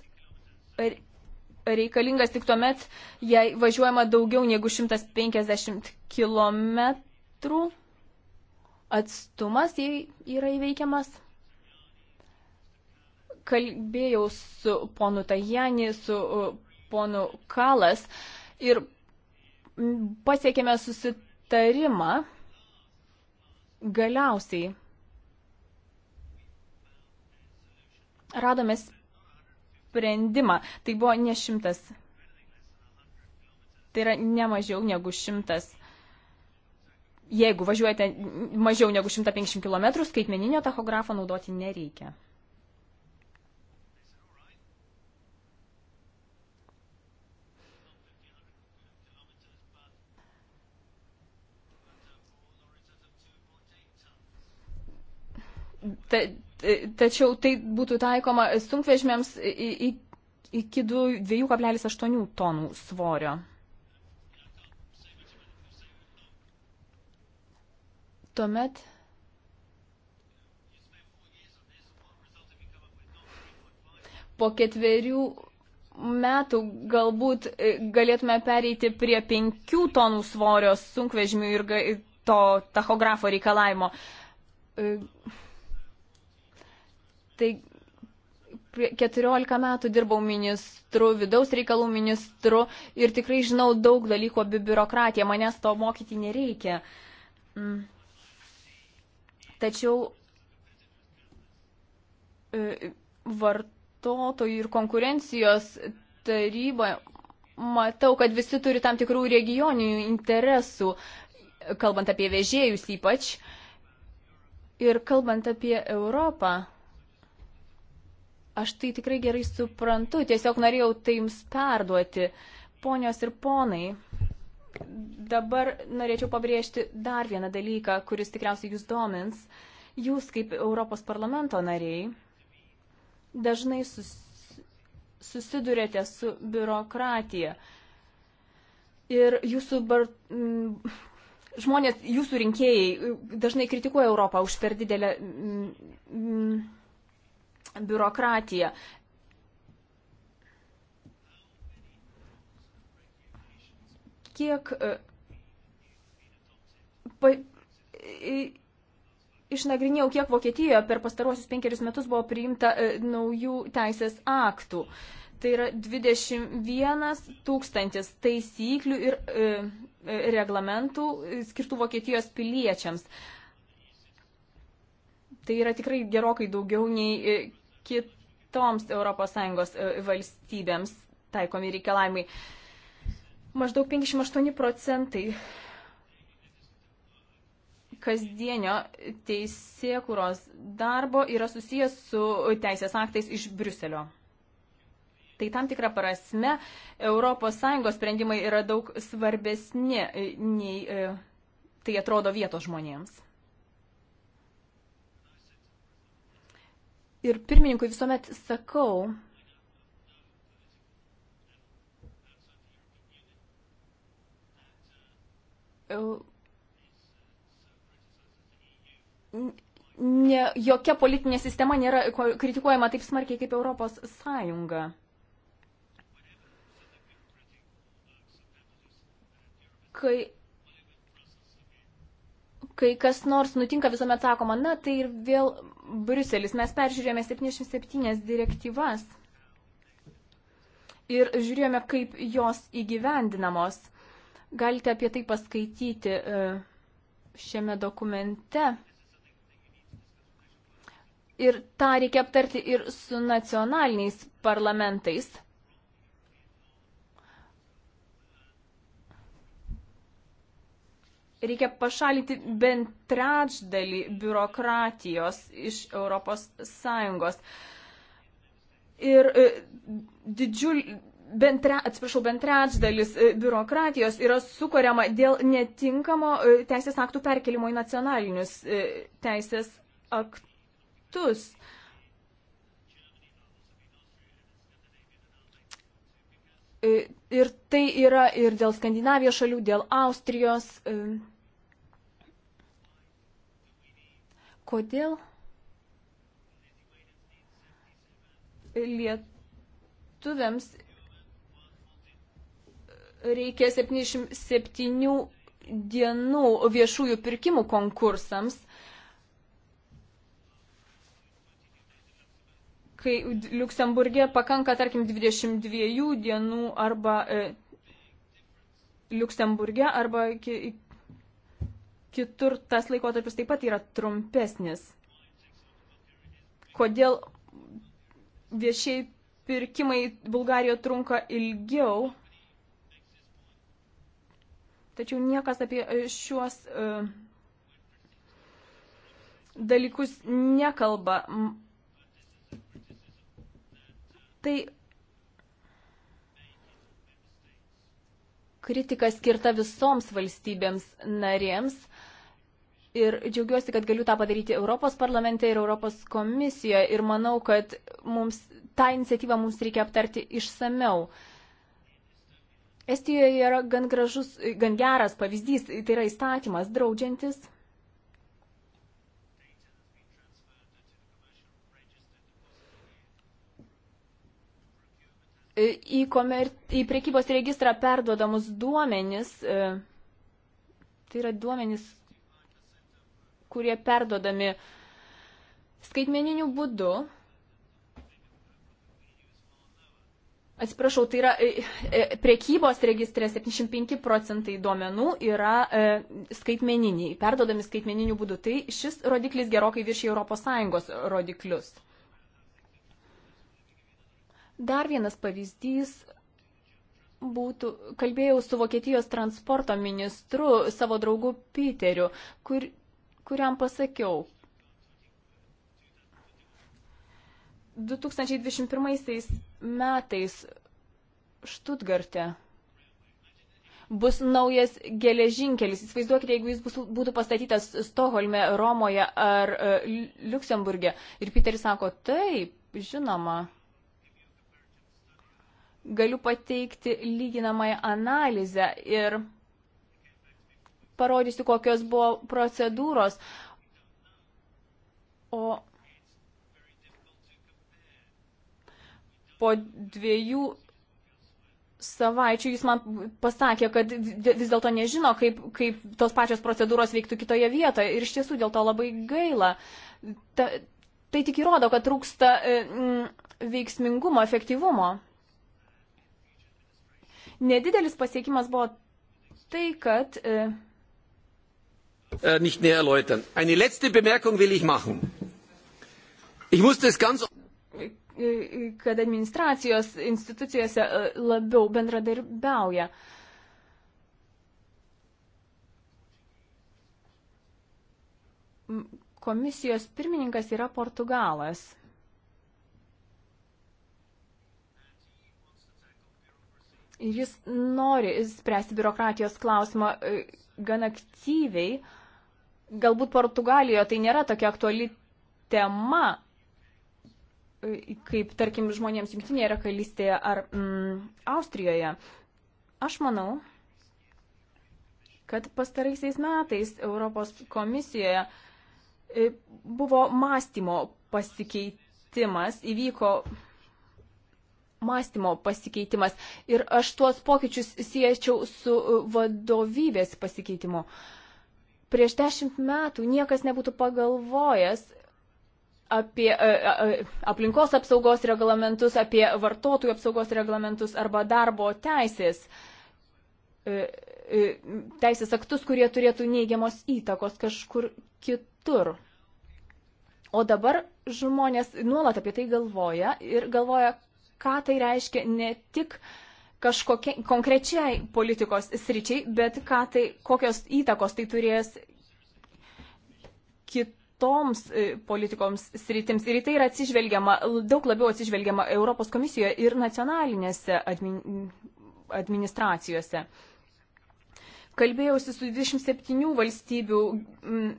reikalingas tik tuomet, jei važiuojama daugiau negu 150 km atstumas, jei yra įveikiamas. Kalbėjau su ponu Tajani, su uh, ponu Kalas ir pasiekėme susitarimą galiausiai radome sprendimą. Tai buvo ne šimtas. Tai yra ne mažiau negu šimtas. Jeigu važiuojate mažiau negu 150 km, skaitmeninio tachografo naudoti nereikia. Ta, E, tačiau tai būtų taikoma sunkvežimiams iki 2,8 tonų svorio. Tuomet po ketverių metų galbūt e, galėtume pereiti prie penkių tonų svorio sunkvežimių ir to tachografo reikalavimo. E, Tai 14 metų dirbau ministru, vidaus reikalų ministru ir tikrai žinau daug dalykų apie biurokratiją, manęs to mokyti nereikia. Mm. Tačiau e, vartotojų ir konkurencijos taryboje matau, kad visi turi tam tikrų regioninių interesų, kalbant apie vežėjus ypač ir kalbant apie Europą Aš tai tikrai gerai suprantu, tiesiog norėjau tai jums perduoti. Ponios ir ponai, dabar norėčiau pabrėžti dar vieną dalyką, kuris tikriausiai jūs domins. Jūs kaip Europos parlamento nariai dažnai sus, susidurėte su biurokratija. Ir jūsų bar, m, mm, žmonės, jūsų rinkėjai dažnai kritikuoja Europą už per didelę m, mm, m, mm, biurokratija. Kiek e, pa, išnagrinėjau, kiek Vokietijoje per pastaruosius penkerius metus buvo priimta e, naujų teisės aktų. Tai yra 21 tūkstantis taisyklių ir e, e, reglamentų skirtų Vokietijos piliečiams. Tai yra tikrai gerokai daugiau nei kitoms ES e, valstybėms taikomi reikalavimai. Maždaug 58 procentai kasdienio teisėkuros darbo yra susijęs su teisės aktais iš Briuselio. Tai tam tikrą prasme ES sprendimai yra daug svarbesni e, nei e, tai atrodo vietos žmonėms. ir pirmininkui visuomet sakau, ne, jokia politinė sistema nėra kritikuojama taip smarkiai kaip Europos Sąjunga. Kai kai kas nors nutinka, visuomet sakoma, na tai ir vėl Briuselis. Mes peržiūrėjome 77 direktyvas ir žiūrėjome, kaip jos įgyvendinamos. Galite apie tai paskaityti e, šiame dokumente. Ir tą reikia aptarti ir su nacionaliniais parlamentais. reikia pašalinti bent trečdalį biurokratijos iš ES. Ir e, didžiul, bent, tre, atsiprašau, bent trečdalis e, biurokratijos yra sukuriama dėl netinkamo e, teisės aktų perkelimo į nacionalinius teisės aktus. E, ir tai yra ir dėl Skandinavijos šalių, dėl Austrijos. E, kodėl lietuviams reikia 77 dienų viešųjų pirkimų konkursams kai Luksemburgė pakanka, tarkim, 22 dienų arba e, Luksemburgė arba ki, kitur tas laikotarpis taip pat yra trumpesnis. Kodėl viešiai pirkimai Bulgarijoje trunka ilgiau? Tačiau niekas apie e, šiuos e, dalykus nekalba. Tai kritika skirta visoms valstybėms narėms. Ir džiaugiuosi, kad galiu tą padaryti Europos parlamente ir Europos komisijoje. Ir manau, kad mums, tą iniciatyvą mums reikia aptarti išsameu. Estijoje yra gan gražus, gan geras pavyzdys, tai yra įstatymas draudžiantis E, į, komer... į priekybos registrą perduodamus duomenis, e, tai yra duomenis, kurie perduodami skaitmeniniu būdu. Atsiprašau, tai yra e, priekybos registre 75 procentai duomenų yra e, skaitmeniniai, perdodami skaitmeniniu būdu. Tai šis rodiklis gerokai viršė ES rodiklius. Dar vienas pavyzdys būtų, kalbėjau su Vokietijos transporto ministru, savo draugu Piteriu, kur, kuriam pasakiau. 2021 metais Štutgarte bus naujas geležinkelis. Įsivaizduokite, jeigu jis bus, būtų pastatytas Stoholme, Romoje ar e, Liuksemburgė. Ir Piteris sako, taip, žinoma galiu pateikti lyginamąją analizę ir parodysiu, kokios buvo procedūros. O po dviejų savaičių jis man pasakė, kad vis dėlto nežino, kaip, kaip tos pačios procedūros veiktų kitoje vietoje. Ir iš tiesų dėl to labai gaila. Ta, tai tik įrodo, kad trūksta e, m, veiksmingumo, efektyvumo. Nedidelis pasiekimas buvo tai, kad. E, äh, nicht näher erläutern. Eine letzte Bemerkung will ich machen. Ich muss das ganz e, e, kad administracijos institucijose labiau bendradarbiauja. Komisijos pirmininkas yra Portugalas. Jis nori spręsti biurokratijos klausimą e, gan aktyviai. Galbūt Portugalijoje tai nėra tokia aktuali tema, e, kaip, tarkim, žmonėms Junktinėje karalystėje ar mm, Austrijoje. Aš manau, kad pastaraisiais metais Europos komisijoje e, buvo mąstymo pasikeitimas, įvyko mąstymo pasikeitimas. Ir aš tuos pokyčius siečiau su e, vadovybės pasikeitimu. Prieš dešimt metų niekas nebūtų pagalvojęs apie a, e, a, e, aplinkos apsaugos reglamentus, apie vartotojų apsaugos reglamentus arba darbo teisės teisės aktus, kurie turėtų neigiamos įtakos kažkur kitur. O dabar žmonės nuolat apie tai galvoja ir galvoja, ką tai reiškia ne tik kažkokiai konkrečiai politikos sričiai, bet ką tai, kokios įtakos tai turės kitoms e, politikoms sritims. Ir į tai yra atsižvelgiama, daug labiau atsižvelgiama Europos komisijoje ir nacionalinėse admin, administracijose. Kalbėjausi su 27 valstybių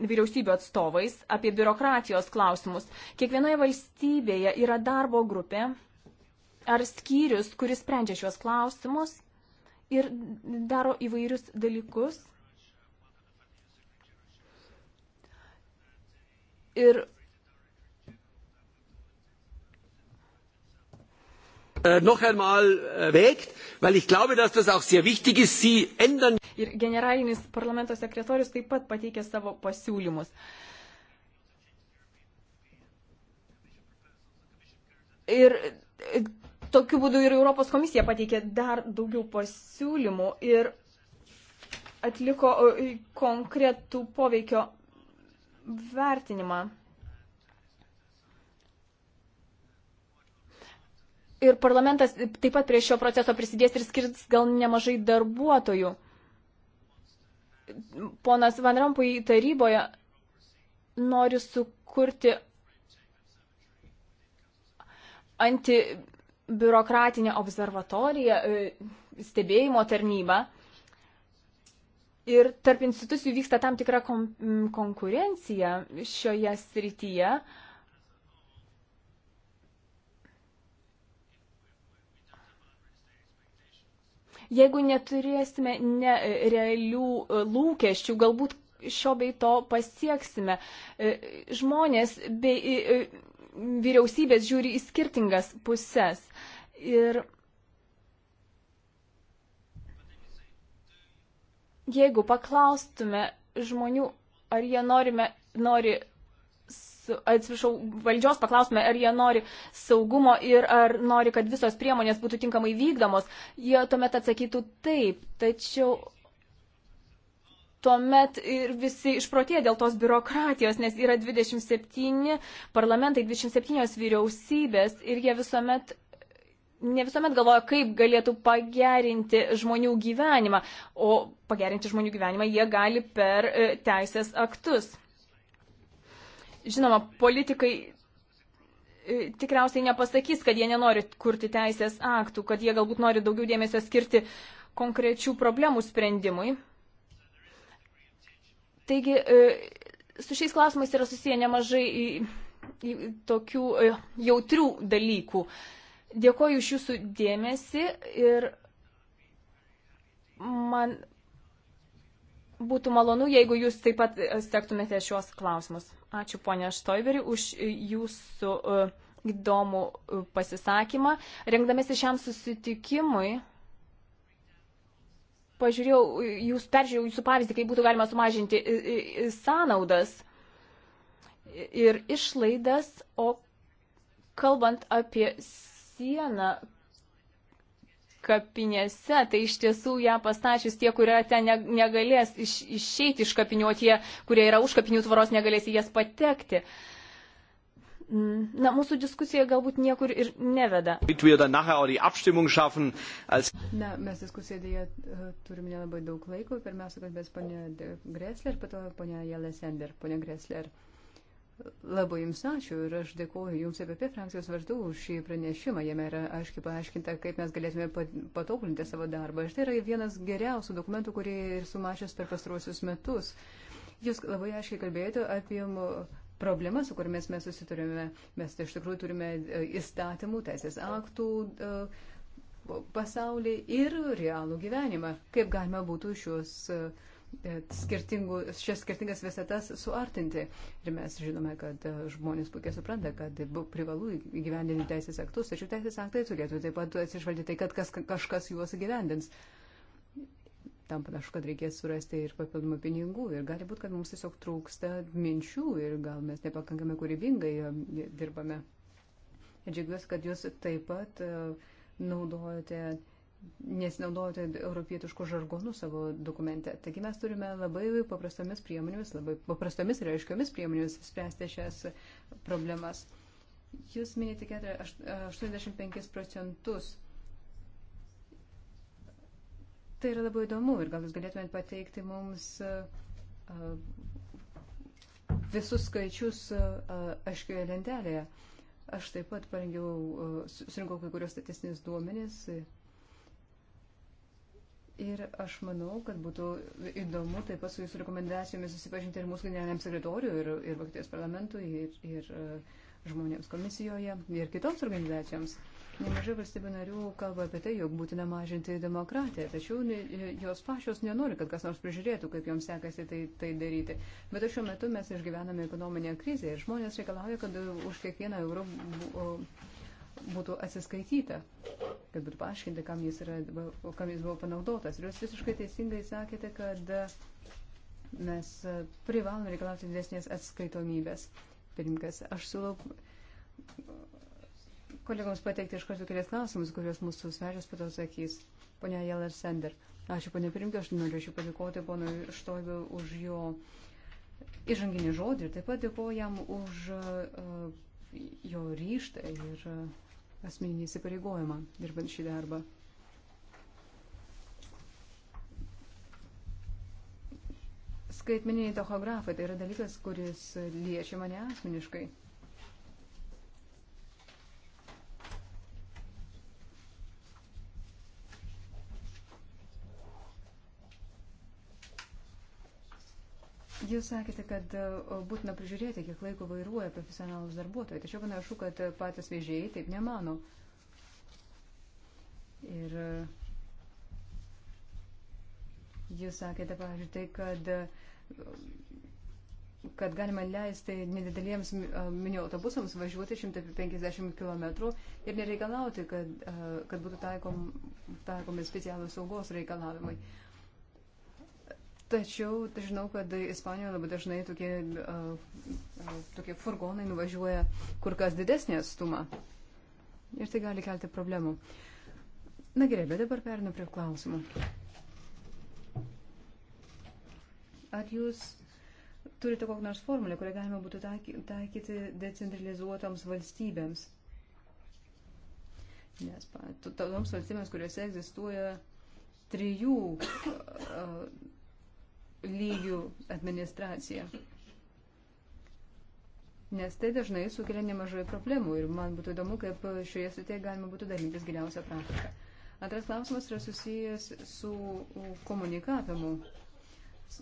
vyriausybių atstovais apie biurokratijos klausimus. Kiekvienoje valstybėje yra darbo grupė ar skyrius, kuris sprendžia šios klausimus ir daro įvairius dalykus. Ir äh, noch einmal äh, wägt, weil ich glaube, dass das auch sehr wichtig ist. Sie ändern. Ir generalinis parlamento sekretorius taip pat pateikė savo pasiūlymus. Ir tokiu būdu ir Europos komisija pateikė dar daugiau pasiūlymų ir atliko konkretų poveikio vertinimą. Ir parlamentas taip pat prie šio proceso prisidės ir skirs gal nemažai darbuotojų. Ponas Van Rampui taryboje nori sukurti anti biurokratinė observatorija, e, stebėjimo tarnyba. Ir tarp institucijų vyksta tam tikra konkurencija šioje srityje. Jeigu neturėsime ne, e, realių e, lūkesčių, galbūt šio bei to pasieksime. Žmonės bei vyriausybės žiūri į skirtingas puses. Ir jeigu paklaustume žmonių, ar jie norime, nori, atsiprašau, valdžios paklaustume, ar jie nori saugumo ir ar nori, kad visos priemonės būtų tinkamai vykdomos, jie tuomet atsakytų taip. Tačiau tuomet ir visi išprotėja dėl tos biurokratijos, nes yra 27 parlamentai, 27 vyriausybės ir jie visuomet. Ne visuomet galvoja, kaip galėtų pagerinti žmonių gyvenimą, o pagerinti žmonių gyvenimą jie gali per e, teisės aktus. Žinoma, politikai e, tikriausiai nepasakys, kad jie nenori kurti teisės aktų, kad jie galbūt nori daugiau dėmesio skirti konkrečių problemų sprendimui, Taigi e, su šiais klausimais yra susiję nemažai į, į tokių e, jautrių dalykų. Dėkoju iš jūsų dėmesį ir man būtų malonu, jeigu jūs taip pat sektumėte šios klausimus. Ačiū ponia Štoiveri už jūsų e, įdomų pasisakymą. Rengdamėsi šiam susitikimui pažiūrėjau, jūs peržiūrėjau jūsų pavyzdį, kaip būtų galima sumažinti sąnaudas ir išlaidas, o kalbant apie sieną kapinėse, tai iš tiesų ją pastačius tie, kurie ten negalės iš, išeiti iš kapinių, o tie, kurie yra už kapinių tvaros, negalės į jas patekti. Uh, Mm, na, mūsų diskusija galbūt niekur ir neveda. Na, mes diskusiją dėja e, turime nelabai daug laiko. Pirmiausia, kalbės ponia Gresler, pato ponia Jelė Sender. Ponia Gresler, labai jums ačiū ir aš dėkuoju jums apie, apie frakcijos vardu už šį pranešimą. Jame yra aiškiai paaiškinta, kaip mes galėtume patobulinti savo darbą. Štai yra vienas geriausių dokumentų, kurį ir sumažęs per pastaruosius metus. Jūs labai aiškiai kalbėjote apie problema, su kuriamis mes susiturime. Mes tai iš tikrųjų turime e, įstatymų, teisės aktų e, pasaulį ir realų gyvenimą. Kaip galima būtų šios e, šias skirtingas visetas suartinti. Ir mes žinome, kad žmonės puikiai supranta, kad privalu įgyvendinti teisės aktus, tačiau teisės aktai turėtų taip pat atsižvelgti tai, kad kas, kažkas juos įgyvendins. Uh, Tam panašu, kad reikės surasti ir papildomų pinigų. Ir gali būti, kad mums tiesiog trūksta minčių ir gal mes nepakankamai kūrybingai e, dirbame. Ir džiaugiuosi, kad jūs taip pat e, naudojate, nesinaudojate europietiškų žargonų savo dokumente. Taigi mes turime labai paprastomis priemonėmis, labai paprastomis ir aiškiomis priemonėmis spręsti šias problemas. Jūs minėjote 85 procentus Tai yra labai įdomu ir gal jūs galėtumėt pateikti mums visus skaičius aiškioje lentelėje. Aš taip pat parengiau, surinkau kai kurios statistinės duomenys. Ir aš manau, kad būtų įdomu taip pat su jūsų rekomendacijomis susipažinti ir mūsų generaliniam sekretoriui, ir, ir Vokietijos parlamentui, ir, ir žmonėms komisijoje, ir kitoms organizacijoms. Uh, Nemažai valstybių narių kalba apie tai, jog būtina mažinti demokratiją, tačiau jos pačios nenori, kad kas nors prižiūrėtų, kaip joms sekasi tai, tai daryti. Bet šiuo metu mes išgyvename ekonominę krizę ir žmonės reikalauja, kad už kiekvieną eurą būtų atsiskaityta, kad būtų paaiškinta, kam jis, yra, kam jis buvo panaudotas. Ir jūs visiškai teisingai sakėte, kad mes privalome reikalauti didesnės atskaitomybės. Pirmkas, aš siūlau kolegoms pateikti iš karto kelias klausimus, kuriuos mūsų svečias pato sakys. Pone Jeller Sender. Ačiū, ponė Pirinkė, aš norėčiau padėkoti ponui Štoiviu už jo įžanginį žodį ir taip pat dėkoju jam už uh, jo ryštą ir uh, asmeninį įsipareigojimą dirbant šį darbą. Skaitmeniniai tachografai tai yra dalykas, kuris liečia mane asmeniškai. Jūs sakėte, kad e, būtina prižiūrėti, kiek laiko vairuoja profesionalus darbuotojai, tačiau panašu, kad patys vežėjai taip nemano. Ir e, jūs sakėte, pavyzdžiui, tai, kad e, kad galima leisti nedideliems minio autobusams važiuoti 150 km ir nereikalauti, kad, kad būtų taikom, taikomi specialūs saugos reikalavimai. Mm. Tačiau žinau, kad Ispanijoje labai dažnai tokie, uh, tokie furgonai nuvažiuoja kur kas didesnį atstumą. Ir tai gali kelti problemų. Na gerai, bet dabar perinu prie klausimų. Ar jūs turite kokią nors formulę, kurią galima būtų taikyti decentralizuotoms valstybėms? Nes toms valstybėms, kuriuose egzistuoja trijų uh, lygių administracija. Nes tai dažnai sukelia nemažai problemų ir man būtų įdomu, kaip šioje srityje galima būtų dalintis geriausią praktiką. Antras klausimas yra susijęs su komunikavimu.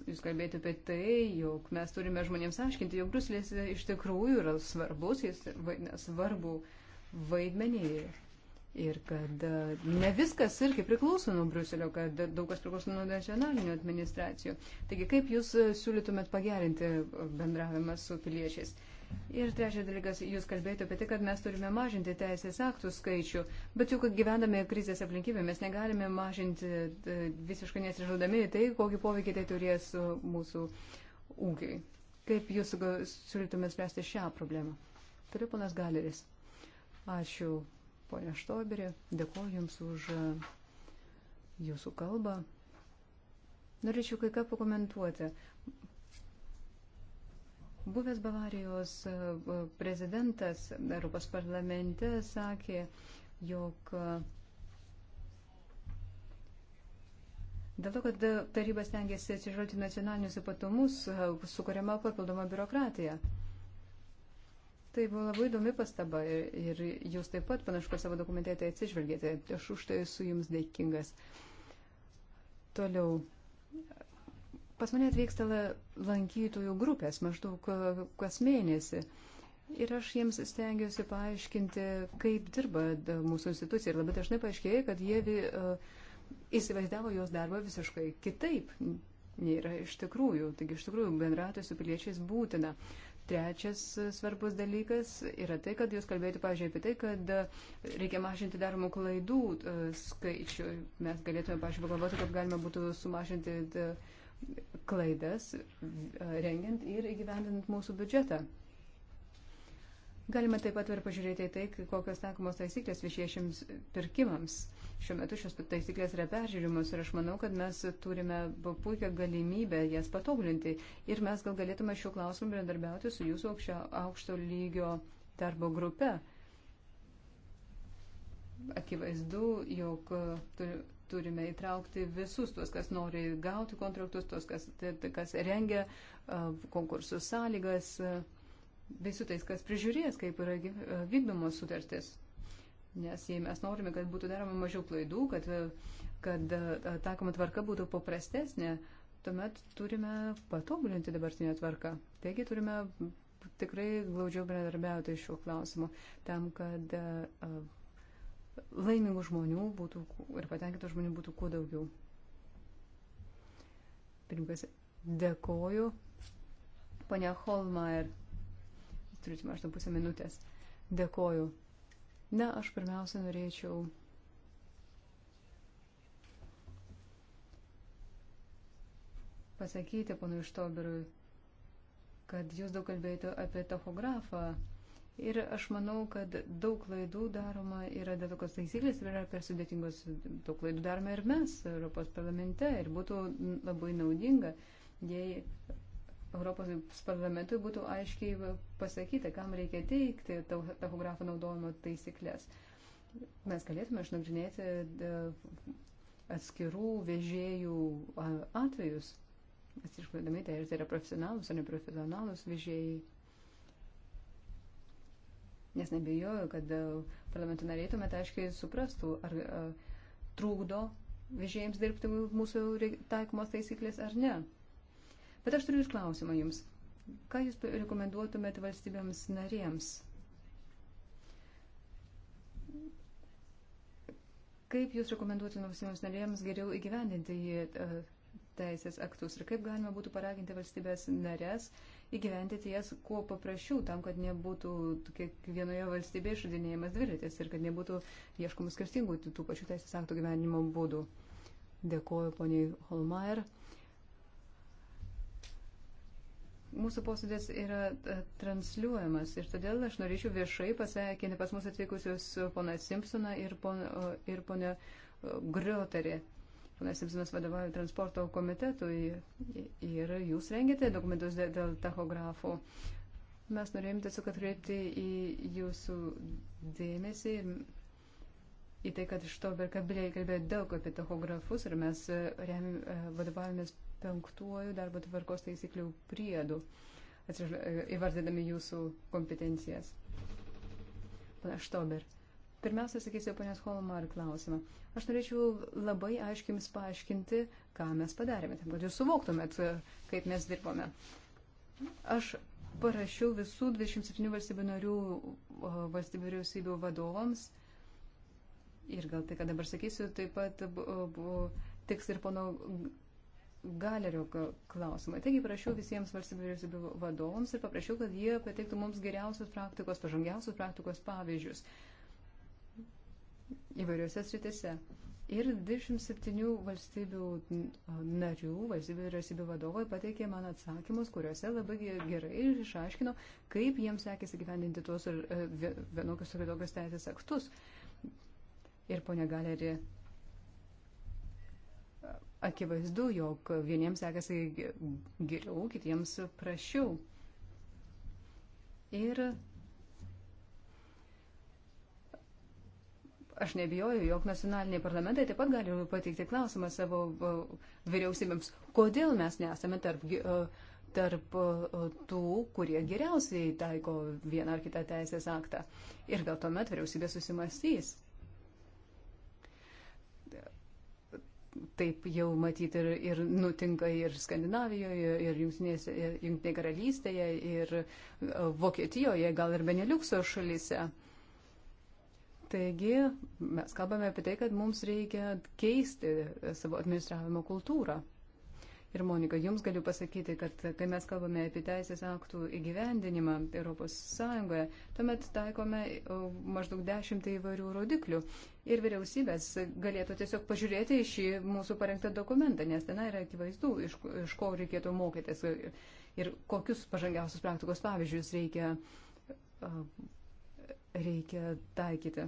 Jūs kalbėjote apie tai, jog mes turime žmonėms aiškinti, jog Bruselis iš tikrųjų yra svarbus, jis vaidina svarbu vaidmenį Ir kad e, ne viskas irgi priklauso nuo Bruselio, kad daug kas priklauso nuo nacionalinių administracijų. Taigi, kaip jūs e, siūlytumėt pagerinti e, bendravimą su piliečiais? Ir trečias dalykas, jūs kalbėjote apie tai, kad mes turime mažinti teisės aktų skaičių, bet juk gyvendami krizės aplinkybė, mes negalime mažinti visiškai nesižudami tai, kokį poveikį tai turės mūsų ūkiai. Kaip jūs siūlytumėt spręsti šią problemą? Turiu ponas Galeris. Ačiū, Pone Štoberė, dėkoju Jums už e, Jūsų kalbą. Norėčiau kai ką pakomentuoti. Buvęs Bavarijos e, e, prezidentas Europos parlamente sakė, jog Dėl to, kad tarybas tengiasi atsižvelgti nacionalinius ypatumus, sukuriama papildoma biurokratija. Tai buvo labai įdomi pastaba ir, ir jūs taip pat panašu, kad savo dokumente tai atsižvelgėte. Aš už tai esu jums dėkingas. Toliau. Pas mane atvyksta lankytojų grupės maždaug uh, kas mėnesį. Ir aš jiems stengiuosi paaiškinti, kaip dirba mūsų institucija. Ir labai dažnai paaiškėja, kad jie uh, įsivaizdavo jos darbą visiškai kitaip, nėra iš tikrųjų. Taigi iš tikrųjų bendrauti su piliečiais būtina. Trečias svarbus dalykas yra tai, kad jūs kalbėjote, pažiūrėjau, apie tai, kad reikia mažinti daromų klaidų e, skaičių. Mes galėtume, pažiūrėjau, pagalvoti, kaip galima būtų sumažinti e, klaidas, e, rengiant ir įgyvendinant mūsų biudžetą. Galima taip pat ir pažiūrėti į tai, kokios taikomos taisyklės viešiešiems pirkimams. Šiuo metu šios taisyklės yra peržiūrimos ir aš manau, kad mes turime puikią galimybę jas patobulinti ir mes gal galėtume šiuo klausimu bendarbiauti su jūsų aukščio, aukšto lygio darbo grupe. Akivaizdu, jog e, turime įtraukti visus tuos, kas nori gauti kontraktus, tuos, kas, kas rengia e, konkursų sąlygas. Uh, bei su tais, kas prižiūrės, kaip yra e, vykdomos sutartis. Nes jei mes norime, kad būtų daroma mažiau klaidų, kad, e, kad e, takoma tvarka būtų paprastesnė, tuomet turime patobulinti dabartinę tvarką. Taigi turime tikrai glaudžiau bendradarbiauti šiuo klausimu, tam, kad laimingų žmonių būtų ir patenkintų žmonių būtų kuo daugiau. Pirmininkas, dėkoju. Pane Holmaier turite maždaug pusę minutės. Dėkoju. Na, aš pirmiausia norėčiau. Pasakyti, ponui Štoberui, kad jūs daug kalbėjote apie tachografą. Ir aš manau, kad daug klaidų daroma yra dėl to, kad taisyklės yra per sudėtingos, daug klaidų darome ir mes Europos parlamente. Ir būtų labai naudinga, jei Europos parlamentui būtų aiškiai pasakyta, kam reikia teikti tachografo naudojimo taisyklės. Mes galėtume išnagrinėti e, atskirų vežėjų atvejus, atsižvelgdami tai, ar tai yra profesionalus ar neprofesionalus vežėjai. Nes nebejoju, kad e, parlamento nariai tuomet aiškiai suprastų, ar a, e, trūkdo vežėjams dirbti mūsų taikomos taisyklės ar ne. Bet aš turiu jūs klausimą jums. Ką jūs rekomenduotumėte valstybėms narėms? Kaip jūs rekomenduotumėte valstybėms narėms geriau įgyvendinti e, teisės aktus ir kaip galima būtų paraginti valstybės narės įgyvendinti jas kuo paprasčiau, tam, kad nebūtų kiekvienoje valstybėje išradinėjimas dviratis ir kad nebūtų ieškomų skirtingų tų pačių teisės aktų gyvenimo būdų. Dėkuoju poniai Holmeier. Mūsų posėdės yra e, transliuojamas ir todėl aš norėčiau viešai pasveikinti pas mus atvykusius poną Simpsoną ir, pon, ir ponę e, Grioterį. Ponas Simpsonas vadovauja transporto komitetui ir jūs rengėte dokumentus dėl tachografų. Mes norėjom tiesiog atkreipti į jūsų dėmesį į tai, kad iš to Berkabilėje kalbėjo daug apie tachografus ir mes e, vadovavomės penktuoju darbo tvarkos taisyklių priedu, e, įvardydami jūsų kompetencijas. Pana Štober. Pirmiausia, sakysiu, ponios Holmar klausimą. Aš norėčiau labai aiškiai jums paaiškinti, ką mes padarėme, tam, kad jūs suvoktumėt, e, kaip mes dirbome. Aš parašiau visų 27 valstybių narių valstybių vyriausybių vadovams ir gal tai, ką dabar sakysiu, taip pat tiks ir pono galerio klausimai. Taigi prašiau visiems valstybių vyriausybių vadovams ir paprašiau, kad jie pateiktų mums geriausios praktikos, pažangiausios praktikos pavyzdžius įvairiose sritise. Ir 27 valstybių narių, valstybių vyriausybių vadovai pateikė man atsakymus, kuriuose labai gerai išaiškino, kaip jiems sekėsi gyvendinti tuos vienokius ar kitokius teisės aktus. Ir ponia Galerija akivaizdu, jog vieniems sekasi geriau, kitiems prašiau. Ir aš nebijoju, jog nacionaliniai parlamentai taip pat gali pateikti klausimą savo vyriausybėms, kodėl mes nesame tarp, tarp tų, kurie geriausiai taiko vieną ar kitą teisės aktą. Ir gal tuomet vyriausybė susimastys. taip jau matyti ir, ir nutinka ir Skandinavijoje, ir Junktinėje karalystėje, ir e, Vokietijoje, gal ir Beneliukso šalyse. Taigi mes kalbame apie tai, kad mums reikia keisti e, savo administravimo kultūrą. Ir Monika, jums galiu pasakyti, kad kai mes kalbame apie teisės aktų įgyvendinimą ES, tuomet taikome e, maždaug dešimtį įvairių rodiklių ir vyriausybės galėtų tiesiog pažiūrėti į šį mūsų parengtą dokumentą, nes ten yra akivaizdu, iš, iš ko reikėtų mokytis ir kokius pažangiausius praktikos pavyzdžius reikia, reikia taikyti.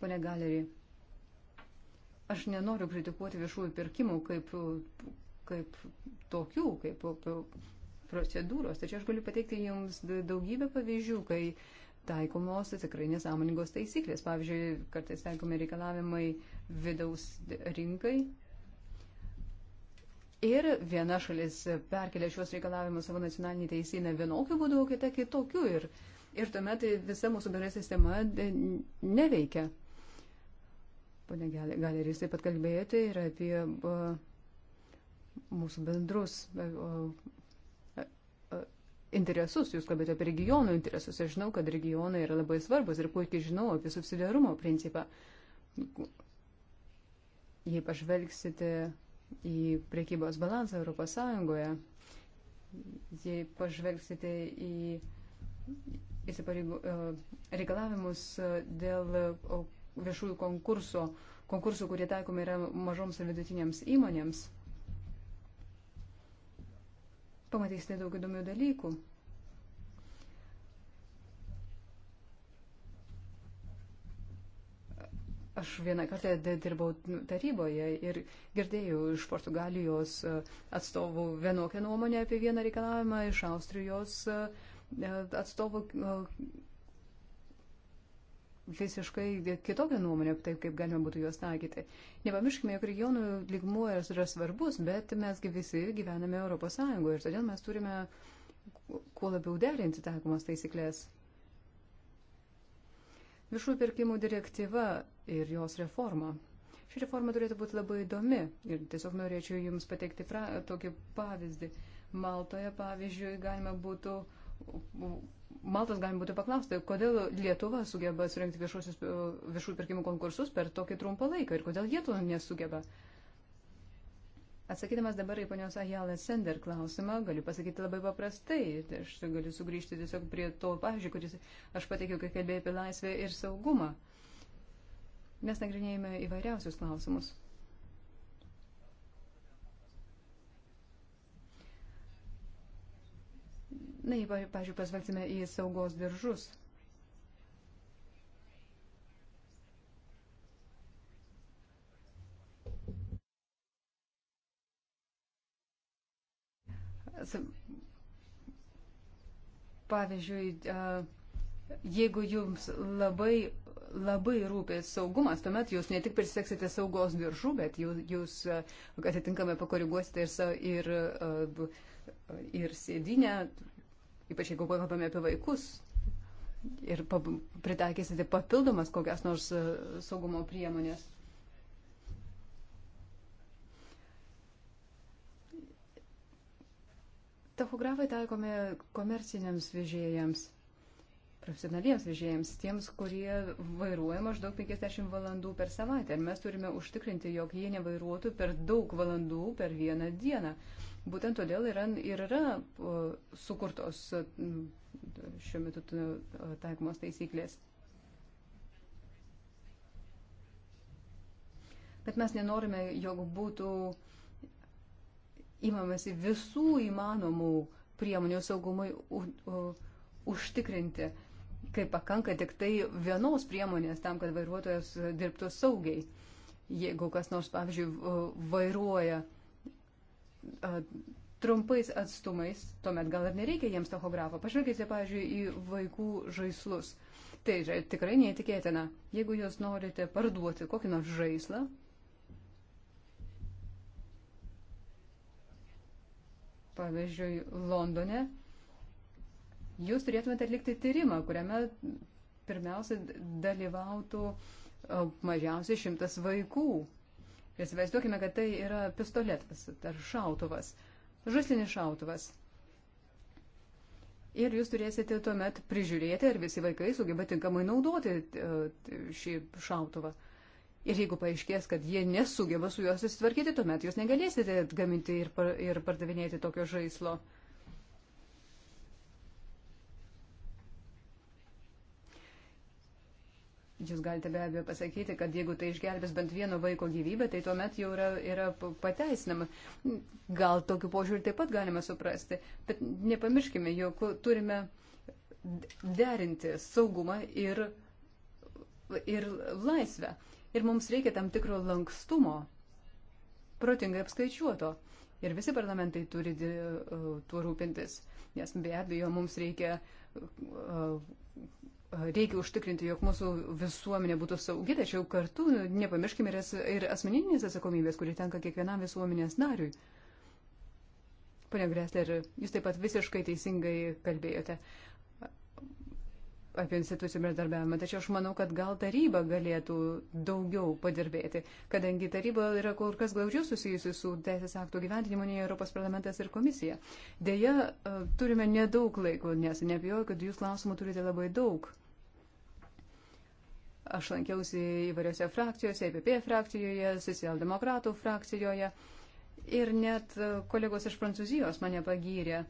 Pone Galerį, aš nenoriu kritikuoti viešųjų pirkimų kaip, kaip tokių, kaip procedūros, tačiau aš galiu pateikti jums daugybę pavyzdžių, kai uh, taikomos tai tikrai nesąmoningos taisyklės. Pavyzdžiui, kartais taikomi reikalavimai vidaus rinkai. Ir viena šalis perkelia šios reikalavimus savo nacionalinį teisyną vienokiu būdu, kita kitokiu. Ir, ir tuomet tai visa mūsų bendra sistema neveikia. Pane Galerį, jūs taip pat kalbėjote ir apie mūsų bendrus interesus, jūs kalbėjote apie regionų interesus. Aš žinau, kad regionai yra labai svarbus ir puikiai žinau apie subsidiarumo principą. Jei pažvelgsite į priekybos balansą Europos Sąjungoje, jei pažvelgsite į įsipareigų e, reikalavimus e, dėl e, viešųjų konkursų, konkursų, kurie taikomi yra mažoms ir vidutinėms įmonėms, pamatysite daug įdomių dalykų. Aš vieną kartą dirbau taryboje ir girdėjau iš Portugalijos e, atstovų vienokią nuomonę apie vieną reikalavimą, iš Austrijos e, atstovų e, visiškai kitokią nuomonę, taip kaip galima būtų juos taikyti. Nepamirškime, jog regionų lygmuo yra svarbus, bet mesgi visi gyvename ES ir todėl mes turime kuo labiau derinti taikomas taisyklės. Viešųjų pirkimų direktyva ir jos reforma. Ši reforma turėtų būti labai įdomi ir tiesiog norėčiau Jums pateikti pra, tokį pavyzdį. Maltoje, pavyzdžiui, galima būtų Maltos galima būtų paklausti, kodėl Lietuva sugeba surinkti viešuosius e, viešų pirkimų konkursus per tokį trumpą laiką ir kodėl jie to nesugeba. Atsakydamas dabar į ponios Ajalės Sender klausimą, galiu pasakyti labai paprastai. Aš galiu sugrįžti tiesiog prie to pavyzdžio, kuris aš pateikiau, kai kalbėjau apie laisvę ir saugumą. Mes nagrinėjame įvairiausius klausimus. Na, jei, pažiūrėjau, pasvelgsime į saugos diržus. Pavyzdžiui, jeigu jums labai, labai rūpė saugumas, tuomet jūs ne tik prisieksite saugos diržų, bet jūs, jūs atitinkamai pakoriguosite ir, ir, ir sėdinę, ypač jeigu kalbame apie vaikus, ir pritaikysite papildomas kokias nors e, saugumo priemonės. Tachografai taikomi komerciniams vežėjams, profesionaliems vežėjams, tiems, kurie vairuoja maždaug 50 valandų per savaitę. Ir mes turime užtikrinti, jog jie nevairuotų per daug valandų per vieną dieną. Būtent todėl yra, ir yra sukurtos šiuo metu taikomos taisyklės. Bet mes nenorime, jog būtų įmamasi visų įmanomų priemonių saugumui u, u, užtikrinti, kai pakanka tik tai vienos priemonės tam, kad vairuotojas dirbtų saugiai. Jeigu kas nors, pavyzdžiui, vairuoja trumpais atstumais, tuomet gal ir nereikia jiems tachografo. Pažvelkite, pavyzdžiui, į vaikų žaislus. Tai ža, tikrai neįtikėtina. Jeigu jūs norite parduoti kokį nors žaislą, pavyzdžiui, Londone, jūs turėtumėte atlikti tyrimą, kuriame pirmiausia dalyvautų mažiausiai šimtas vaikų. Ir įsivaizduokime, kad tai yra pistoletas ar šautuvas, žaslinis šautuvas. Ir jūs turėsite tuomet prižiūrėti, ar visi vaikai sugeba tinkamai naudoti e, šį šautuvą. Ir jeigu paaiškės, kad jie nesugeba su juos susitvarkyti, tuomet jūs negalėsite gaminti ir, par, ir pardavinėti tokio žaislo. Uh, Jūs galite be abejo pasakyti, kad jeigu tai išgelbės bent vieno vaiko gyvybę, tai tuomet jau yra, yra pateisinama. Gal tokiu požiūriu taip pat galima suprasti. Bet nepamirškime, jog turime derinti saugumą ir, ir laisvę. Ir mums reikia tam tikro lankstumo, protingai apskaičiuoto. Ir visi parlamentai turi e, tuo rūpintis. Nes be abejo, mums reikia e, reikia užtikrinti, jog mūsų visuomenė būtų saugi, tačiau kartu nepamirškime ir, as, ir asmeninės atsakomybės, kuri tenka kiekvienam visuomenės nariui. Pane Gresler, jūs taip pat visiškai teisingai kalbėjote apie institucijų bendradarbiavimą, tačiau aš manau, kad gal taryba galėtų daugiau padirbėti, kadangi taryba yra kur kas glaudžiau susijusi su teisės aktų gyventinimu nei Europos parlamentas ir komisija. Deja, turime nedaug laiko, nes neabijoju, kad jūs klausimų turite labai daug. Aš lankiausi įvairiose frakcijose, EPP frakcijoje, socialdemokratų frakcijoje. Ir net e, kolegos iš Prancūzijos mane pagyrė,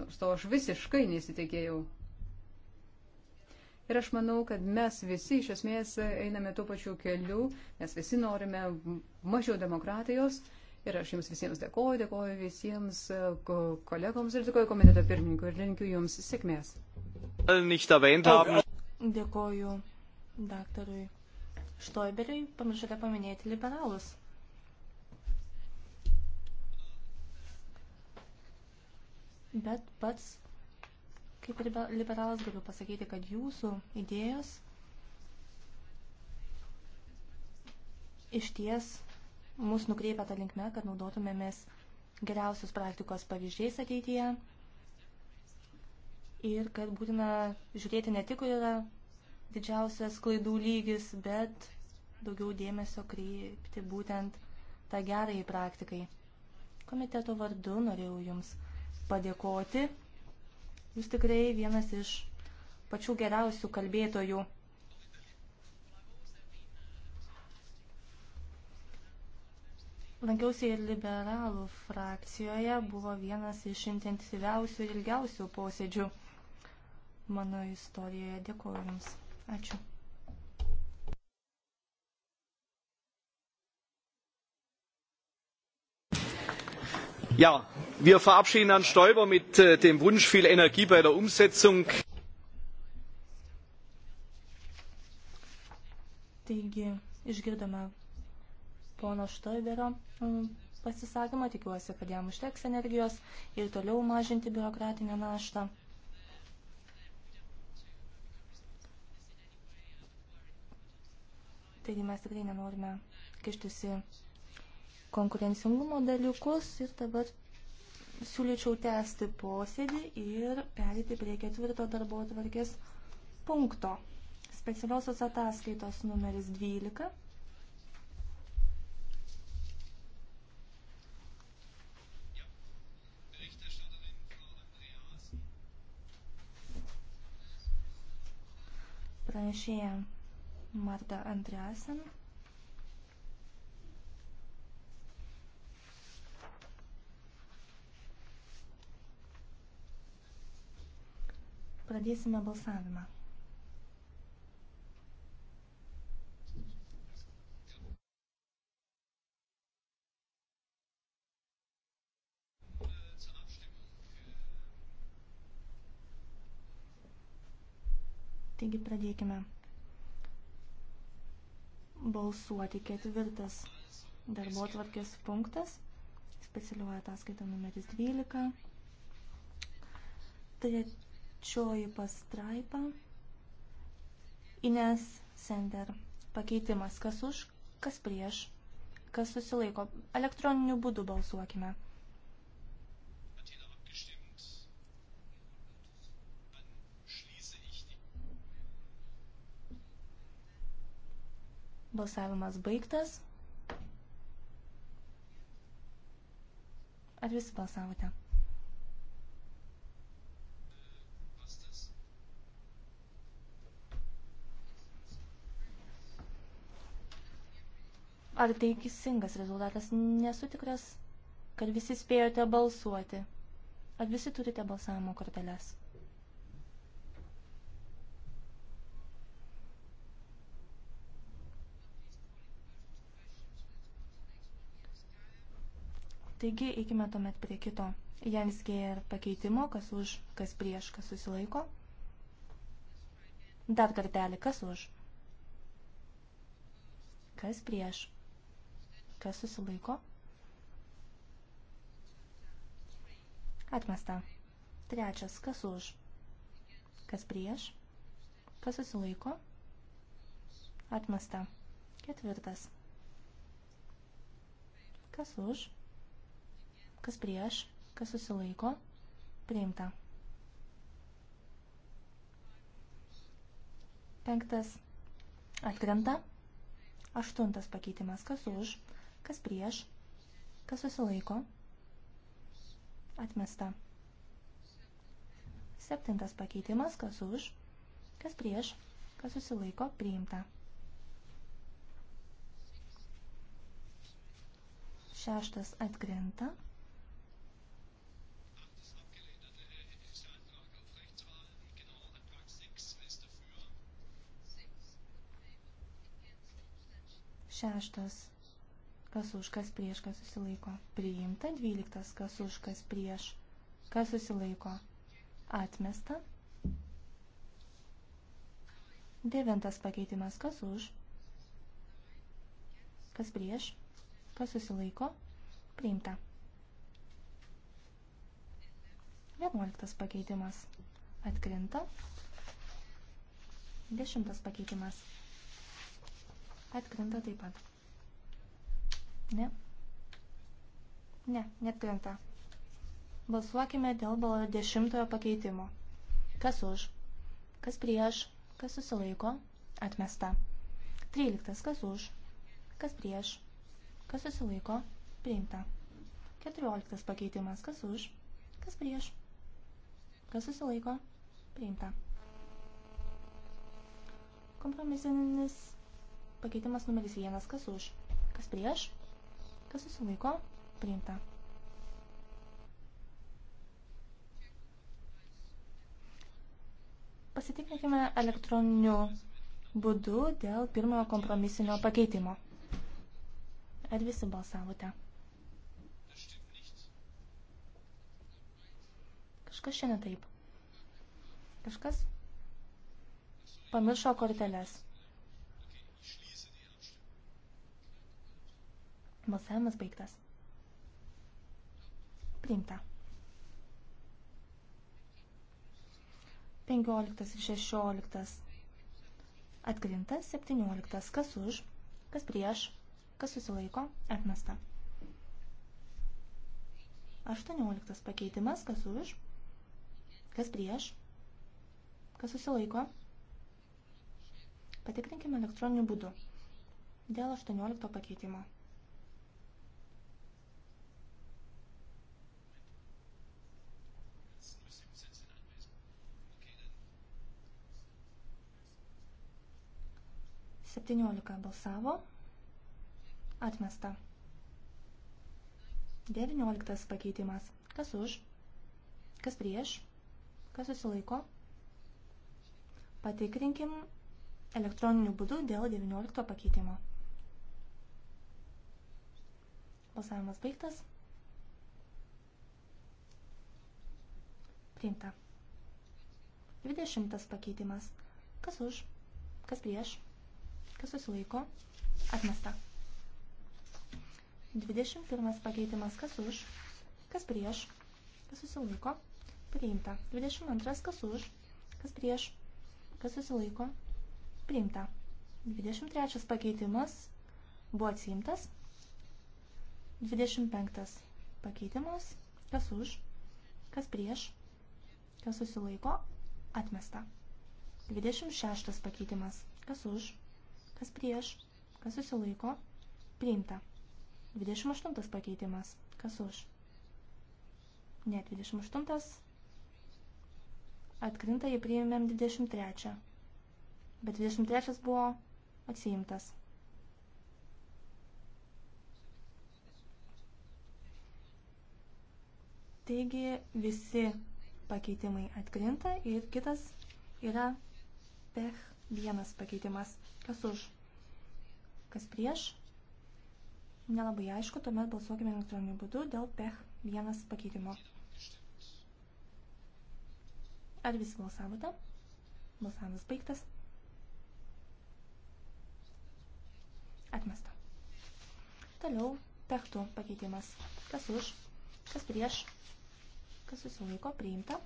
nors to aš visiškai nesitikėjau. Ir aš manau, kad mes visi iš esmės einame tuo pačiu keliu, mes visi norime mažiau demokratijos. Ir aš jums visiems dėkoju, dėkoju visiems e, kolegoms ir dėkoju komiteto pirmininkui ir linkiu jums sėkmės. Dėkoju daktarui Štoiberiui, pamiršote paminėti liberalus. Bet pats, kaip ir liberalas, galiu pasakyti, kad jūsų idėjos iš ties mus nukreipia tą linkme, kad naudotumėmės geriausios praktikos pavyzdžiais ateityje ir kad būtina žiūrėti ne tik, kur yra didžiausias klaidų lygis, bet daugiau dėmesio kreipti būtent tą gerąjį praktikai. Komiteto vardu norėjau Jums padėkoti. Jūs tikrai vienas iš pačių geriausių kalbėtojų. Lankiausi ir liberalų frakcijoje, buvo vienas iš intensyviausių ir ilgiausių posėdžių mano istorijoje. Dėkuoju Jums. Ačiū. Ja, wir verabschieden Herrn Stoiber mit äh, dem Wunsch viel Energie bei der Umsetzung. Taigi, išgirdome pono Štoiberio mm, pasisakymą, tikiuosi, kad jam užteks energijos ir toliau mažinti biurokratinę naštą. Taigi mes tikrai nenorime kištis į konkurencingumo dalykus ir dabar siūlyčiau tęsti posėdį ir perėti prie ketvirto darbo atvarkės punkto. Specialiosios ataskaitos numeris 12. Pranešėjai Marta Andreasen. Pradėsime balsavimą. Taigi pradėkime balsuoti ketvirtas darbo tvarkės punktas, specialioja ataskaita numeris 12, trečioji pastraipa, Ines Sender, pakeitimas kas už, kas prieš, kas susilaiko, elektroniniu būdu balsuokime. Balsavimas baigtas. Ar visi balsavote? Ar tai teisingas rezultatas? Nesu tikras, kad visi spėjote balsuoti. Ar visi turite balsavimo korteles? Taigi, eikime tuomet prie kito. Jens Geir pakeitimo, kas už, kas prieš, kas susilaiko. Dar kartelį, kas už, kas prieš, kas susilaiko. Atmesta. Trečias, kas už, kas prieš, kas susilaiko. Atmesta. Ketvirtas. Kas už? kas prieš, kas susilaiko, priimta. Penktas atkrenta. Aštuntas pakeitimas, kas už, kas prieš, kas susilaiko, atmesta. Septintas pakeitimas, kas už, kas prieš, kas susilaiko, priimta. Šeštas atkrenta. Šeštas, kas už, kas prieš, kas susilaiko. Priimta. Dvyliktas, kas už, kas prieš, kas susilaiko. Atmesta. Devintas pakeitimas, kas už, kas prieš, kas susilaiko. Priimta. Vienuoliktas pakeitimas. Atkrinta. Dešimtas pakeitimas. Atkrenta taip pat. Ne. Ne, netkrenta. Balsuokime dėl dešimtojo pakeitimo. Kas už? Kas prieš? Kas susilaiko? Atmesta. Tryliktas. Kas už? Kas prieš? Kas susilaiko? Priimta. Keturioliktas pakeitimas. Kas už? Kas prieš? Kas susilaiko? Priimta. Kompromisinis Pakeitimas numeris vienas. Kas už? Kas prieš? Kas susilaiko? Priimta. Pasitikrinkime elektroniniu būdu dėl pirmojo kompromisinio pakeitimo. Ar visi balsavote? Kažkas šiandien taip. Kažkas pamiršo korteles. Balsavimas baigtas. Priimta. 15 ir 16. Atkrinta 17. Kas už, kas prieš, kas susilaiko, atmesta. 18. Pakeitimas, kas už, kas prieš, kas susilaiko. Patikrinkime elektroniniu būdu dėl 18 pakeitimo. 17 balsavo. Atmesta. 19 pakeitimas. Kas už? Kas prieš? Kas susilaiko? Patikrinkim elektroniniu būdu dėl 19 pakeitimo. Balsavimas baigtas. Priimta. 20 pakeitimas. Kas už? Kas prieš? kas susilaiko, atmesta. 21 pakeitimas, kas už, kas prieš, kas susilaiko, priimta. 22 kas už, kas prieš, kas susilaiko, priimta. 23 pakeitimas buvo atsiimtas. 25 pakeitimas, kas už, kas prieš, kas susilaiko, atmesta. 26 pakeitimas, kas už, kas prieš, kas susilaiko, priimta. 28 pakeitimas, kas už. Ne, 28 atkrinta, jį priėmėm 23, bet 23 buvo atsiimtas. Taigi visi pakeitimai atkrinta ir kitas yra pech vienas pakeitimas. Kas už? Kas prieš? Nelabai aišku, tuomet balsuokime elektroniniu būdu dėl PEH 1 pakeitimo. Ar visi balsavote? Balsavimas baigtas. Atmesta. Toliau pechtų pakeitimas. Kas už, kas prieš, kas susilaiko, priimta.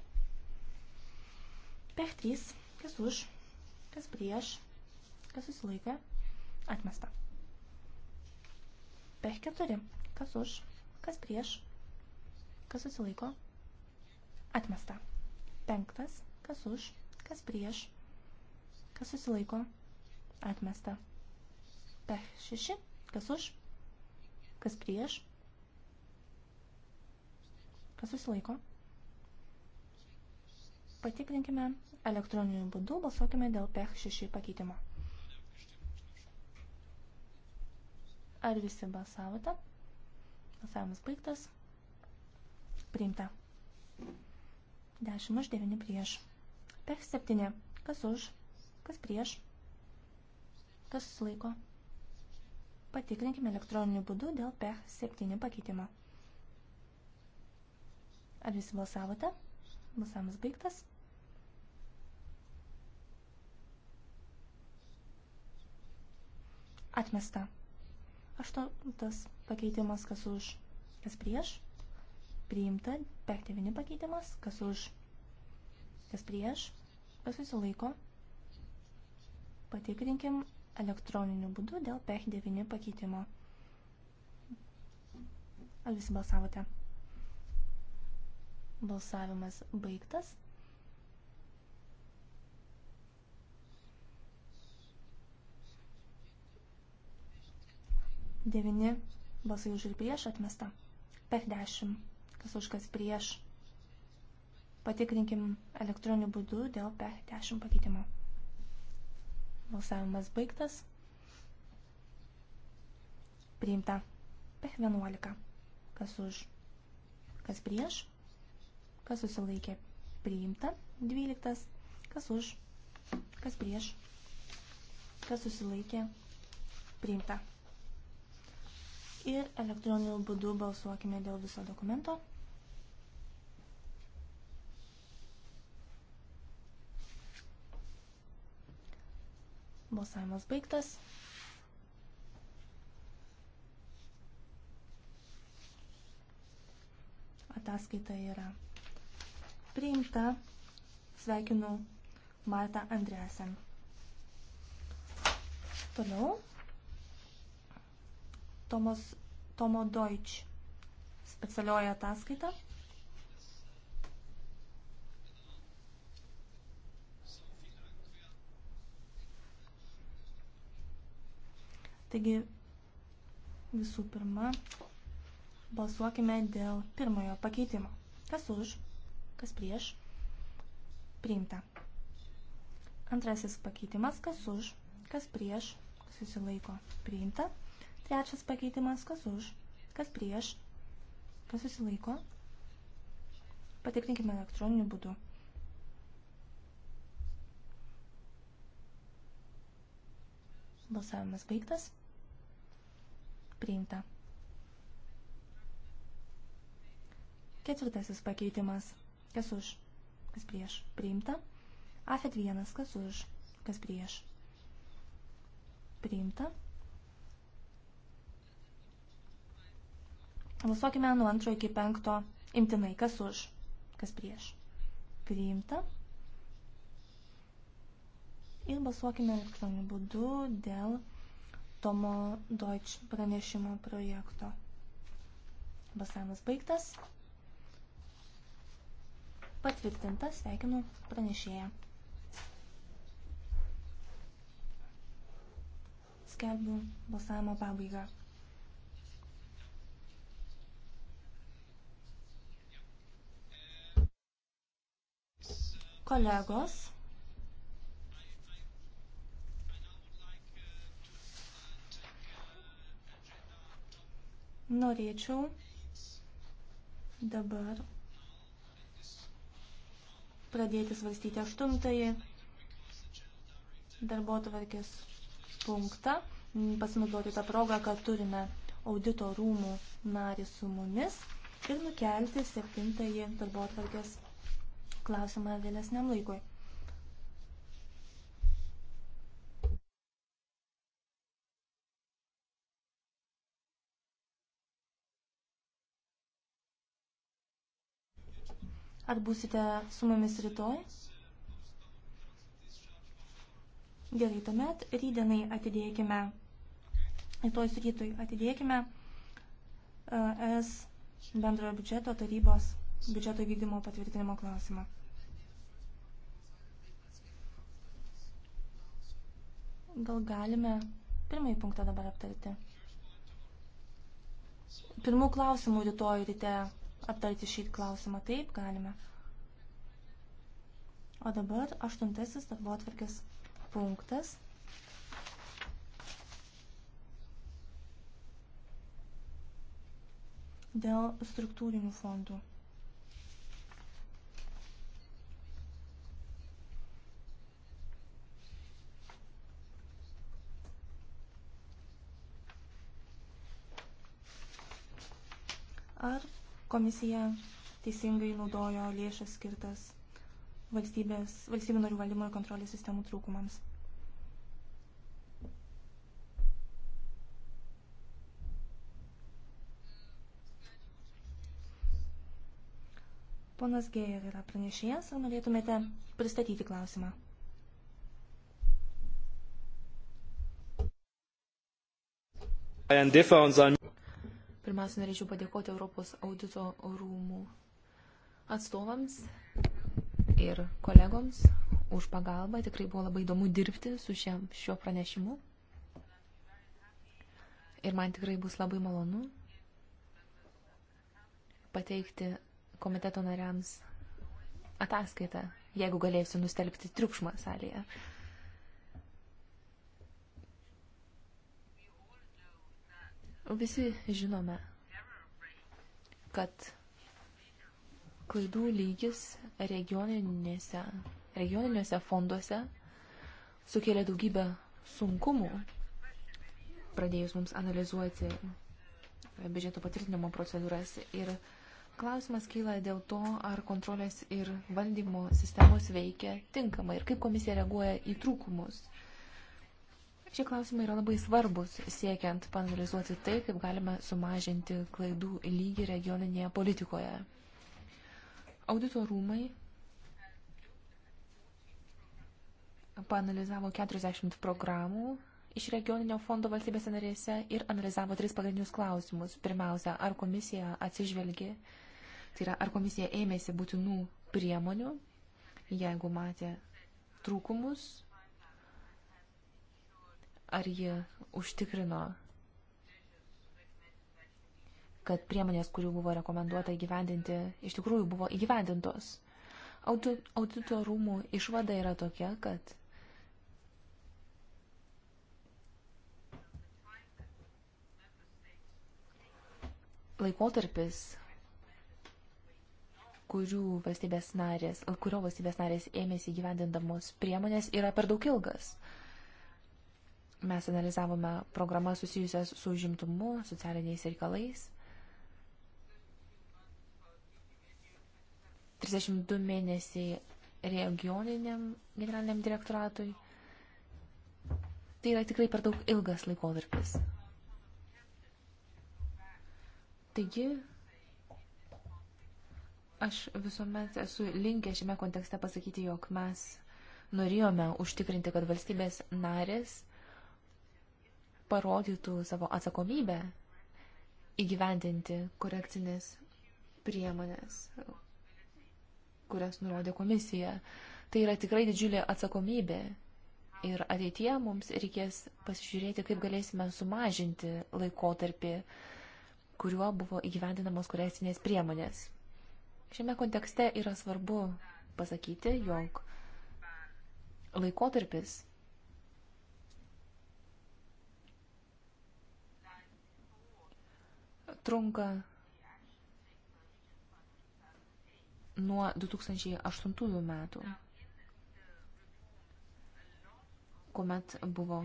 Pech 3. Kas už, kas prieš, kas susilaikė, atmesta. Pech 4, kas už, kas prieš, kas susilaiko, atmesta. Penktas, kas už, kas prieš, kas susilaiko, atmesta. Pech 6, kas už, kas prieš, kas susilaiko, atmesta patikrinkime elektroniniu būdu, balsuokime dėl PEH 6 pakeitimo. Ar visi balsavote? Balsavimas baigtas. Priimta. 10 už 9 prieš. Per 7. Kas už? Kas prieš? Kas susilaiko? Patikrinkime elektroniniu būdu dėl per 7 pakeitimo. Ar visi balsavote? Balsavimas baigtas. Atmesta. Aštuntas pakeitimas, kas už, kas prieš. Priimta. Pektivini pakeitimas, kas už, kas prieš. Kas susilaiko. Patikrinkim elektroniniu būdu dėl PEH 9 pakeitimo. Ar visi balsavote? Balsavimas baigtas. 9 balsai už ir prieš atmesta. Per 10 kas už kas prieš. Patikrinkim elektroniniu būdu dėl per 10 pakeitimo. Balsavimas baigtas. Priimta per 11. Kas už kas prieš, kas susilaikė priimta, 12, kas už, kas prieš, kas susilaikė priimta ir elektroniniu būdu balsuokime dėl viso dokumento. Balsavimas baigtas. Ataskaita yra priimta. Sveikinu Marta Andresen. Toliau Tomos, Tomo Deutsch specialioji ataskaita. Taigi visų pirma balsuokime dėl pirmojo pakeitimo. Kas už, kas prieš, priimta. Antrasis pakeitimas, kas už, kas prieš, susilaiko, priimta. Trečias pakeitimas, kas už, kas prieš, kas susilaiko. Patikrinkime elektroniniu būdu. Balsavimas baigtas. Priimta. Ketvirtasis pakeitimas. Kas už? Kas prieš? Priimta. Afet vienas. Kas už? Kas prieš? Priimta. Balsuokime nuo antro iki penkto imtinai, kas už, kas prieš. Priimta. Ir balsuokime elektroniniu būdu dėl Tomo Deutsch pranešimo projekto. Balsavimas baigtas. Patvirtinta, sveikinu pranešėją. Skelbiu balsavimo pabaigą. Kolegos, norėčiau dabar pradėti svarstyti aštuntąjį darbo tvarkės punktą, pasinaudoti tą progą, kad turime audito rūmų narį su mumis ir nukelti septintąjį darbo tvarkės klausimą vėlesniam laikui. Ar būsite su mumis rytoj? Gerai, tuomet rydienai atidėkime, rytoj rytui atidėkime e, ES bendrojo biudžeto tarybos biudžeto vykdymo patvirtinimo klausimą. Gal galime pirmąjį punktą dabar aptarti. Pirmų klausimų rytoj ryte aptarti šį klausimą. Taip, galime. O dabar aštuntasis darbo atvarkės punktas. Dėl struktūrinių fondų. ar komisija teisingai naudojo lėšas skirtas valstybės, valstybių narių valdymo ir kontrolės sistemų trūkumams. Ponas Geijer yra pranešėjas, ar norėtumėte pristatyti klausimą? Herrn Differ und seinen Pirmiausia, norėčiau padėkoti Europos audito rūmų atstovams ir kolegoms už pagalbą. Tikrai buvo labai įdomu dirbti su šiam, šiuo pranešimu. Ir man tikrai bus labai malonu pateikti komiteto nariams ataskaitą, jeigu galėsiu nustelbti triukšmą salėje. Visi žinome, kad klaidų lygis regioninėse, regioniniuose fonduose sukėlė daugybę sunkumų, pradėjus mums analizuoti biudžeto patvirtinimo procedūras. Ir klausimas kyla dėl to, ar kontrolės ir valdymo sistemos veikia tinkamai ir kaip komisija reaguoja į trūkumus. Uh, Šie klausimai yra labai svarbus, siekiant panalizuoti tai, kaip galime sumažinti klaidų lygį regioninėje politikoje. Audito rūmai panalizavo 40 programų iš regioninio fondo valstybėse narėse ir analizavo tris pagrindinius klausimus. Pirmiausia, ar komisija atsižvelgė, tai yra, ar komisija ėmėsi būtinų priemonių, jeigu matė trūkumus ar ji užtikrino, kad priemonės, kurių buvo rekomenduota įgyvendinti, iš tikrųjų buvo įgyvendintos. Audito rūmų išvada yra tokia, kad laikotarpis, kurių valstybės narės, kurio valstybės narės ėmėsi gyvendindamos priemonės, yra per daug ilgas. Uh, Mes analizavome programas susijusias su užimtumu, socialiniais reikalais. 32 mėnesiai regioniniam generaliniam direktoratui. Tai yra tikrai per daug ilgas laikotarpis. Taigi, aš visuomet esu linkę šiame kontekste pasakyti, jog mes norėjome užtikrinti, kad valstybės narės parodytų savo atsakomybę įgyvendinti korekcinės priemonės, kurias nurodė komisija. Tai yra tikrai didžiulė atsakomybė ir ateitie mums reikės pasižiūrėti, kaip galėsime sumažinti laikotarpį, kuriuo buvo įgyvendinamos korekcinės priemonės. Šiame kontekste yra svarbu pasakyti, jog laikotarpis trunka nuo 2008 metų, kuomet buvo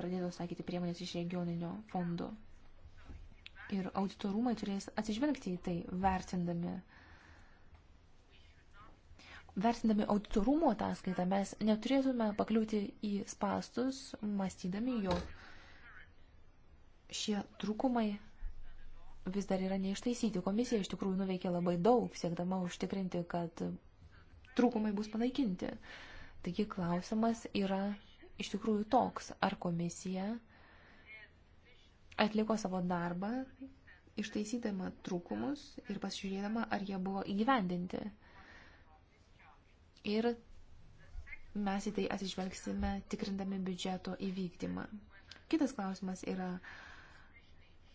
pradėtos sakyti priemonės iš regioninio fondo. Ir auditorumai turės atsižvelgti į tai, vertindami. Vertindami auditorumo ataskaitą mes neturėtume pakliūti į spastus, mąstydami, jog šie trūkumai vis dar yra neištaisyti. Komisija iš tikrųjų nuveikė labai daug, siekdama užtikrinti, kad trūkumai bus panaikinti. Taigi klausimas yra iš tikrųjų toks, ar komisija atliko savo darbą, ištaisydama trūkumus ir pasižiūrėdama, ar jie buvo įgyvendinti. Ir mes į tai atsižvelgsime, tikrindami biudžeto įvykdymą. Kitas klausimas yra,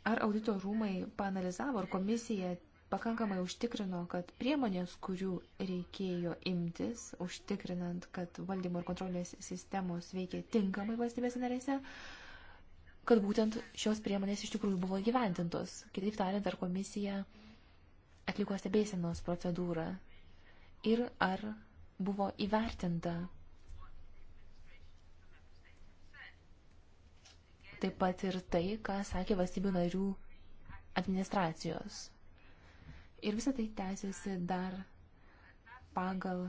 Ar audito rūmai panalizavo, ar komisija pakankamai užtikrino, kad priemonės, kurių reikėjo imtis, užtikrinant, kad valdymo ir kontrolės sistemos veikia tinkamai valstybės narėse, kad būtent šios priemonės iš tikrųjų buvo gyventintos. Kitaip tariant, ar komisija atliko stebėsienos procedūrą ir ar buvo įvertinta taip pat ir tai, ką sakė valstybių narių administracijos. Ir visą tai tęsiasi dar pagal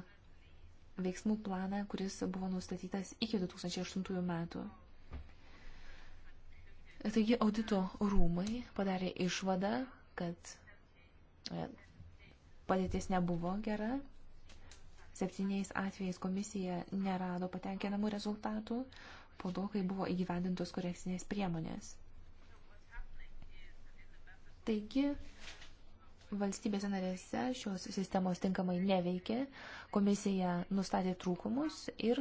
veiksmų planą, kuris buvo nustatytas iki 2008 metų. Taigi audito rūmai padarė išvadą, kad e, padėtis nebuvo gera. Septyniais atvejais komisija nerado patenkinamų rezultatų, po to, kai buvo įgyvendintos korekcinės priemonės. Taigi, valstybėse narėse šios sistemos tinkamai neveikė, komisija nustatė trūkumus ir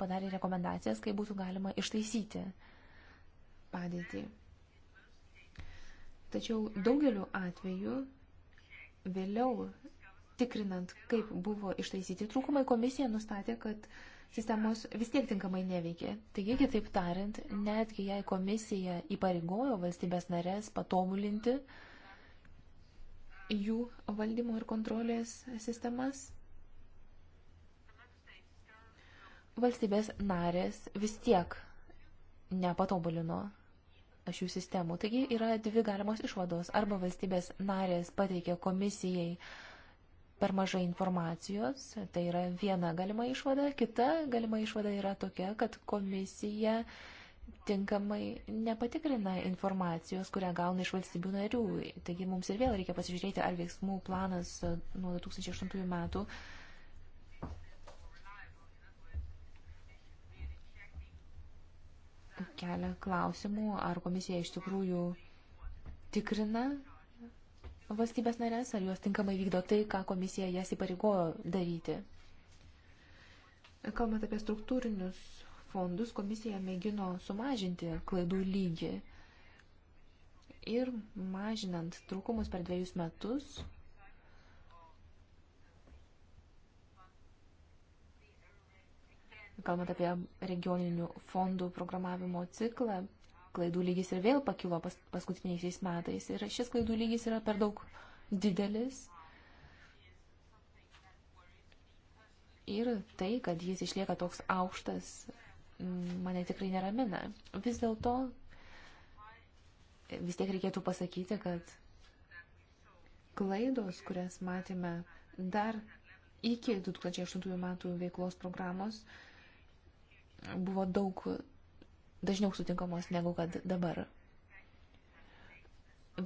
padarė rekomendacijas, kaip būtų galima ištaisyti padėtį. Tačiau daugeliu atveju vėliau tikrinant, kaip buvo ištaisyti trūkumai, komisija nustatė, kad uh, sistemos vis tiek tinkamai neveikia. Taigi, kitaip tariant, netgi jei komisija įpareigojo valstybės narės patobulinti jų valdymo ir kontrolės sistemas, valstybės narės vis tiek nepatobulino šių sistemų. Taigi yra dvi galimos išvados. Arba valstybės narės pateikė komisijai uh, per mažai informacijos. Tai yra viena galima išvada. Kita galima išvada yra tokia, kad komisija tinkamai nepatikrina informacijos, kurią gauna iš valstybių narių. Taigi mums ir vėl reikia pasižiūrėti, ar veiksmų planas nuo 2008 metų kelia klausimų, ar komisija iš tikrųjų tikrina valstybės narės, ar jos tinkamai vykdo tai, ką komisija jas įpareigojo daryti. Kalbant apie struktūrinius fondus, komisija mėgino sumažinti klaidų lygį. Ir mažinant trūkumus per dviejus metus, kalbant apie regioninių fondų programavimo ciklą, klaidų lygis ir vėl pakilo pas, paskutiniaisiais metais. Ir šis klaidų lygis yra per daug didelis. Ir tai, kad jis išlieka toks aukštas, mm, mane tikrai neramina. Vis dėlto vis tiek reikėtų pasakyti, kad klaidos, kurias matėme dar iki 2008 metų veiklos programos, buvo daug dažniau sutinkamos negu kad dabar.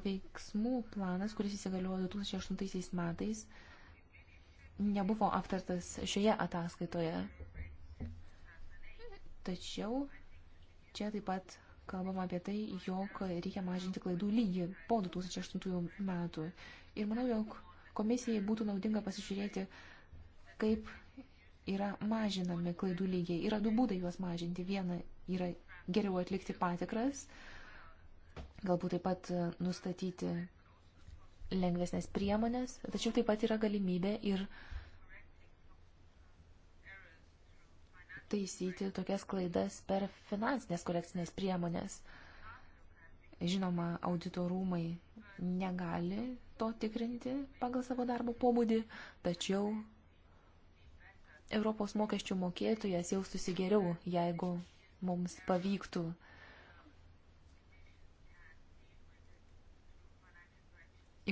Veiksmų planas, kuris įsigaliojo 2008 metais, nebuvo aptartas šioje ataskaitoje. Tačiau čia taip pat kalbama apie tai, jog reikia mažinti klaidų lygį po 2008 metų. Ir manau, jog komisijai būtų naudinga pasižiūrėti, kaip yra mažinami klaidų lygiai. Yra du būdai juos mažinti. Viena yra geriau atlikti patikras, galbūt taip pat e, nustatyti lengvesnės priemonės, tačiau taip pat yra galimybė ir taisyti tokias klaidas per finansinės korekcinės priemonės. Žinoma, audito rūmai negali to tikrinti pagal savo darbo pobūdį, tačiau Europos mokesčių mokėtojas jaustųsi geriau, jeigu mums pavyktų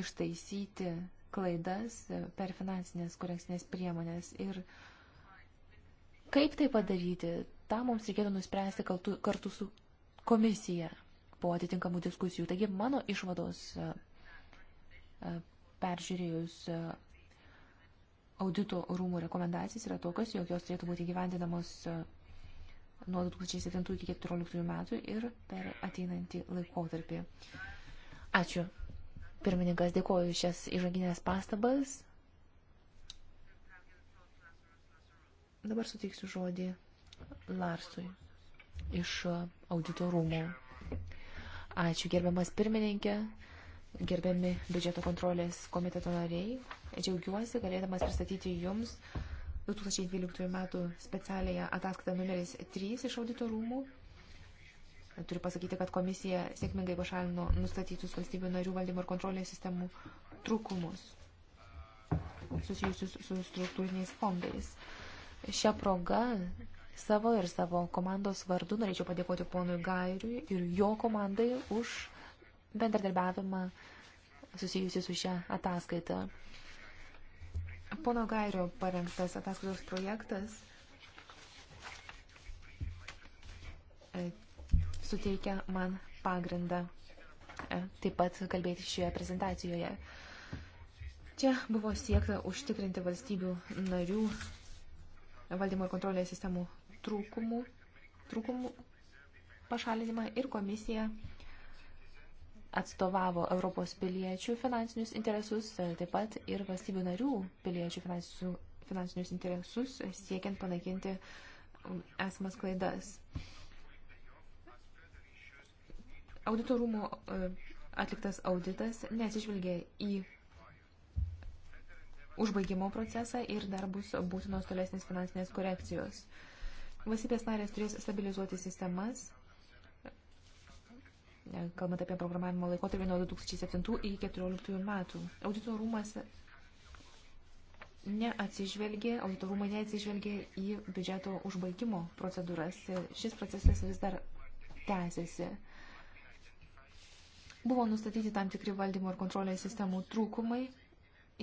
ištaisyti klaidas per finansinės korekcinės priemonės. Ir kaip tai padaryti, tą mums reikėtų nuspręsti kartu, kartu su komisija po atitinkamų diskusijų. Taigi mano išvados e, e, peržiūrėjus e, audito rūmų rekomendacijas yra tokios, jog jos turėtų būti gyvendinamos nuo 2007 iki 2014 metų ir per ateinantį laikotarpį. Ačiū. Pirmininkas, dėkoju šias įžanginės pastabas. Dabar suteiksiu žodį Larsui iš auditorumo. Ačiū gerbiamas pirmininkė, gerbiami biudžeto kontrolės komiteto nariai. Džiaugiuosi galėdamas pristatyti jums uh, 2012 metų specialiąją ataskaitą numeris 3 iš audito rūmų. Turiu pasakyti, kad komisija sėkmingai pašalino nustatytus valstybių narių valdymo ir kontrolės sistemų trūkumus susijusius su struktūriniais fondais. Šią progą savo ir savo komandos vardu norėčiau padėkoti ponui Gairiui ir jo komandai už bendradarbiavimą susijusi su šią ataskaitą. Pono Gairio parengtas ataskaitos projektas e, suteikia man pagrindą e, taip pat kalbėti šioje prezentacijoje. Čia buvo siekta užtikrinti valstybių narių valdymo ir kontrolės sistemų trūkumų, trūkumų pašalinimą ir komisija atstovavo Europos piliečių finansinius interesus, e, taip pat ir valstybių narių piliečių finansinius interesus, e, siekiant panaikinti esamas klaidas. Auditorumo e, atliktas auditas nesižvelgia į užbaigimo procesą ir dar bus būtinos tolesnės finansinės korekcijos. Valstybės narės turės stabilizuoti sistemas kalbant apie programavimo laikotarpį nuo 2007 iki 2014 metų. Audito rūmas neatsižvelgė, audito rūmai neatsižvelgė į biudžeto užbaigimo procedūras. Šis procesas vis dar tęsiasi. Buvo nustatyti tam tikri valdymo ir kontrolės sistemų trūkumai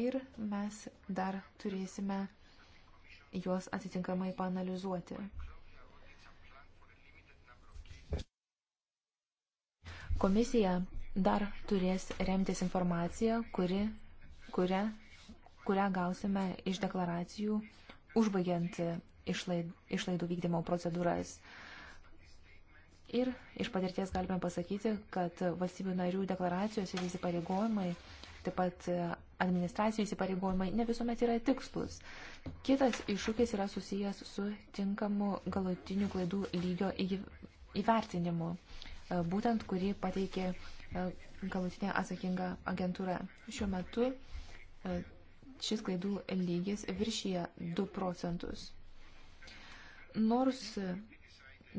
ir mes dar turėsime juos atitinkamai panalizuoti. Komisija dar turės remtis informaciją, kuri, kurią, kurią gausime iš deklaracijų, užbaigiant išlaid, išlaidų vykdymo procedūras. Ir iš patirties galime pasakyti, kad valstybių narių deklaracijos ir įsipareigojimai, taip pat administracijų įsipareigojimai ne visuomet yra tikslus. Kitas iššūkis yra susijęs su tinkamu galutiniu klaidų lygio įvertinimu. E, būtent kurį pateikė e, galutinė atsakinga agentūra. Šiuo metu e, šis klaidų lygis viršyje 2 procentus. Nors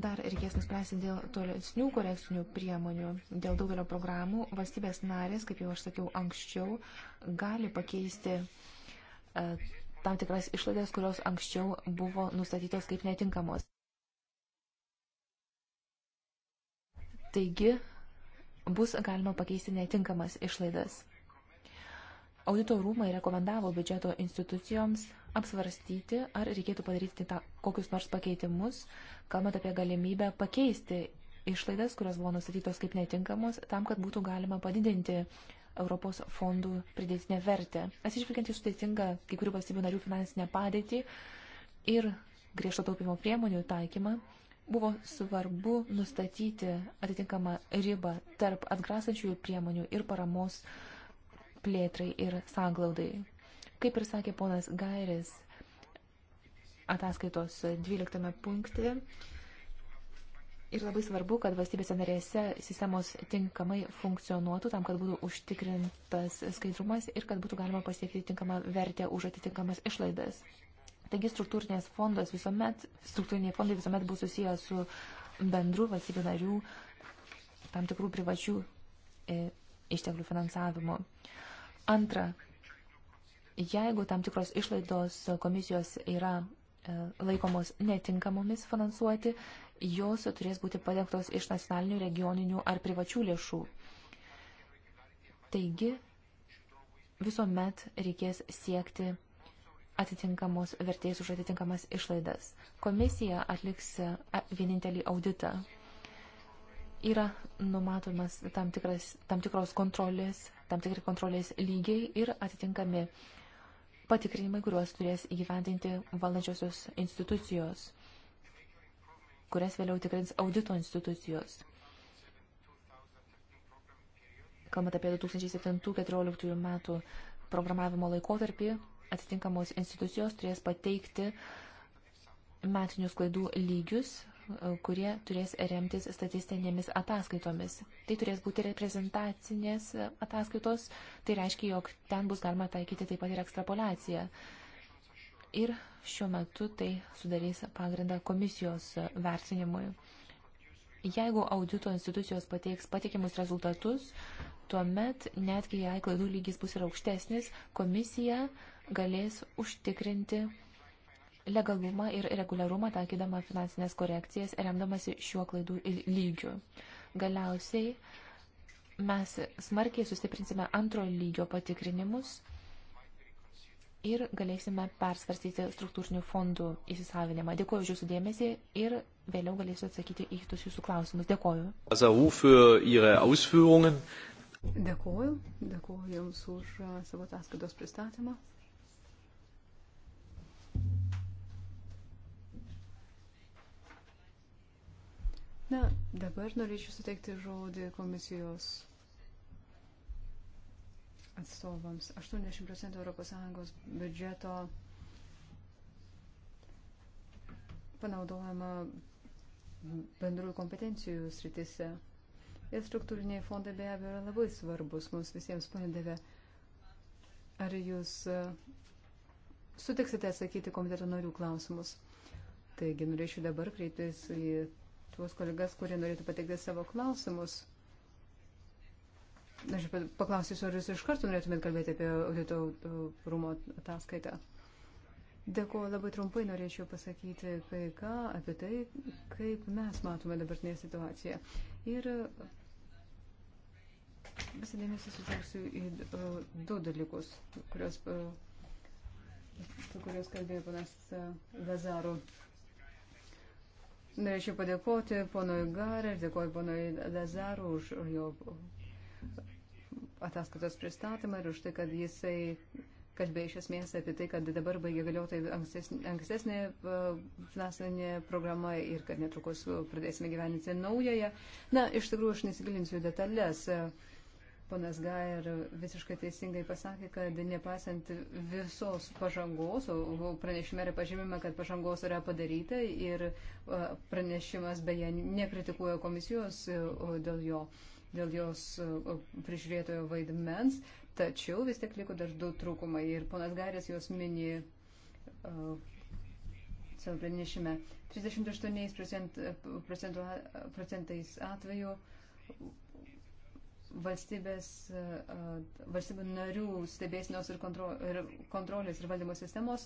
dar reikės nuspręsti dėl tolesnių korekcinių priemonių, dėl daugelio programų, valstybės narės, kaip jau aš sakiau anksčiau, gali pakeisti tam tikras išlaidas, kurios anksčiau buvo nustatytos kaip netinkamos. Taigi bus galima pakeisti netinkamas išlaidas. Audito rūmai rekomendavo biudžeto institucijoms apsvarstyti, ar reikėtų padaryti ta, kokius nors pakeitimus, kalbant apie galimybę pakeisti išlaidas, kurios buvo nustatytos kaip netinkamos, tam, kad būtų galima padidinti Europos fondų pridėtinę vertę. Atsižvelgiant į sudėtingą kai kurių valstybių narių finansinę padėtį ir griežto taupimo priemonių taikymą, buvo svarbu nustatyti atitinkamą ribą tarp atgrasančiųjų priemonių ir paramos plėtrai ir sanglaudai. Kaip ir sakė ponas Gairis ataskaitos 12 punkte, Ir labai svarbu, kad valstybėse narėse sistemos tinkamai funkcionuotų tam, kad būtų užtikrintas skaidrumas ir kad būtų galima pasiekti tinkamą vertę už atitinkamas išlaidas. Taigi struktūrinės fondas visuomet, struktūriniai fondai visuomet bus susiję su bendru valstybių narių tam tikrų privačių e, išteklių finansavimu. Antra, jeigu tam tikros išlaidos komisijos yra e, laikomos netinkamomis finansuoti, jos turės būti padengtos iš nacionalinių, regioninių ar privačių lėšų. Taigi, visuomet reikės siekti atitinkamos vertėjus už atitinkamas išlaidas. Komisija atliks e, vienintelį auditą. Yra numatomas tam, tikras, tam tikros kontrolės, tam tikri kontrolės lygiai ir atitinkami patikrinimai, kuriuos turės įgyvendinti valdančiosios institucijos, kurias vėliau tikrins audito institucijos. Kalbant apie 2007-2014 metų programavimo laikotarpį, atitinkamos institucijos turės pateikti metinius klaidų lygius, e, kurie turės remtis statistinėmis ataskaitomis. Tai turės būti reprezentacinės ataskaitos, tai reiškia, jog ten bus galima taikyti taip pat ir ekstrapolaciją. Ir šiuo metu tai sudarys pagrindą komisijos vertinimui. Jeigu audito institucijos pateiks patikimus rezultatus, tuomet netgi jei klaidų lygis bus ir aukštesnis, komisija uh, galės užtikrinti legalumą ir reguliarumą taikydama finansinės korekcijas, remdamasi šiuo klaidų lygiu. Galiausiai mes smarkiai sustiprinsime antro lygio patikrinimus ir galėsime persvarstyti struktūrinių fondų įsisavinimą. Dėkuoju už Jūsų dėmesį ir vėliau galėsiu atsakyti į kitus Jūsų klausimus. Dėkuoju. Dėkuoju, dėkuoju Jums už uh, savo ataskaitos pristatymą. Na, dabar norėčiau suteikti žodį komisijos atstovams. 80 procentų ES biudžeto panaudojama bendrųjų kompetencijų sritise. Ir struktūriniai fondai be abejo yra labai svarbus mums visiems, ponė Deve. Ar jūs e, sutiksite atsakyti komiteto narių klausimus? Taigi, norėčiau dabar kreiptis į tuos kolegas, kurie norėtų pateikti savo klausimus. Aš paklausysiu, ar jūs iš karto norėtumėt kalbėti apie audito e, rūmo ataskaitą. Dėkuoju, labai trumpai norėčiau pasakyti kai ką apie tai, kaip mes matome dabartinę situaciją. Ir e, visą dėmesį sutelksiu į uh, du dalykus, kuriuos, uh, kuriuos kalbėjo panas uh, Lazaro. Uh, Norėčiau padėkoti ponui Garą ir dėkoju ponui Lazarų už jo ataskaitos pristatymą ir už tai, kad jisai kalbėjo iš esmės apie tai, kad dabar baigia galioti ankstesnė e, finansinė programa ir kad netrukus pradėsime gyveninti naująją. Na, iš tikrųjų, aš nesigilinsiu detalės. Uh, ponas Gair visiškai teisingai pasakė, kad nepaisant visos pažangos, o pranešime yra pažymima, kad pažangos yra padaryta ir pranešimas beje nekritikuoja komisijos dėl, jo, dėl jos prižiūrėtojo vaidmens, tačiau vis tiek liko dar du trūkumai ir ponas Gairis juos mini savo pranešime. 38 procentais atveju valstybės, e, e, valstybių narių stebėsinos ir, kontro, ir kontrolės ir valdymo sistemos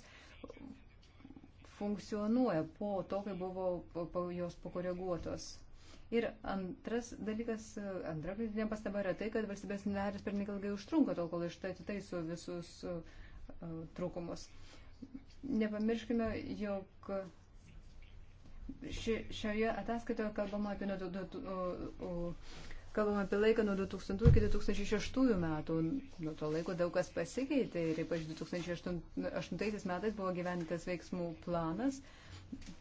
funkcionuoja po to, kai buvo po, po jos pakoreguotos. Ir antras dalykas, e, antra kritinė pastaba yra tai, kad valstybės narės per nekalgai užtrunka tol, kol ištaiso visus uh, trūkumus. Nepamirškime, jog ši, šioje ataskaitoje kalbama apie nuo Kalbam apie laiką nuo 2000 iki 2006 metų. Nuo to laiko daug kas pasikeitė ir ypač 2008 metais buvo gyventas veiksmų planas,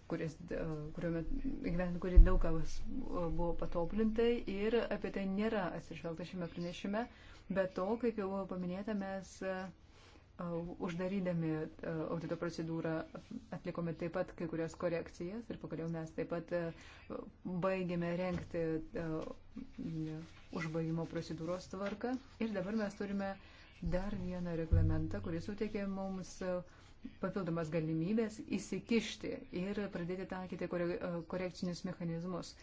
kuris, e, kuriuo, kurį daug kas e, buvo patobulinta ir apie tai nėra atsižvelgta šiame pranešime. Be to, kaip jau buvo paminėta, mes e, Uh, uždarydami uh, audito procedūrą atlikome taip pat kai kurias korekcijas ir pagaliau mes taip pat uh, baigėme renkti užbaigimo procedūros tvarką. Ir dabar mes turime dar vieną reglamentą, kuris suteikė mums papildomas galimybės įsikišti ir pradėti taikyti korekcinius mechanizmus.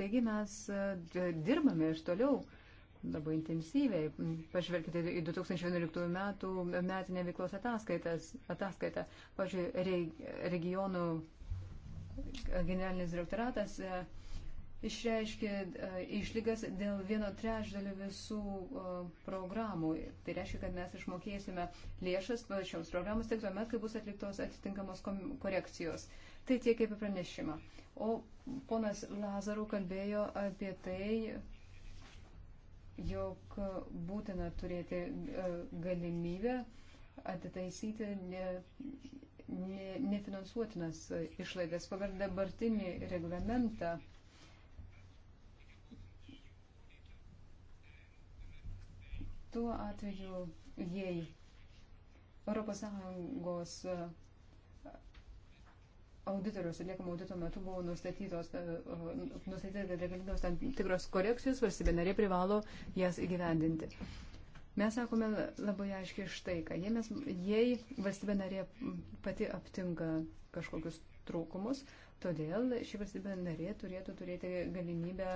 Taigi mes dirbame iš toliau labai intensyviai. Pažvelkite į 2011 metų metinę veiklos ataskaitą. Pavyzdžiui, regionų generalinis direktoratas e, išreiškė e, išlygas dėl vieno trečdalio visų e, programų. Tai reiškia, kad mes išmokėsime lėšas šioms programos tik tuomet, kai bus atliktos atitinkamos korekcijos. Tai tiek apie pranešimą. O ponas Lazarų kalbėjo apie tai, jog būtina turėti e, galimybę atitaisyti nefinansuotinas išlaidas pagal dabartinį reglamentą. Tuo atveju, jei ES auditoriaus atliekamo audito metu buvo nustatytos, e, nustatytos reikalingos tam tikros korekcijos, valstybė narė privalo jas įgyvendinti. Mes sakome labai aiškiai štai, kad jei, mes, jei valstybė narė pati aptinka kažkokius trūkumus, todėl ši valstybė narė turėtų turėti galimybę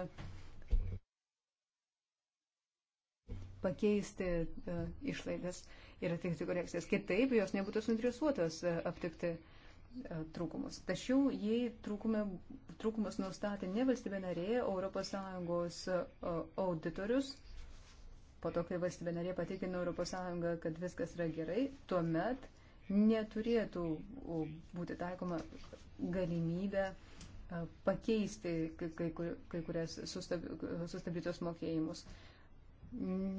pakeisti uh, išlaidas ir atlikti korekcijas. Kitaip jos nebūtų suinteresuotos uh, aptikti uh, E, trūkumus. Tačiau jei trūkumė, trūkumus nustatė ne valstybė narė, o ES e, auditorius, po to, kai valstybė narė patikino ES, kad viskas yra gerai, tuomet neturėtų būti taikoma galimybė e, pakeisti kai, kai kurias sustabdytos mokėjimus,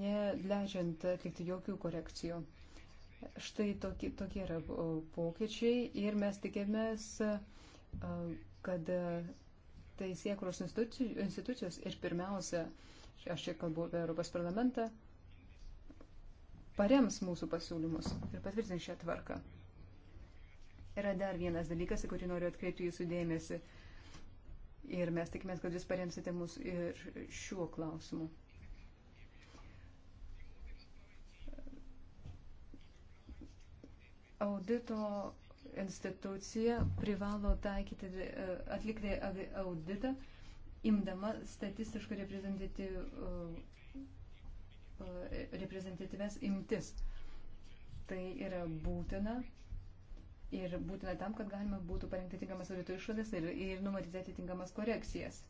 neleidžiant atlikti jokių korekcijų. Štai tokie, tokie yra pokyčiai ir mes tikėmės, kad tai siekros institucijos ir pirmiausia, aš čia kalbu apie Europos parlamentą, parems mūsų pasiūlymus ir patvirtins šią tvarką. Yra dar vienas dalykas, į kurį noriu atkreipti jūsų dėmesį. Ir mes tikimės, kad jūs paremsite mus ir šiuo klausimu. audito institucija privalo taikyti, atlikti auditą, imdama statistiškai reprezentatyves imtis. Tai yra būtina ir būtina tam, kad galima būtų parengti tinkamas audito išvadas ir, ir numatyti atitinkamas korekcijas.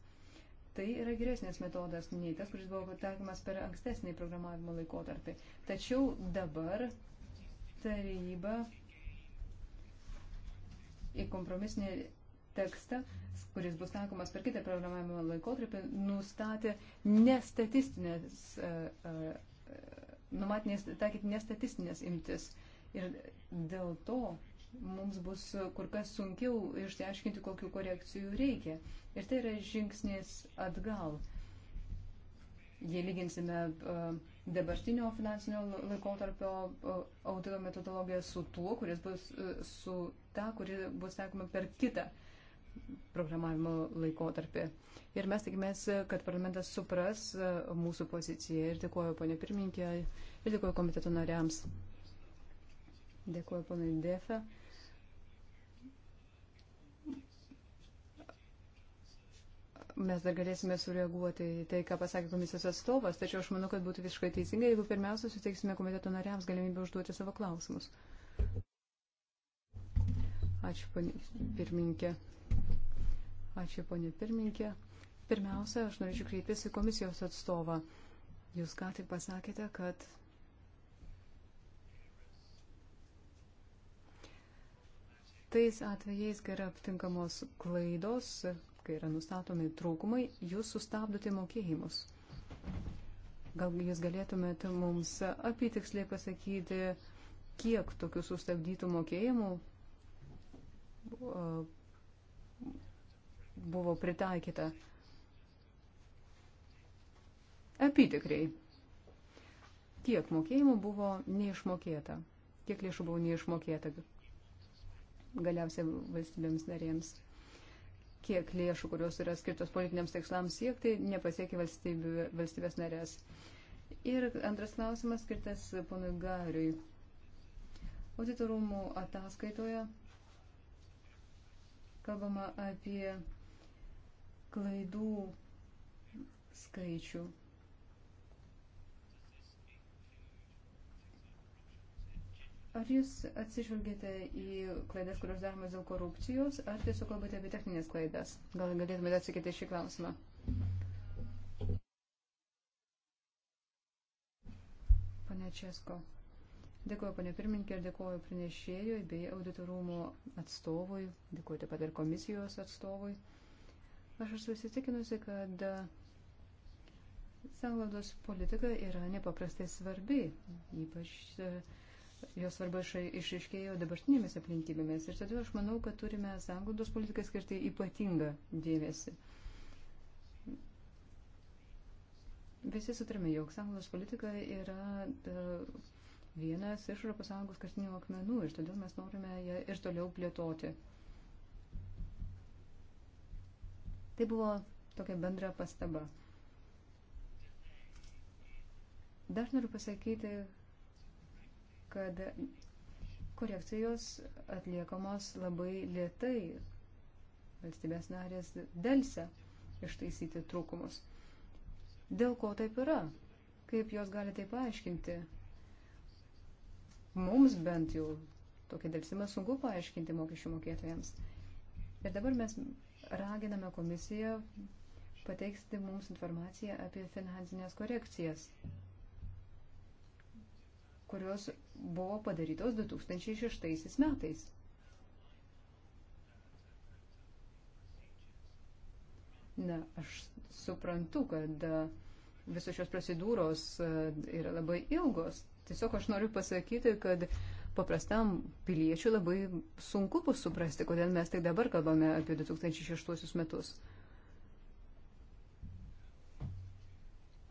Tai yra geresnės metodas nei tas, kuris buvo taikomas per ankstesnį programavimo laikotarpį. Tačiau dabar taryba į kompromisinį tekstą, kuris bus taikomas per kitą programavimo laikotarpį, nustatė nestatistinės, e, e, numatinės taikyti nestatistinės imtis. Ir dėl to mums bus kur kas sunkiau išsiaiškinti, kokiu korekcijų reikia. Ir tai yra žingsnis atgal. Jei lyginsime uh, dabartinio finansinio laikotarpio audito metodologiją su tuo, kuris bus e, su ta, kuri bus taikoma per kitą programavimo laikotarpį. Ir mes tikimės, kad parlamentas supras e, mūsų poziciją. Ir dėkuoju ponė pirmininkė, ir dėkuoju komiteto nariams. Dėkuoju ponui Defe. mes dar galėsime sureaguoti į tai, ką pasakė komisijos atstovas, tačiau aš manau, kad būtų visiškai teisinga, jeigu pirmiausia suteiksime komiteto nariams galimybę užduoti savo klausimus. Ačiū, ponė pirminkė. Ačiū, ponė pirminkė. Pirmiausia, aš norėčiau kreiptis į komisijos atstovą. Jūs ką tik pasakėte, kad tais atvejais, kai yra aptinkamos klaidos, kai yra nustatomi trūkumai, jūs sustabdote mokėjimus. Gal jūs galėtumėte mums apitiksliai pasakyti, kiek tokių sustabdytų mokėjimų buvo pritaikyta? Apitikriai. Kiek mokėjimų buvo neišmokėta? Kiek lėšų buvo neišmokėta galiausiai valstybėms narėms? kiek lėšų, kurios yra skirtos politiniams tikslams siekti, nepasiekia valstybė, valstybės narės. Ir antras klausimas skirtas ponui Gariui. Auditorumų ataskaitoje kalbama apie klaidų skaičių Ar jūs atsižvelgėte į klaidas, kurios daromas dėl korupcijos, ar tiesiog kalbate apie techninės klaidas? Gal galėtumėte atsakyti šį klausimą? Pane Česko. Dėkuoju, pane pirmininkė, ir dėkuoju pranešėjui bei auditorumo atstovui, dėkuoju taip pat ir komisijos atstovui. Aš esu įsitikinusi, kad sąnaudos politika yra nepaprastai svarbi, ypač uh, jos svarba išriškėjo dabartinėmis aplinkybėmis. Ir todėl aš manau, kad turime sąngudos politiką skirti ypatingą dėmesį. Visi sutarime, jog sąngudos politika yra e, vienas iš ES kartinių akmenų ir todėl mes norime ją ir toliau plėtoti. Tai buvo tokia bendra pastaba. Dar noriu pasakyti, kad korekcijos atliekamos labai lietai. Valstybės narės dėlse ištaisyti trūkumus. Dėl ko taip yra? Kaip jos gali tai paaiškinti? Mums bent jau tokį dėlsimą sunku paaiškinti mokesčių mokėtojams. Ir dabar mes raginame komisiją pateikti mums informaciją apie finansinės korekcijas kurios buvo padarytos 2006 metais. Na, aš suprantu, kad e, visos šios procedūros e, yra labai ilgos. Tiesiog aš noriu pasakyti, kad paprastam piliečiui labai sunku bus suprasti, kodėl mes tik dabar kalbame apie 2006 metus.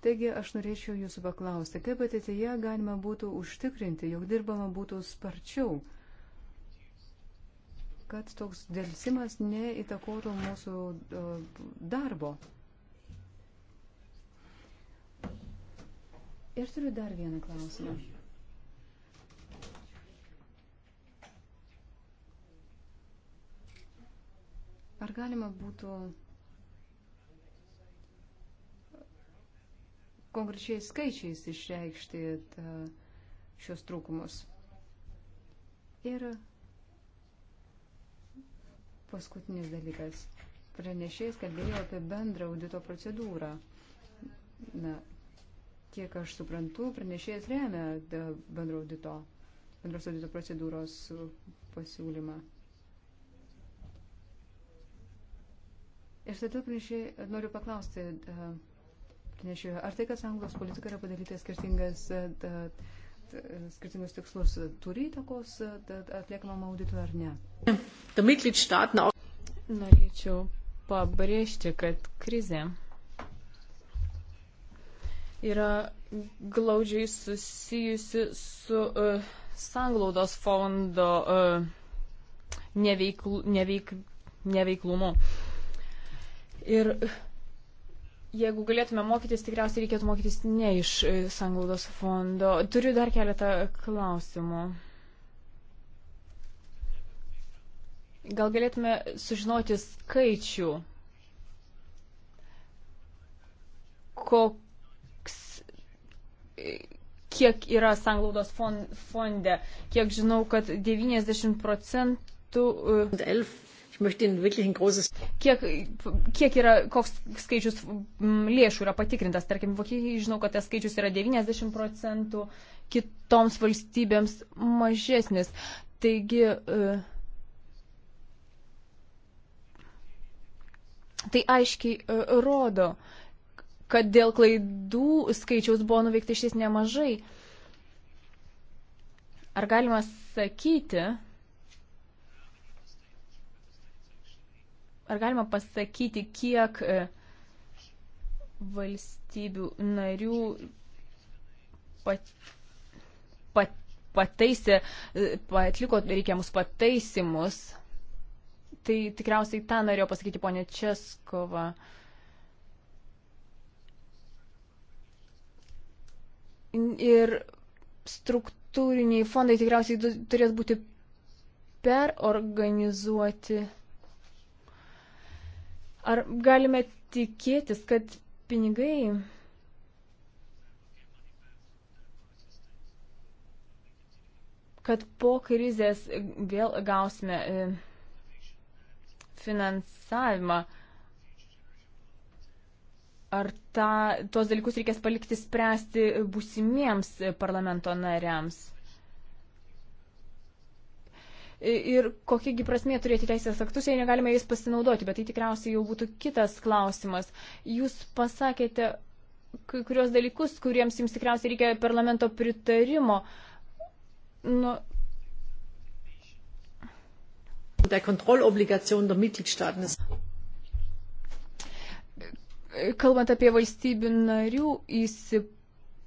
Taigi aš norėčiau jūsų paklausti, kaip ateityje galima būtų užtikrinti, jog dirbama būtų sparčiau, kad toks dėlsimas neįtakotų mūsų darbo. Ir turiu dar vieną klausimą. Ar galima būtų konkrečiai skaičiais išreikšti tą, e, šios trūkumus. Ir paskutinis dalykas. Pranešėjas kalbėjo apie bendrą audito procedūrą. Na, kiek aš suprantu, pranešėjas remia e, bendro audito, bendros audito procedūros pasiūlymą. Ir todėl pranešėjai noriu paklausti. Da, e, pranešėjo, ar tai, kad anglos politika yra padaryta skirtingas, da, e, da, skirtingus tikslus, e, turi įtakos e, atliekamam auditui ar ne? Norėčiau pabrėžti, kad krizė yra glaudžiai susijusi su uh, sanglaudos fondo uh, neveiklu, neveik, neveiklumu. Ir uh, Jeigu galėtume mokytis, tikriausiai reikėtų mokytis ne iš e, sanglaudos fondo. Turiu dar keletą klausimų. Gal galėtume sužinoti skaičių, koks, e, kiek yra sanglaudos fonde. Kiek žinau, kad 90 procentų. 11 e, Kiek, kiek yra, koks skaičius lėšų yra patikrintas, tarkim, Vokietijai žinau, kad tas skaičius yra 90 procentų, kitoms valstybėms mažesnis. Taigi, e, tai aiškiai e, rodo, kad dėl klaidų skaičiaus buvo nuveikta iš ties nemažai. Ar galima sakyti, Ar galima pasakyti, kiek e, valstybių narių pat, pat, pataisė, e, atliko reikiamus pataisimus? Tai tikriausiai tą norėjo pasakyti ponė Českova. Ir struktūriniai fondai tikriausiai turės būti perorganizuoti Ar galime tikėtis, kad pinigai kad po krizės vėl gausime e, finansavimą. Ar ta, tuos dalykus reikės palikti spręsti būsimiems parlamento nariams? ir kokiegi prasmė turėti teisės aktus, jei negalime jais pasinaudoti, bet tai tikriausiai jau būtų kitas klausimas. Jūs pasakėte kai kurios dalykus, kuriems jums tikriausiai reikia parlamento pritarimo. Nu, der Kontrollobligation der Mitgliedstaaten ist. Kalbant apie valstybių narių įsipareigojimą,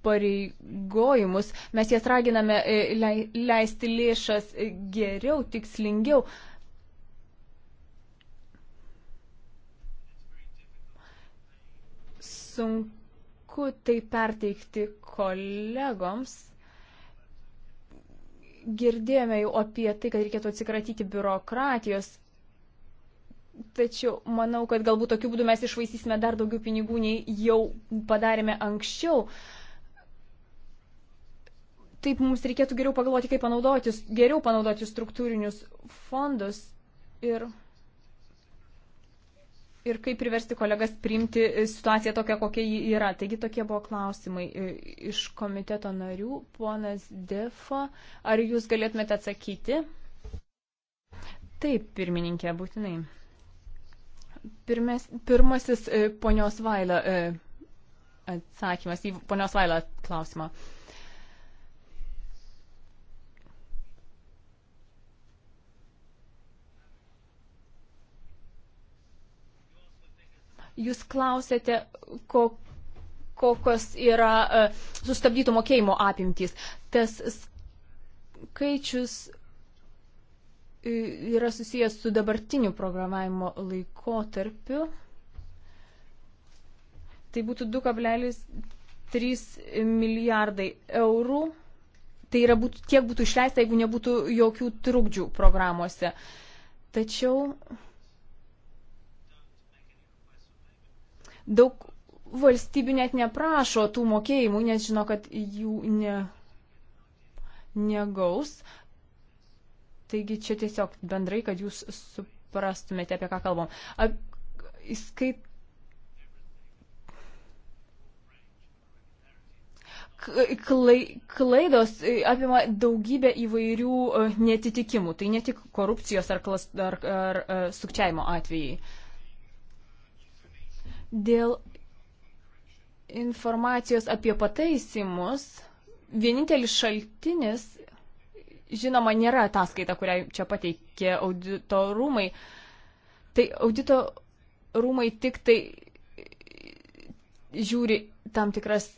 įsipareigojimus, mes jas raginame e, leisti lėšas e, geriau, tikslingiau. Sunku tai perteikti kolegoms. Girdėjome jau apie tai, kad reikėtų atsikratyti biurokratijos Tačiau manau, kad galbūt tokiu būdu mes išvaisysime dar daugiau pinigų, nei jau padarėme anksčiau. Uh, taip mums reikėtų geriau pagalvoti, kaip panaudoti, geriau panaudoti struktūrinius fondus ir, ir kaip priversti kolegas priimti situaciją tokią, kokia ji yra. Taigi tokie buvo klausimai e, iš komiteto narių. Ponas Defa, ar jūs galėtumėte atsakyti? Taip, pirmininkė, būtinai. Pirmes, pirmasis e, ponios Vailą e, atsakymas į ponios Vailą klausimą. Jūs klausėte, kokios yra e, sustabdytų mokėjimo apimtys. Tas skaičius e, yra susijęs su dabartiniu programavimo laikotarpiu. Tai būtų 2,3 milijardai eurų. Tai yra būtų, tiek būtų išleista, jeigu nebūtų jokių trukdžių programuose. Tačiau Daug valstybių net neprašo tų mokėjimų, nes žino, kad jų ne, negaus. Taigi čia tiesiog bendrai, kad jūs suprastumėte, apie ką kalbam. A, skait... Klai, klaidos e, apima daugybę įvairių e, netitikimų. Tai ne tik korupcijos ar, klas, ar, ar, ar e, sukčiavimo atvejai. Dėl informacijos apie pataisimus, vienintelis šaltinis, žinoma, nėra ataskaita, kurią čia pateikė audito rūmai. Tai audito rūmai tik tai žiūri tam tikras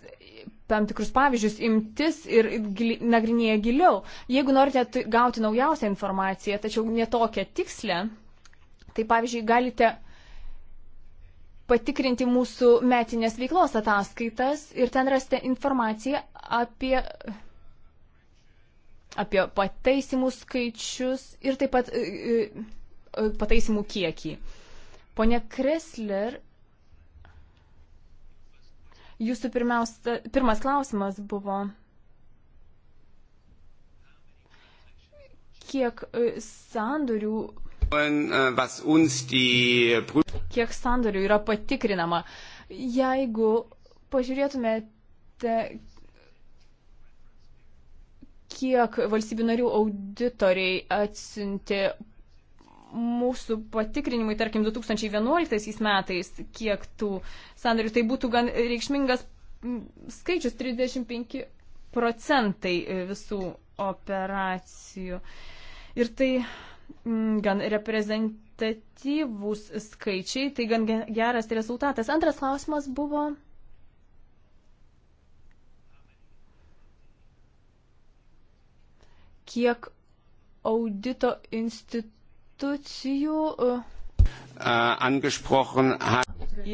tam tikrus pavyzdžius, imtis ir gili, nagrinėja giliau. Jeigu norite gauti naujausią informaciją, tačiau netokią tikslę, tai pavyzdžiui, galite patikrinti mūsų metinės veiklos ataskaitas ir ten rasite informaciją apie, apie pataisimų skaičius ir taip pat e, e, e, pataisimų kiekį. Pone Kresler, jūsų pirmas klausimas buvo, kiek sandorių Äh, kiek sandorių yra patikrinama? Jeigu pažiūrėtumėte, kiek valstybių narių auditoriai atsinti mūsų patikrinimui, tarkim, 2011 metais, kiek tų sandorių, tai būtų gan reikšmingas skaičius 35 procentai visų operacijų. Ir tai Mm, gan reprezentatyvūs skaičiai, tai gan geras rezultatas. Antras klausimas buvo. Kiek audito institucijų e, äh,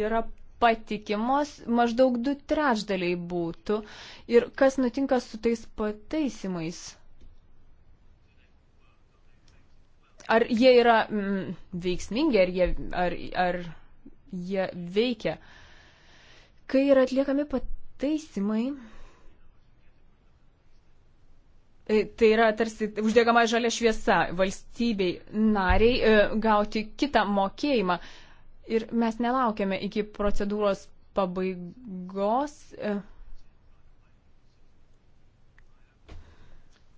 yra patikimos, maždaug du trečdaliai būtų. Ir kas nutinka su tais pataisimais? ar jie yra mm, veiksmingi, ar jie, ar, ar jie veikia. Kai yra atliekami pataisimai, e, tai yra tarsi uždegama žalia šviesa valstybei nariai e, gauti kitą mokėjimą. Ir mes nelaukiame iki procedūros pabaigos. E,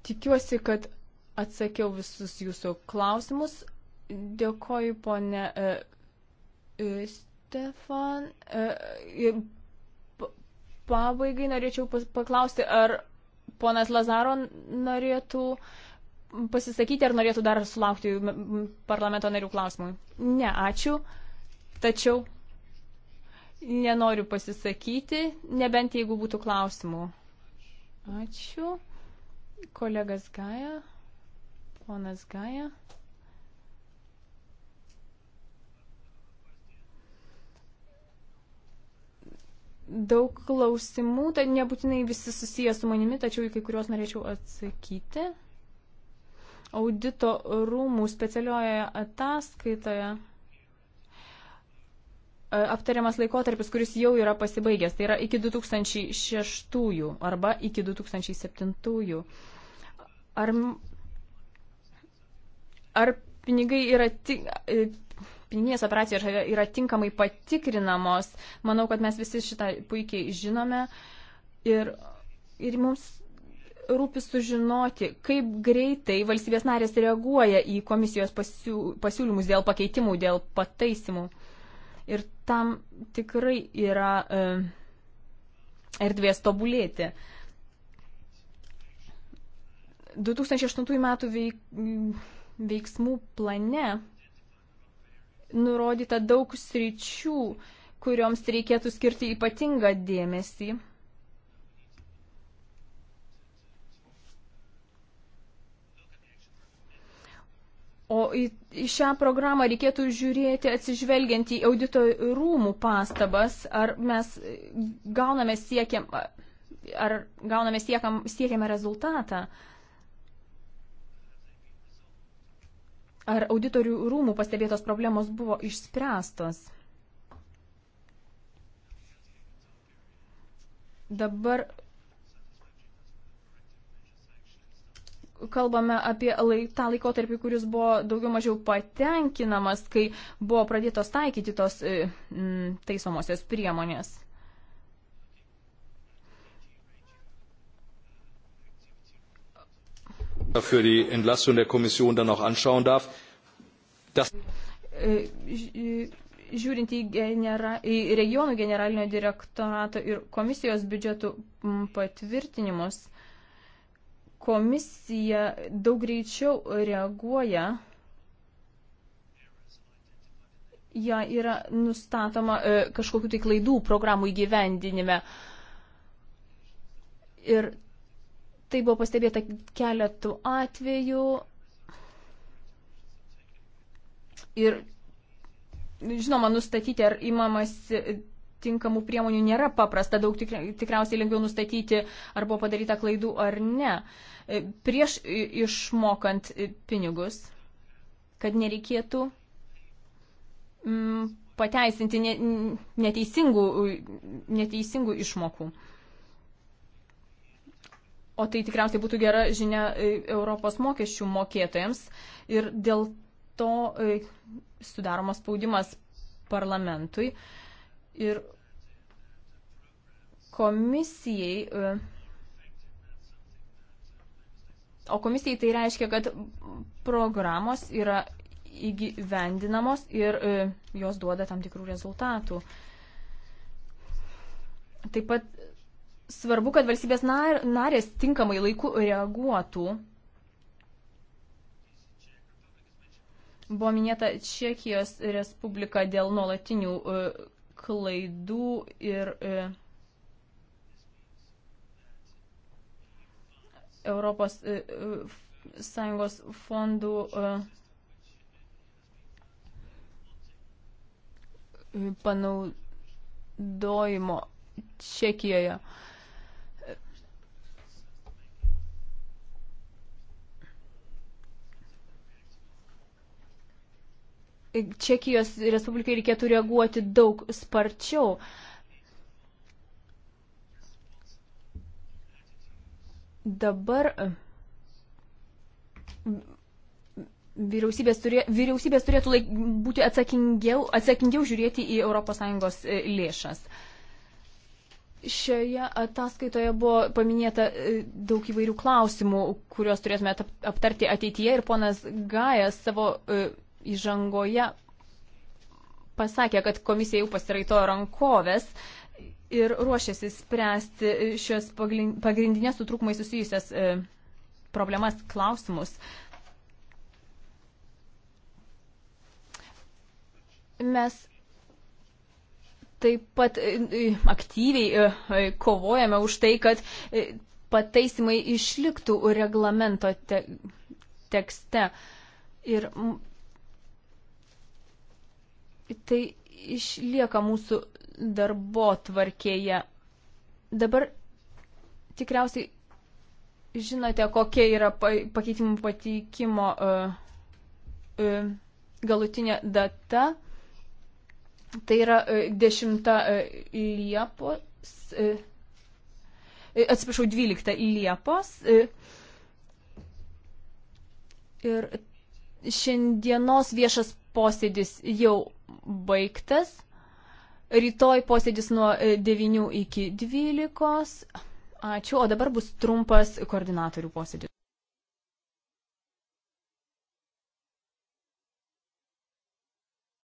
tikiuosi, kad atsakiau visus jūsų klausimus. Dėkoju, ponė e, e, Stefan. E, pabaigai norėčiau paklausti, ar ponas Lazaro norėtų pasisakyti, ar norėtų dar sulaukti parlamento narių klausimų. Ne, ačiū. Tačiau nenoriu pasisakyti, nebent jeigu būtų klausimų. Ačiū. Kolegas Gaja ponas Gaja. Daug klausimų, tai nebūtinai visi susijęs su manimi, tačiau į kai kuriuos norėčiau atsakyti. Audito rūmų specialioje ataskaitoje e, aptariamas laikotarpis, kuris jau yra pasibaigęs, tai yra iki 2006 arba iki 2007. Ar ar pinigai yra tik. E, piniginės operacijos yra tinkamai patikrinamos. Manau, kad mes visi šitą puikiai žinome ir, ir mums rūpi sužinoti, kaip greitai valstybės narės reaguoja į komisijos pasiūlymus dėl pakeitimų, dėl pataisimų. Ir tam tikrai yra e, erdvės tobulėti. 2008 metų veik, veiksmų plane nurodyta daug sričių, kurioms reikėtų skirti ypatingą dėmesį. O į, į šią programą reikėtų žiūrėti atsižvelgiant į audito rūmų pastabas, ar mes gauname siekiam, ar gauname siekam, siekiamą rezultatą. Uh, Ar auditorių rūmų pastebėtos problemos buvo išspręstos? Dabar kalbame apie laik, tą laikotarpį, kuris buvo daugiau mažiau patenkinamas, kai buvo pradėtos taikyti tos mm, taisomosios priemonės. für die Entlastung der Kommission dann auch anschauen darf. Das Žiūrint į, genera į regionų generalinio direktorato ir komisijos biudžetų patvirtinimus, komisija daug greičiau reaguoja ja, yra nustatoma e, kažkokiu tai klaidų programų įgyvendinime. Ir Tai buvo pastebėta keletų atvejų. Ir, žinoma, nustatyti, ar įmamas tinkamų priemonių nėra paprasta, daug tikriausiai lengviau nustatyti, ar buvo padaryta klaidų ar ne. E, prieš išmokant pinigus, kad nereikėtų mm, pateisinti neteisingų, neteisingų išmokų. O tai tikriausiai būtų gera žinia e, Europos mokesčių mokėtojams ir dėl to e, sudaromas spaudimas parlamentui ir komisijai. E, o komisijai tai reiškia, kad programos yra įgyvendinamos ir jos duoda tam tikrų rezultatų. Taip pat Svarbu, kad valstybės narės tinkamai laiku reaguotų. Buvo minėta Čekijos Respublika dėl nuolatinių e, klaidų ir e, Europos e, Sąjungos fondų panaudojimo Čekijoje. Čekijos Respublikai reikėtų reaguoti daug sparčiau. Dabar e, vyriausybės, turė, vyriausybės turėtų laik, būti atsakingiau, atsakingiau žiūrėti į ES e, lėšas. Šioje ataskaitoje buvo paminėta e, daug įvairių klausimų, kuriuos turėtume aptarti ateityje ir ponas Gajas savo įžangoje pasakė, kad komisija jau pasiraito rankovės ir ruošiasi spręsti šios pagrindinės su trūkumai susijusias e, problemas, klausimus. Mes taip pat e, e, aktyviai kovojame už tai, kad pataisimai išliktų reglamento te tekste. Ir tai išlieka mūsų darbo tvarkėje. Dabar tikriausiai žinote, kokia yra pakeitimų pateikimo uh, uh, galutinė data. Tai yra uh, e, 10 Liepos. Atsiprašau, 12 Liepos. Ir šiandienos viešas posėdis jau baigtas. Rytoj posėdis nuo 9 e, iki 12. Ačiū, o dabar bus trumpas koordinatorių posėdis.